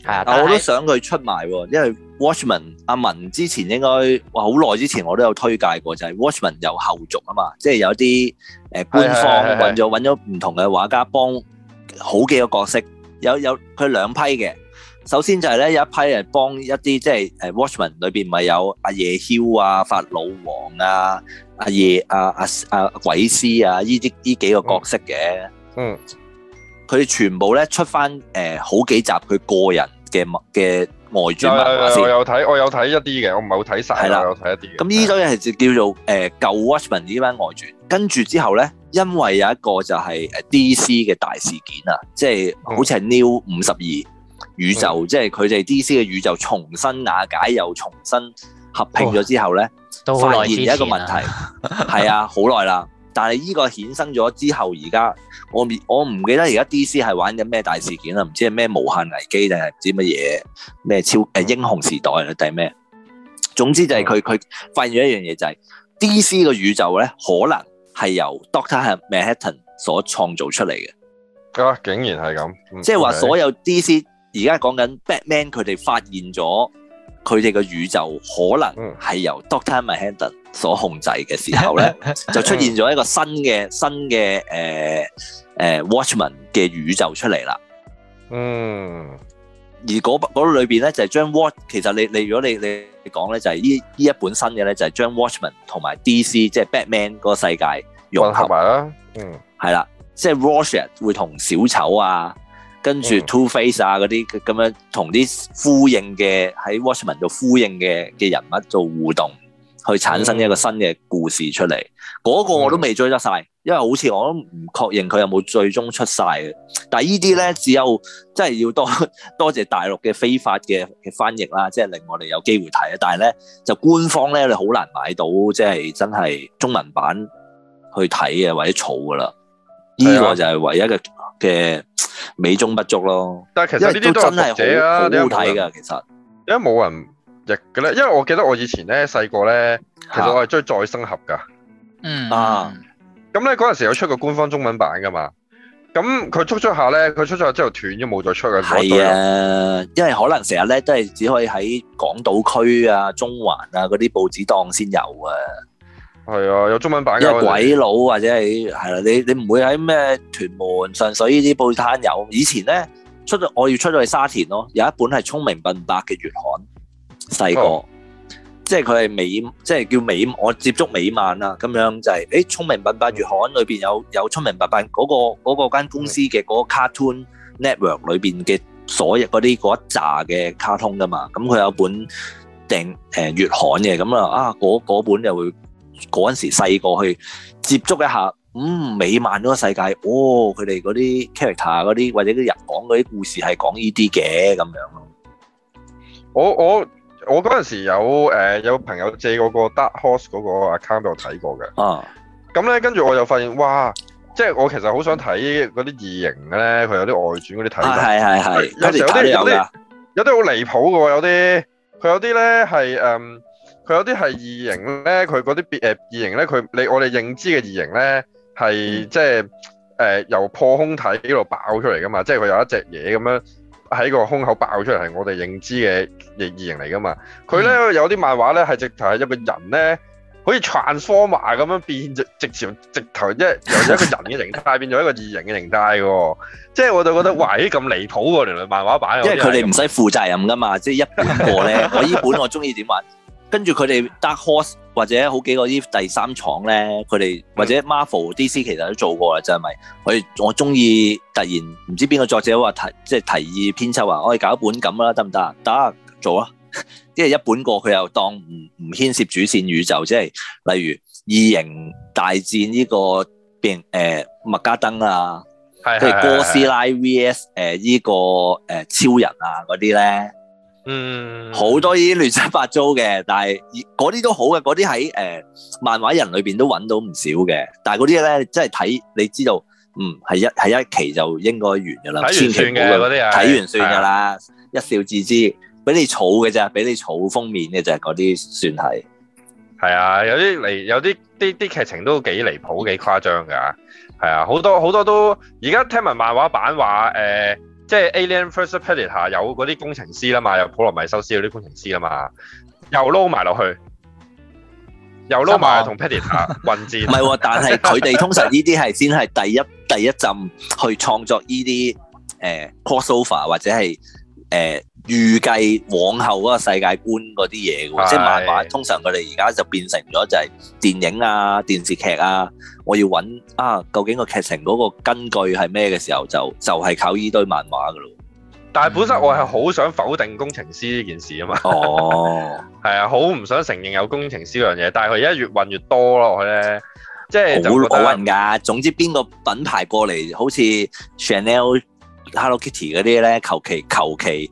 係啊，但我都想佢出埋，因為 Watchman 阿文之前應該哇好耐之前我都有推介過，就係 Watchman 有後續啊嘛，即係有啲誒官方揾咗揾咗唔同嘅畫家幫好幾個角色，有有佢兩批嘅。首先就係咧，有一批人幫一啲即係誒，Watchmen 裏邊咪有阿夜梟啊、法老王啊、阿夜阿阿阿鬼師啊，呢啲呢幾個角色嘅。嗯，佢哋全部咧出翻誒好幾集佢個人嘅嘅外傳。係先我有睇，我有睇一啲嘅，我唔係好睇晒。係啦的，我有睇一啲咁呢種嘢係叫做誒的舊 Watchmen 呢班外傳。跟住之後咧，因為有一個就係誒 DC 嘅大事件啊，即係好似係 New 五十二。宇宙即係佢哋 D.C 嘅宇宙重新瓦解又重新合併咗之後咧，哦、發現咗一個問題係啊，好耐啦。但係呢個衍生咗之後，而家我我唔記得而家 D.C 係玩緊咩大事件啦，唔知係咩無限危機定係唔知乜嘢咩超誒、呃、英雄時代定係咩？總之就係佢佢發現咗一樣嘢就係、係、D.C 嘅宇宙咧，可能係由 Doctor Manhattan 所創造出嚟嘅啊！竟然係咁，Okay. 即係話所有 D.C。而家講緊 Batman，佢哋發現咗佢哋個宇宙可能係由 Doctor Manhattan 所控制嘅時候咧， [LAUGHS] 就出現咗一個新嘅新嘅誒誒、呃呃、Watchman 嘅宇宙出嚟啦 [LAUGHS] 那個。嗯，而嗰嗰裏邊咧就係將 Watch 其實你你如果你你講咧就係呢呢一本新嘅咧就係將 Watchman 同埋 DC 即係 Batman 嗰個世界融合埋啦。嗯，係啦，即係 Rorschach 會同小丑啊。跟住 Two Face 啊嗰啲咁樣，同啲呼應嘅喺 Watchmen 度呼應嘅嘅人物做互動，去產生一個新嘅故事出嚟。嗰、嗯、個我都未追得晒，因為好似我都唔確認佢有冇最終出晒嘅。但係呢啲咧只有真係要多多謝大陸嘅非法嘅嘅翻譯啦，即係令我哋有機會睇啊。但係咧就官方咧你好難買到，即係真係中文版去睇嘅或者草噶啦。呢、這個就係唯一嘅。嗯嘅美中不足咯，但係其實呢啲都真係好好睇噶，其實因為冇人譯嘅咧，因為我記得我以前咧細個咧，呢啊、其實我係追再生俠噶，嗯啊，咁咧嗰陣時有出過官方中文版噶嘛，咁佢出咗下咧，佢出咗之後斷咗冇再出嘅。係啊，啊因為可能成日咧都係只可以喺港島區啊、中環啊嗰啲報紙檔先有啊。係啊，有中文版嘅。有鬼佬或者係，係啦，你你唔會喺咩屯門、上水呢啲報攤有。以前咧出，我要出咗去沙田咯。有一本係《聰明笨伯》嘅月刊，細個、哦，即係佢係美，即係叫美，我接觸美漫、就是那個那個呃、啊。咁樣就係，誒，《聰明笨伯》月刊裏邊有有《聰明笨伯》嗰個嗰個間公司嘅嗰個 Cartoon Network 裏邊嘅所有嗰啲嗰一紮嘅卡通噶嘛。咁佢有本訂誒月刊嘅，咁啊啊嗰本又會。嗰陣時細個去接觸一下，嗯，美漫嗰個世界，哦，佢哋嗰啲 character 嗰啲，或者啲人講嗰啲故事係講呢啲嘅咁樣咯。我我我嗰陣時有誒、呃、有朋友借嗰個 Dark Horse 嗰個 account 俾我睇過嘅。啊，咁咧跟住我就發現，哇！即係我其實好想睇嗰啲異形嘅咧，佢有啲外傳嗰啲睇法，係係、啊、有啲有啲有啲好離譜嘅喎，有啲佢有啲咧係誒。佢有啲係異形咧，佢嗰啲變誒異形咧，佢你我哋認知嘅異形咧，係、嗯、即係誒、呃、由破空體嗰度爆出嚟噶嘛，即係佢有一隻嘢咁樣喺個胸口爆出嚟，係我哋認知嘅異形嚟噶嘛。佢咧有啲漫畫咧係直頭係一個人咧，好似 transfor、er、mer 咁樣變成，直直朝直頭即係由一個人嘅形態 [LAUGHS] 變咗一個異形嘅形態喎。即係我就覺得哇，咁離譜喎，原來漫畫版，因為佢哋唔使負責任噶嘛，即係一本個咧，我呢本 [LAUGHS] 我中意點玩。跟住佢哋 Dark Horse 或者好幾個依、e、第三廠咧，佢哋或者 Marvel、DC 其實都做過啦，就係、是、咪？我我中意突然唔知邊個作者話提即係提議編輯話，我哋搞一本咁啦，得唔得啊？得做啊！即 [LAUGHS] 係一本過，佢又當唔唔牽涉主線宇宙，即係例如異形大戰呢、這個變誒麥加登啊，跟住是哥斯拉 VS 誒、這、依個誒、呃這個呃、超人啊嗰啲咧。嗯，好多已經亂七八糟嘅，但係嗰啲都好嘅，嗰啲喺誒漫畫人裏邊都揾到唔少嘅。但係嗰啲咧，真係睇你知道，嗯，係一係一期就應該完噶啦，睇完，完算嘅嗰啲，睇完算噶啦，一笑置之，俾你儲嘅啫，俾你儲封面嘅啫，嗰啲算係。係啊，有啲離，有啲啲啲劇情都幾離譜，幾誇張噶。係啊，好多好多都而家聽聞漫畫版話誒。呃即係 Alien First Predator 有嗰啲工程師啦嘛，有普羅米修斯嗰啲工程師啊嘛，又撈埋落去，又撈埋同 Predator 混戰。唔係喎，但係佢哋通常呢啲係先係第一 [LAUGHS] 第一陣去創作呢啲誒 crossover 或者係誒。呃預計往後嗰個世界觀嗰啲嘢嘅即係漫畫通常佢哋而家就變成咗就係電影啊、電視劇啊，我要揾啊，究竟個劇情嗰個根據係咩嘅時候就就係、是、靠依堆漫畫㗎咯。但係本身我係好想否定工程師呢件事啊嘛。哦，係啊， [LAUGHS] 好唔想承認有工程師呢樣嘢，但係佢而家越混越多咯，佢咧即係好混㗎。總之邊個品牌過嚟好似 Chanel、Hello Kitty 嗰啲咧，求其求其。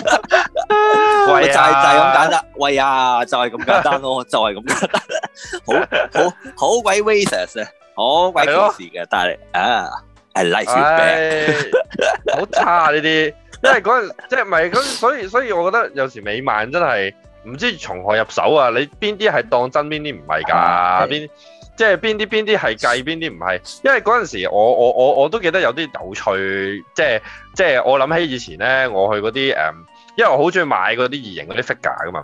喂就係咁簡單，喂呀，就係、是、咁簡單咯、哦， [LAUGHS] 就係咁簡單。好好好鬼 w a i t e d 好鬼費事嘅，但係的啊，I like you 好、哎、back. 差呢、啊、啲， [LAUGHS] 因為陣即係唔係所以所以我覺得有時美漫真係唔知從何入手啊，你邊啲係當真，邊啲唔係噶，邊即係邊啲邊啲係計，邊啲唔係，因為陣時我我我我，我都記得有啲有趣，即係即係我諗起以前咧，我去啲誒。嗯因為我好中意買嗰啲異形嗰啲 figure 噶嘛，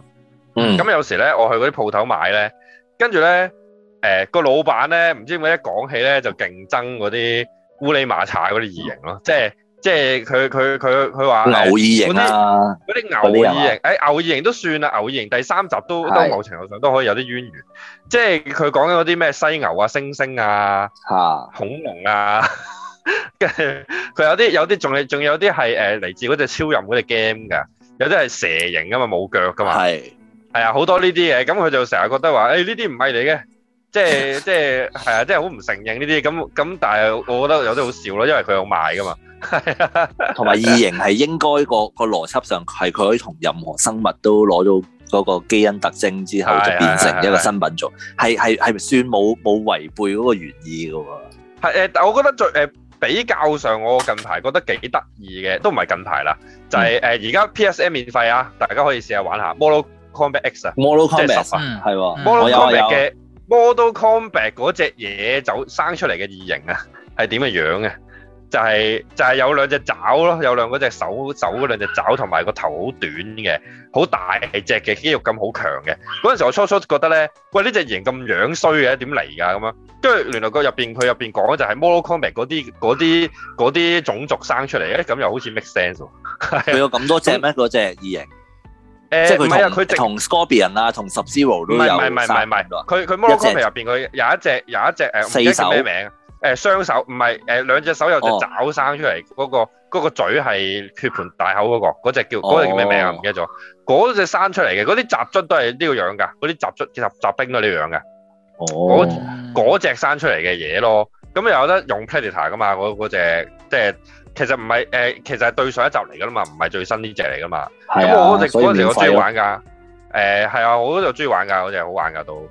咁、嗯、有時咧我去嗰啲鋪頭買咧，跟住咧，誒、呃、個老闆咧唔知點解一講起咧就勁憎嗰啲烏里馬查嗰啲異形咯，嗯、即係即係佢佢佢佢話牛異形嗰、啊、啲牛異形，誒牛異形都算啦，牛異形第三集都是都某程度上都可以有啲淵源，即係佢講緊嗰啲咩犀牛啊、星星啊、恐龍啊，跟住佢有啲有啲仲係仲有啲係誒嚟自嗰隻超人嗰隻 game 噶。有啲係蛇形噶嘛，冇腳噶嘛，係係啊，好多呢啲嘢，咁佢就成日覺得話，誒呢啲唔係你嘅，即係即係係啊，即係好唔承認呢啲，咁咁但係我覺得有啲好笑咯，因為佢有賣噶嘛，係同埋異形係應該個個邏輯上係佢可以同任何生物都攞到嗰個基因特徵之後就變成一個新品種，係係係算冇冇違背嗰個原意噶喎，係誒，但係我覺得最誒。比較上，我近排覺得幾得意嘅，都唔係近排啦，就係誒而家 PSM 免費啊，大家可以試下玩下《Mortal Kombat X》啊，《Mortal Kombat》啊，係喎，《Mortal Kombat》嘅《Mortal Kombat》嗰隻嘢就生出嚟嘅異形啊，係點嘅樣啊？就係就係有兩隻爪咯，有兩嗰隻手手嗰兩隻爪，同埋個頭好短嘅，好大隻嘅肌肉咁好強嘅。嗰陣時我初初覺得咧，喂呢隻型咁樣衰嘅點嚟㗎咁啊？跟住原來個入邊佢入邊講就係 Mortal Kombat 嗰啲啲啲種族生出嚟嘅，咁又好似 make sense 喎。佢有咁多隻咩？嗰隻異形？誒唔係啊，佢同 Scorpion 啊，同 Sub-Zero 都有。唔係唔係唔係唔係，佢佢 Mortal Kombat 入邊佢有一隻有一隻誒，唔記得叫咩名。誒，雙手唔係，誒兩隻手有隻爪生出嚟，嗰、oh. 嗰個、嗰個嘴係血盆大口嗰、嗰個，嗰隻叫嗰隻叫咩名啊？唔記得咗，嗰隻、oh. 生出嚟嘅，嗰啲雜菌都係呢個樣噶，嗰啲雜菌、雜雜兵都呢個樣噶。嗰嗰隻生出嚟嘅嘢咯，咁又有得用 p l a t i t 噶嘛？嗰嗰隻即係，其實唔係誒，其實係對上一集嚟噶啦嘛，唔係最新呢隻嚟噶嘛。咁、啊、我嗰隻嗰陣我中意玩噶，誒、呃、係啊，我嗰度中意玩噶，嗰隻好玩噶都。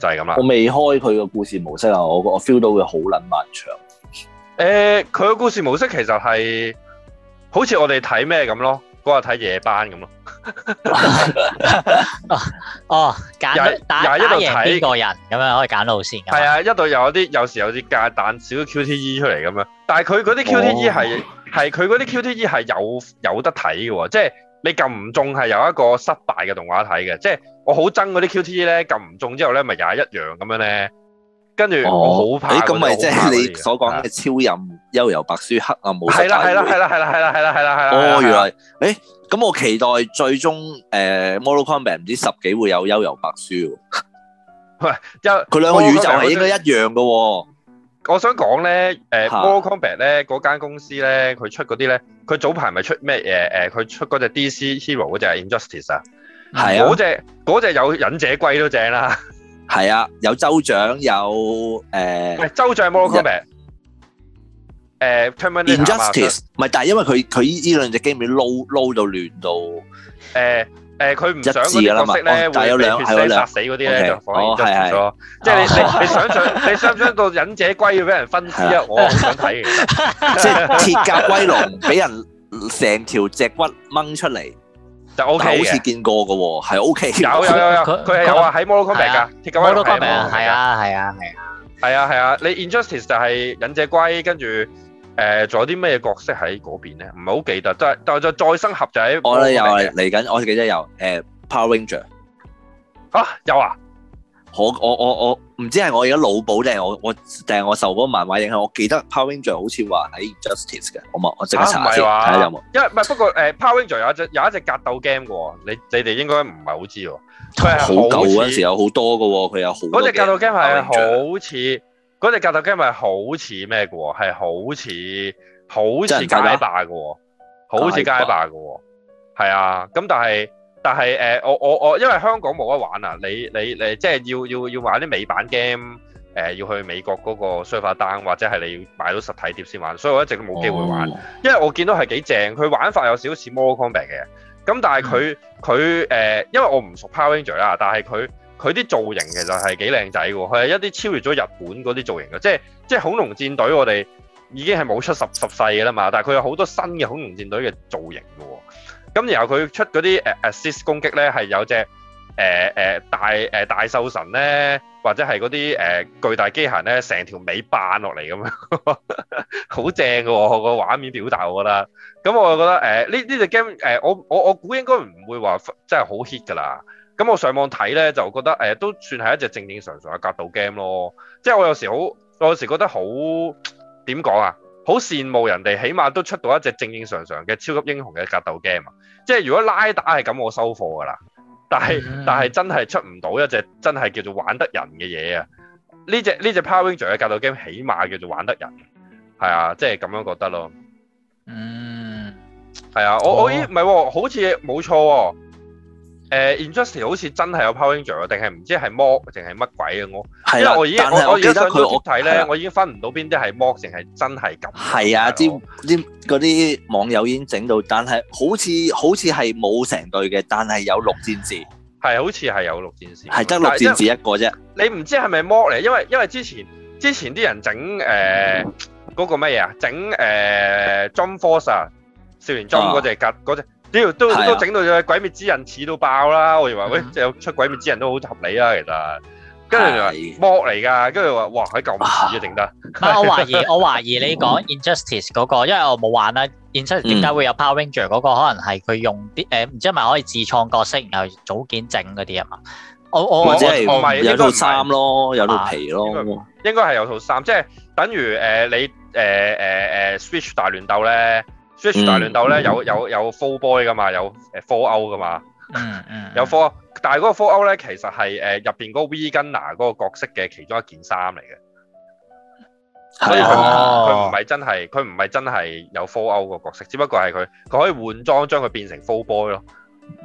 就係咁啦，我未開佢個故事模式啊，我我 feel 到佢好捻漫長。誒，佢個故事模式其實係好似我哋睇咩咁咯，嗰日睇夜班咁咯。 [LAUGHS] [LAUGHS] 哦，揀打打一隊贏邊個人咁看樣可以揀路線。係啊，一隊又有啲有時有啲炸彈少 QTE 出嚟咁樣，但係佢嗰啲 QTE 係係佢嗰啲 QTE 係有有得睇嘅，即係。你撳唔中係有一個失敗嘅動畫睇嘅，即係我好憎嗰啲 QTE 咧，撳唔中之後咧，咪又係一樣咁樣咧。跟住我好怕，咁咪即係你所講嘅超任幽遊白書黑暗冇。係啦係啦係啦係啦係啦係啦係啦。哦，原來，誒咁我期待最終誒 Mortal Kombat 唔知十幾會有幽遊白書喎。喂，佢兩個宇宙係應該一樣嘅喎。我想講咧，誒，Mortal Kombat 咧嗰間公司咧，佢出嗰啲咧，佢早排咪出咩？誒、呃、誒，佢出嗰隻 DC Hero 嗰隻 Injustice 啊，係啊，嗰隻有忍者龜都正啦，啊，係啊，有州長有誒，州長 Mortal Kombat，誒，Injustice，唔係，但係因為佢佢依兩隻 game 撈到亂到誒。呃誒，佢唔想嗰啲角色咧會被決死殺死嗰啲咧，就放棄咗。即係你你你想唔想你想唔想到忍者龜要俾人分屍啊？我想睇嘅，即係鐵甲龜龍俾人成條脊骨掹出嚟，但係我好似見過嘅喎，係 OK。有有有有，佢係有啊，喺 Mortal Kombat 嘅鐵甲龜係啊係啊係啊係啊係啊，你 Injustice 就係忍者龜跟住。誒，仲有啲咩角色喺嗰邊咧？唔係好記得，即係但係再再生俠，我咧又嚟緊，我記得有誒、欸、，Power Ranger 啊，有啊，我我我我唔知係我而家腦補定係我我定係我受嗰個漫畫影響，我記得 Power Ranger 好似話喺 Justice 嘅，有冇？我直頭查先，睇下有冇。因為唔係，不，看看有有不過誒、欸、，Power Ranger 有一隻有一隻格鬥 game 嘅，你你哋應該唔係好知喎。好舊嗰陣時有好多嘅，佢有好多嗰隻格鬥 game 係好似。嗰隻格鬥 game 係好似咩嘅喎？係好似好似街霸嘅喎，好似街霸嘅喎。係啊，咁但係但係誒、呃，我我我因為香港冇得玩啊！你你你即係要要要玩啲美版 game 誒、呃，要去美國嗰個書發單，或者係你要買到實體碟先玩。所以我一直都冇機會玩，嗯、因為我見到係幾正，佢玩法有少少似《Mortal Kombat》嘅。咁但係佢佢誒，因為我唔熟 Power Ranger 啦，但係佢。佢啲造型其實係幾靚仔嘅喎，佢係一啲超越咗日本嗰啲造型嘅，即係即係恐龍戰隊我哋已經係冇出十十世嘅啦嘛，但係佢有好多新嘅恐龍戰隊嘅造型嘅喎，咁然後佢出嗰啲誒 assist 攻擊咧係有隻誒誒、呃呃、大誒、呃、大獸神咧，或者係嗰啲誒巨大機械咧成條尾扮落嚟咁樣，好 [LAUGHS] 正嘅喎、哦嗰個畫面表達我覺得，咁我就覺得誒呢呢隻 game 誒我我我估應該唔會話真係好 hit 㗎啦。咁我上網睇咧，就覺得誒、欸、都算係一隻正正常常嘅格鬥 game 咯。即係我有時好，我有時覺得好點講啊，好羨慕人哋，起碼都出到一隻正正常常嘅超級英雄嘅格鬥 game 啊。即係如果拉打係咁，我收貨噶啦。但係、嗯、但係真係出唔到一隻真係叫做玩得人嘅嘢啊。呢隻呢隻 Power Ranger 嘅格鬥 game 起碼叫做玩得人係啊，即係咁樣覺得咯。嗯，係啊，我我咦唔係好似冇錯喎、啊。誒 Injustice 好似真係有 power angel 啊，定係唔知係魔定係乜鬼嘅？我因為我已經我我而家上屋睇咧，我已經分唔到邊啲係魔定係真係咁。係啊，啲啲啲網友已經整到，但係好似好似係冇成隊嘅，但係有六戰士。係，好似係有六戰士。係得六戰士一個啫。你唔知係咪魔嚟？因為因為之前之前啲人整誒嗰個乜嘢啊？整誒 John Foster 少年 John 嗰隻吉呢都都整到鬼滅之刃似到爆啦！我以為喂，即、哎、有出鬼滅之刃都好合理啊，其實。跟住話剝嚟㗎，跟住話哇，佢咁似啊，一定得。但、啊、 [LAUGHS] 我懷疑，我懷疑你講 Injustice 嗰、那個，因為我冇玩啦。Injustice 點解會有 Power Ranger 嗰、那個？可能係佢用啲誒，唔、呃、知係咪可以自創角色，然後組件整嗰啲啊嘛。我我是我唔不係有套衫咯，有套皮咯。應該係有套衫，即係等於誒你誒誒誒 Switch 大亂鬥咧。大亂鬥呢、咧、嗯、有有有 Fallboy 㗎嘛，有誒 Fallout 㗎嘛，嗯嗯、 [LAUGHS] 有 Fallout，但係嗰個 Fallout 咧，其實係誒入邊嗰個 V-Gunner 嗰個角色嘅其中一件衫嚟嘅，哦、所以佢佢唔係真係佢唔係真係有 Fallout 個角色，只不過係佢佢可以換裝將佢變成 Fallboy 咯。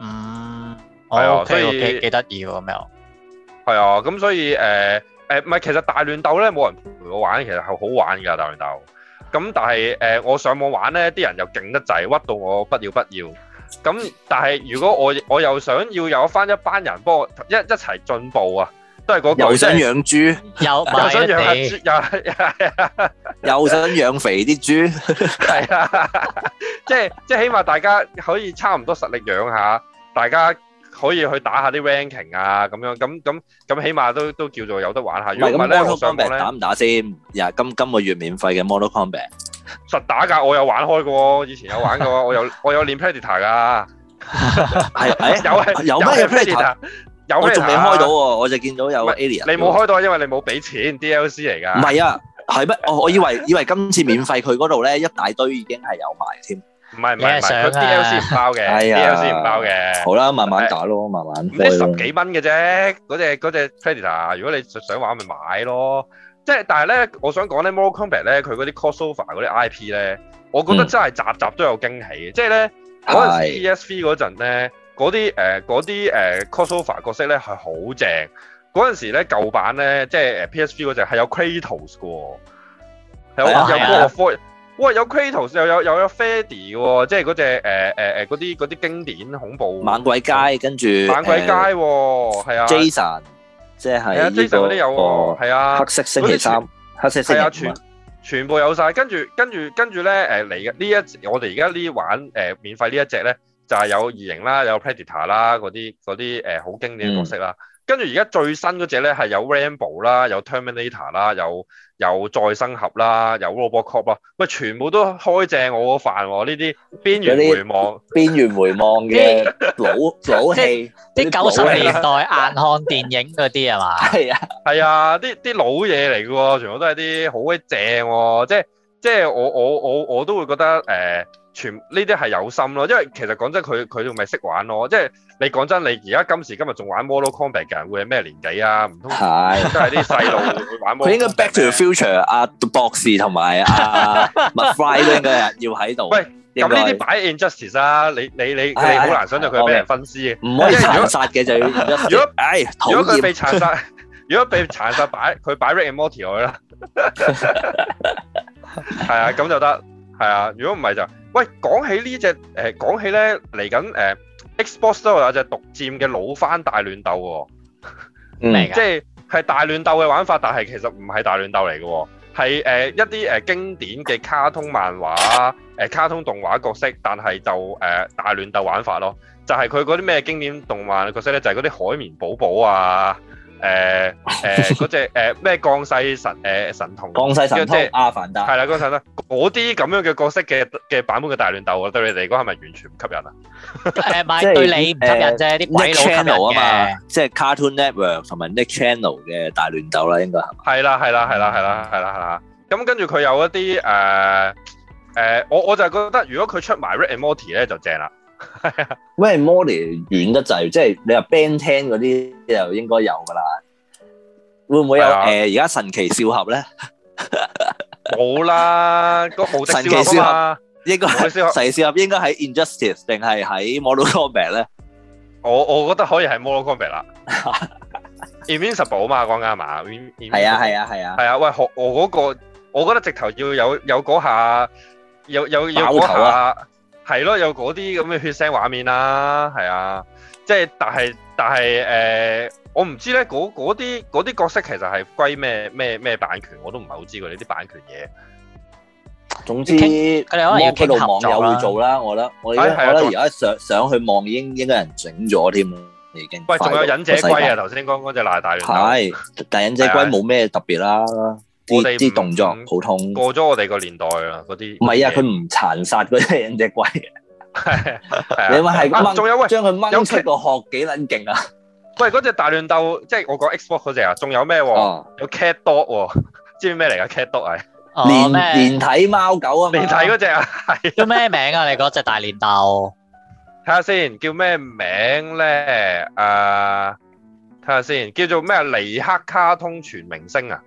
嗯，係、哦、啊，okay，所以幾得意喎咁樣。係、okay，啊，咁所以誒誒唔係，其實大亂鬥咧冇人陪我玩，其實係好玩㗎大亂鬥。咁但係，誒、呃，我上網玩咧，啲人又勁得滯，屈到我不要不要。咁但係，如果我我又想要有返一班人幫我一一齊進步啊，都係嗰個。又想養豬，是又，又想養下豬，又 [LAUGHS] 又想養肥啲豬，係啊，即係即係起碼大家可以差唔多實力養下，大家。可以去打下啲 ranking 啊，咁樣咁咁咁起碼都都叫做有得玩下。唔係，Mortal Kombat 打唔打先？呀，今今個月免費嘅 Mortal Kombat 實打㗎，我有玩開過，以前有玩過，我有我有練 Predator 㗎。係啊，有。係有咩 Predator？我仲未開到喎，我就見到有 Alien。你冇開到，因為你冇俾錢 DLC 嚟㗎。唔係啊，係咩？哦，我以為以為今次免費佢嗰度咧，一大堆已經係有埋添。唔係唔係唔係，佢 DLC 唔包嘅，DLC 唔包嘅。好啦，慢慢打咯，慢慢。唔係十幾蚊嘅啫，嗰、那、隻、個、嗰隻、那、Predator、個、如果你想玩咪買咯。即係但係咧，我想講咧，Mortal Kombat 咧，佢嗰啲 Crossover 嗰啲 IP 咧，我覺得真係集集都有驚喜、嗯、即係咧嗰陣 PSV 嗰陣咧，嗰啲誒嗰、呃、啲誒 Crossover 角色咧係好正。嗰陣時咧舊版咧，即係 PSV 嗰陣係有 Kratos 噶嘅，有 [LAUGHS] 有嗰個科。 [LAUGHS] 哇！有 Kratos 又有又有 Freddy 喎，即係嗰隻誒誒誒嗰啲啲經典恐怖。猛鬼街跟住猛鬼街喎，係啊，Jason 即係呢個，係啊，黑色星期三，黑色星期三，全全部有晒，跟住跟住跟住咧誒嚟嘅呢一，我哋而家呢玩誒免費呢一隻咧，就係有異形啦，有 Predator 啦，嗰啲嗰啲誒好經典嘅角色啦。跟住而家最新嗰隻咧，係有 Rambo 啦，有 Terminator 啦，有有再生俠啦，有 Robocop 啦，喂，全部都開正我個瓣喎！呢啲邊緣回望、邊緣回望嘅老老戲，啲九十年代硬漢電影嗰啲係嘛？係 [LAUGHS] 啊，係啊，啲啲老嘢嚟嘅喎，全部都係啲好鬼正喎，即係即係我我我我都會覺得誒、呃，全呢啲係有心咯，因為其實講真，佢佢仲咪識玩咯，即係。你講真，你而家今時今日仲玩《Mortal Kombat》嘅人會係咩年紀啊？唔通都係啲細路會玩？佢應該《Back to the Future》阿博士同埋阿 McFly 都應該要喺度。喂，咁呢啲擺 Injustice 啊！你你你你好難想象佢俾人分屍嘅。唔可以殘殺嘅就要。如果唉，如果佢被殘殺，如果被殘殺擺佢擺 Red and Morty 落去啦。係啊，咁就得。係啊，如果唔係就喂，講起呢隻誒，講起咧嚟緊誒。Xbox 都有隻獨佔嘅老番大亂鬥喎、哦嗯，即係係大亂鬥嘅玩法，但係其實唔係大亂鬥嚟嘅、哦，係誒、呃、一啲誒、呃、經典嘅卡通漫畫、誒、呃、卡通動畫角色，但係就誒、呃、大亂鬥玩法咯，就係佢嗰啲咩經典動漫嘅角色咧，就係嗰啲海綿寶寶啊。誒誒嗰隻誒咩降世神誒、呃、神童降世 [LAUGHS] 神童即係阿凡達係啦，阿凡達嗰啲咁樣嘅角色嘅嘅版本嘅大亂鬥，對你嚟講係咪完全唔吸引啊？誒唔、就是、 [LAUGHS] 對你唔吸引啫，啲 Nick Channel 啊嘛，即係 Cartoon Network 同埋 Nick Channel 嘅大亂鬥啦，應該係啦係啦係啦係啦係啦，咁、 [LAUGHS] 嗯、跟住佢有一啲誒誒，我我就覺得如果佢出埋 Rick and Morty 咧就，就正啦。係啊， [LAUGHS] 喂，Molly 遠得滯，即係你話 band 廳嗰啲就應該有噶啦，會唔會有誒？而家是、啊呃、神奇少俠咧冇 [LAUGHS] 啦，個無敵少俠應該神奇少俠應該喺 Injustice 定係喺 Mortal Kombat 咧？Ice, 我我覺得可以係 Mortal Kombat 啦，Invincible 啊嘛講緊嘛，係啊係啊係啊係啊，啊啊啊喂，我我、那、嗰個，我覺得直頭要有有嗰下，有有有。嗰下。係咯，有嗰啲咁嘅血腥畫面啦，係啊，即係但係但係誒、呃，我唔知咧，嗰啲啲角色其實係歸咩咩咩版權，我都唔係好知佢喎，啲版權嘢。總之，聽我覺得網友會做啦，我覺得我依家我依家上有上去望已經應該有人整咗添，已經。喂，仲有忍者龜啊！頭先講講隻賴大龍，但忍者龜冇咩的特別啦。啲動作普通過咗我哋個年代啦，嗰啲唔係啊，佢唔殘殺嗰隻隻龜嘅。你話係，仲有喂，將佢掹出個殼幾撚勁啊？喂，嗰隻大亂鬥即係我講 Xbox 嗰隻啊？仲有咩？有 Cat Dog，知唔知咩嚟㗎？Cat Dog 係連連體貓狗啊！連體嗰隻啊，叫咩名啊？你嗰隻大亂鬥睇下先，叫咩名咧？誒，睇下先，叫做咩？尼克卡通全明星啊！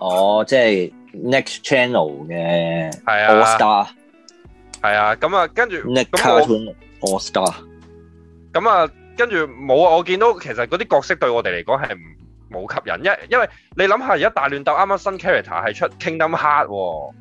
哦，oh, 即係 next channel 嘅啊 all star，係啊，咁啊，跟住 Nick Cartoon all star，咁啊，跟住冇啊，我見到其實嗰啲角色對我哋嚟講係唔冇吸引，因因為你諗下而家大亂鬥啱啱新 character 係出 Kingdom Heart、哦、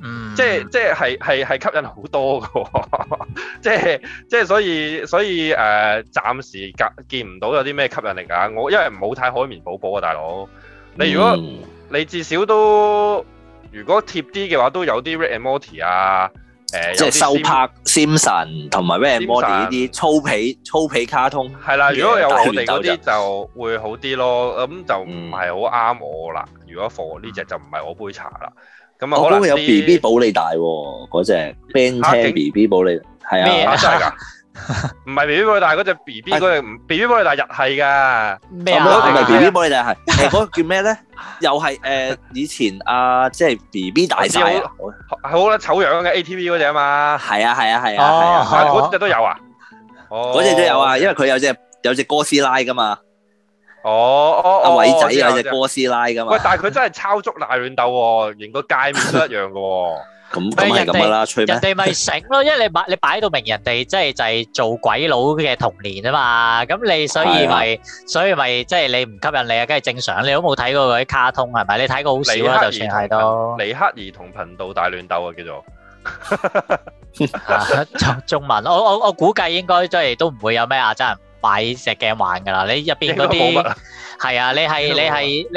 嗯，即係即係係係係吸引好多嘅， [LAUGHS] 即係即係所以所以誒、呃、暫時隔見唔到有啲咩吸引力啊，我因為唔好睇海綿寶寶啊，大佬，你如果。嗯你至少都如果貼啲嘅話，都有啲 Rick and Morty 啊，誒，即係收拍 Simpsons 同埋 Rick and Morty 呢啲粗皮神粗皮卡通，係啦，啊。如果有我哋嗰啲就會好啲咯，咁就唔係好啱我啦。嗯、如果放呢隻就唔係我杯茶啦。咁啊，可能會有 BB 保你大嗰隻邊隻 BB 保你係麼啊，真係㗎。 [LAUGHS] 唔係 B B 寶，但係嗰隻 B B 嗰隻唔 B B 寶，但係日系噶咩啊？唔係 B B 寶，但係係嗰個叫咩咧？又係誒，以前阿即係 B B 大少，係好啦，醜樣嘅 A T V 嗰隻啊嘛，係啊，係啊，係啊，係啊，嗰隻都有啊，嗰隻都有啊，因為佢有隻有隻哥斯拉噶嘛，哦哦，阿偉仔有隻哥斯拉噶嘛，喂，但係佢真係抄足爛亂鬥，整個界面都一樣噶。咁都係咁嘅啦，人哋咪醒咯，因為你擺你擺到明人哋即係就係做鬼佬嘅童年啊嘛，咁你所以咪所以咪即係你唔吸引你啊，梗係正常，你都冇睇過嗰啲卡通係咪？你睇過好少啊，就算太多。尼克兒童頻道大亂鬥啊，叫做。中中文，我我我估計應該即係都唔會有咩阿爭。買隻鏡玩噶啦，你入邊嗰啲係啊，你係你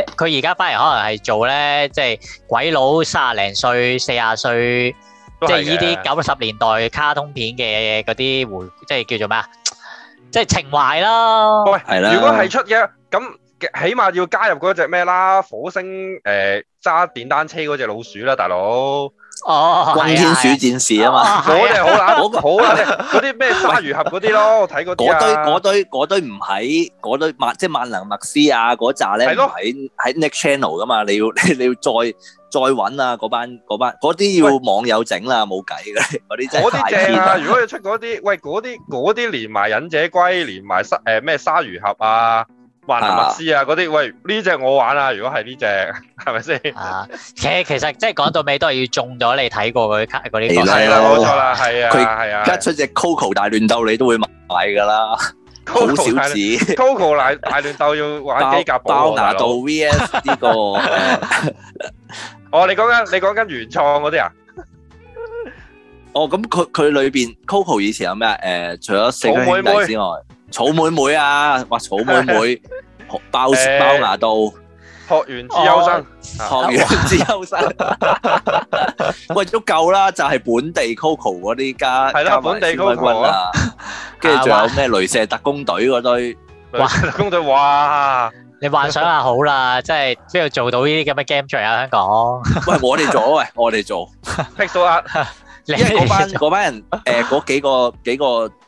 係，佢而家翻嚟可能係做咧，即係鬼佬卅零歲、四十歲，即係呢啲九十年代卡通片嘅嗰啲回，即係叫做咩啊？即係情懷咯，喂，係啦。如果係出嘅，咁起碼要加入嗰隻咩啦？火星誒揸電單車嗰隻老鼠啦，大佬。哦，轟天鼠戰士、oh, 啊嘛，嗰啲、啊、好難、啊，嗰好難，嗰啲咩鯊魚俠嗰啲咯，睇嗰、啊、堆，嗰堆，堆唔喺，嗰堆萬即係萬能麥斯啊嗰扎咧唔喺喺 Next Channel 噶嘛，你要你要再再搵啊嗰班嗰班嗰啲要網友整啦，冇計嘅，嗰啲正啊，如果你出嗰啲，喂嗰啲嗰啲連埋忍者龜，連埋沙誒咩鯊魚俠啊。幻物師啊，嗰啲喂呢隻我玩啊！如果係呢隻，係咪先？啊，其其實即係講到尾都係要中咗你睇過嗰啲卡嗰啲。係啦，冇錯啦，係啊，係啊。而家出隻 Coco 大亂鬥，你都會買噶啦，好少紙。Coco 大大亂鬥要玩機甲包拿到 VS 呢個？哦，你講緊你講緊原創嗰啲啊？哦，咁佢佢裏邊 Coco 以前有咩？誒，除咗四兄弟之外。草妹妹呀，嘩，草妹妹包牙道學園之幽生學園之幽生，就係本地 COCO，跟住仲有咩雷射特工隊雷射特工隊，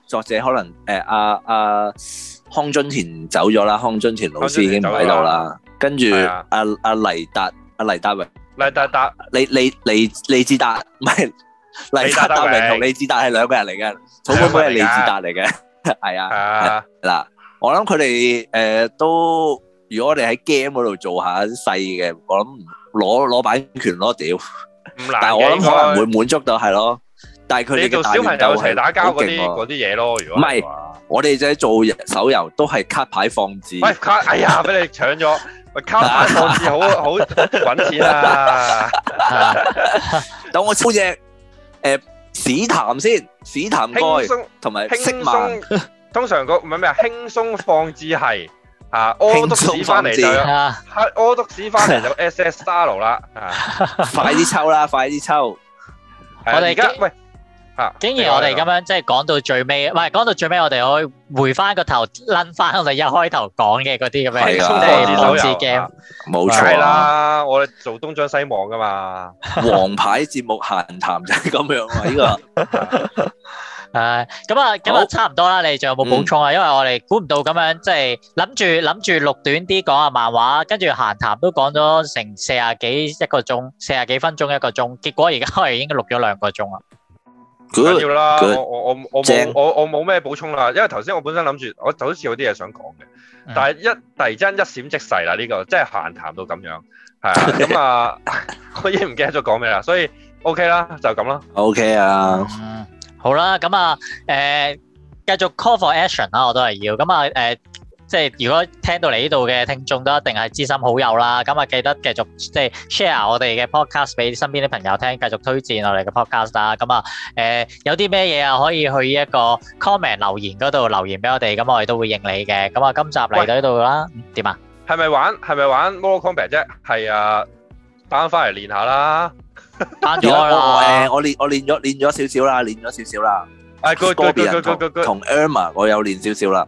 作者可能誒阿阿康津田走咗啦，康津田老師已經唔喺度啦。跟住阿阿黎達阿黎達咪黎達達李李李李志達，唔係黎達達榮同李志達係兩個人嚟嘅，草本本係李志達嚟嘅，係啊。嗱，我諗佢哋誒都，如果我哋喺 game 嗰度做下啲細嘅，我諗攞攞版權囉屌，但係我諗可能會滿足到係咯。但係佢哋嘅小朋友齊打交嗰啲嗰啲嘢咯，如果唔係我哋就係做手遊，都係卡牌放置。喂卡，哎呀，俾你搶咗！喂卡牌放置好好揾錢啊！等我抽隻誒史坦先，史坦，輕鬆同埋輕鬆。通常個唔係咩啊？輕鬆放置係啊屙督屎翻嚟就，嚇屙督屎翻嚟就 S S Star 啦！快啲抽啦，快啲抽！我哋而家喂。.竟然我哋咁樣，即係講到最尾，喂，講到最尾，我哋可以回翻個頭，諗翻，我哋一開頭講嘅嗰啲咁樣嘅老字鏡，冇錯啦。我哋做東張西望噶嘛，皇牌節目閒談就係咁樣啊！呢個，誒，咁啊，咁啊，差唔多啦。你哋仲有冇補充啊？因為我哋估唔到咁樣，即係諗住諗住錄短啲講下漫畫，跟住閒談都講咗成四啊幾一個鐘，四啊幾分鐘一個鐘，結果而家我哋已經錄咗兩個鐘啦。唔緊要啦，我我正我冇我我冇咩補充啦，因為頭先我本身諗住我就好似有啲嘢想講嘅，但係一突然之間一閃即逝啦，呢、呢個即係閒談到咁樣，係啊，咁啊， [LAUGHS] [LAUGHS] 我已經唔記得咗講咩啦，所以 OK 啦，就咁啦，OK 啊，嗯、好啦，咁啊誒、呃，繼續 call for action 啦，我都係要，咁啊誒。呃即係如果聽到嚟呢度嘅聽眾都一定係知心好友啦，咁啊記得繼續即係 share 我哋嘅 podcast 俾身邊啲朋友聽，繼續推薦我哋嘅 podcast 啦。咁啊誒，有啲咩嘢啊可以去一個 comment 留言嗰度留言俾我哋，咁我哋都會應你嘅。咁啊，今集嚟到呢度啦，點啊？係咪玩係咪玩 Mortal Kombat 啫？係啊，翻返嚟練下啦。打咗啦！誒，我練我練咗練咗少少啦，練咗少少啦。誒，個個別人同同 Emma，我有練少少啦。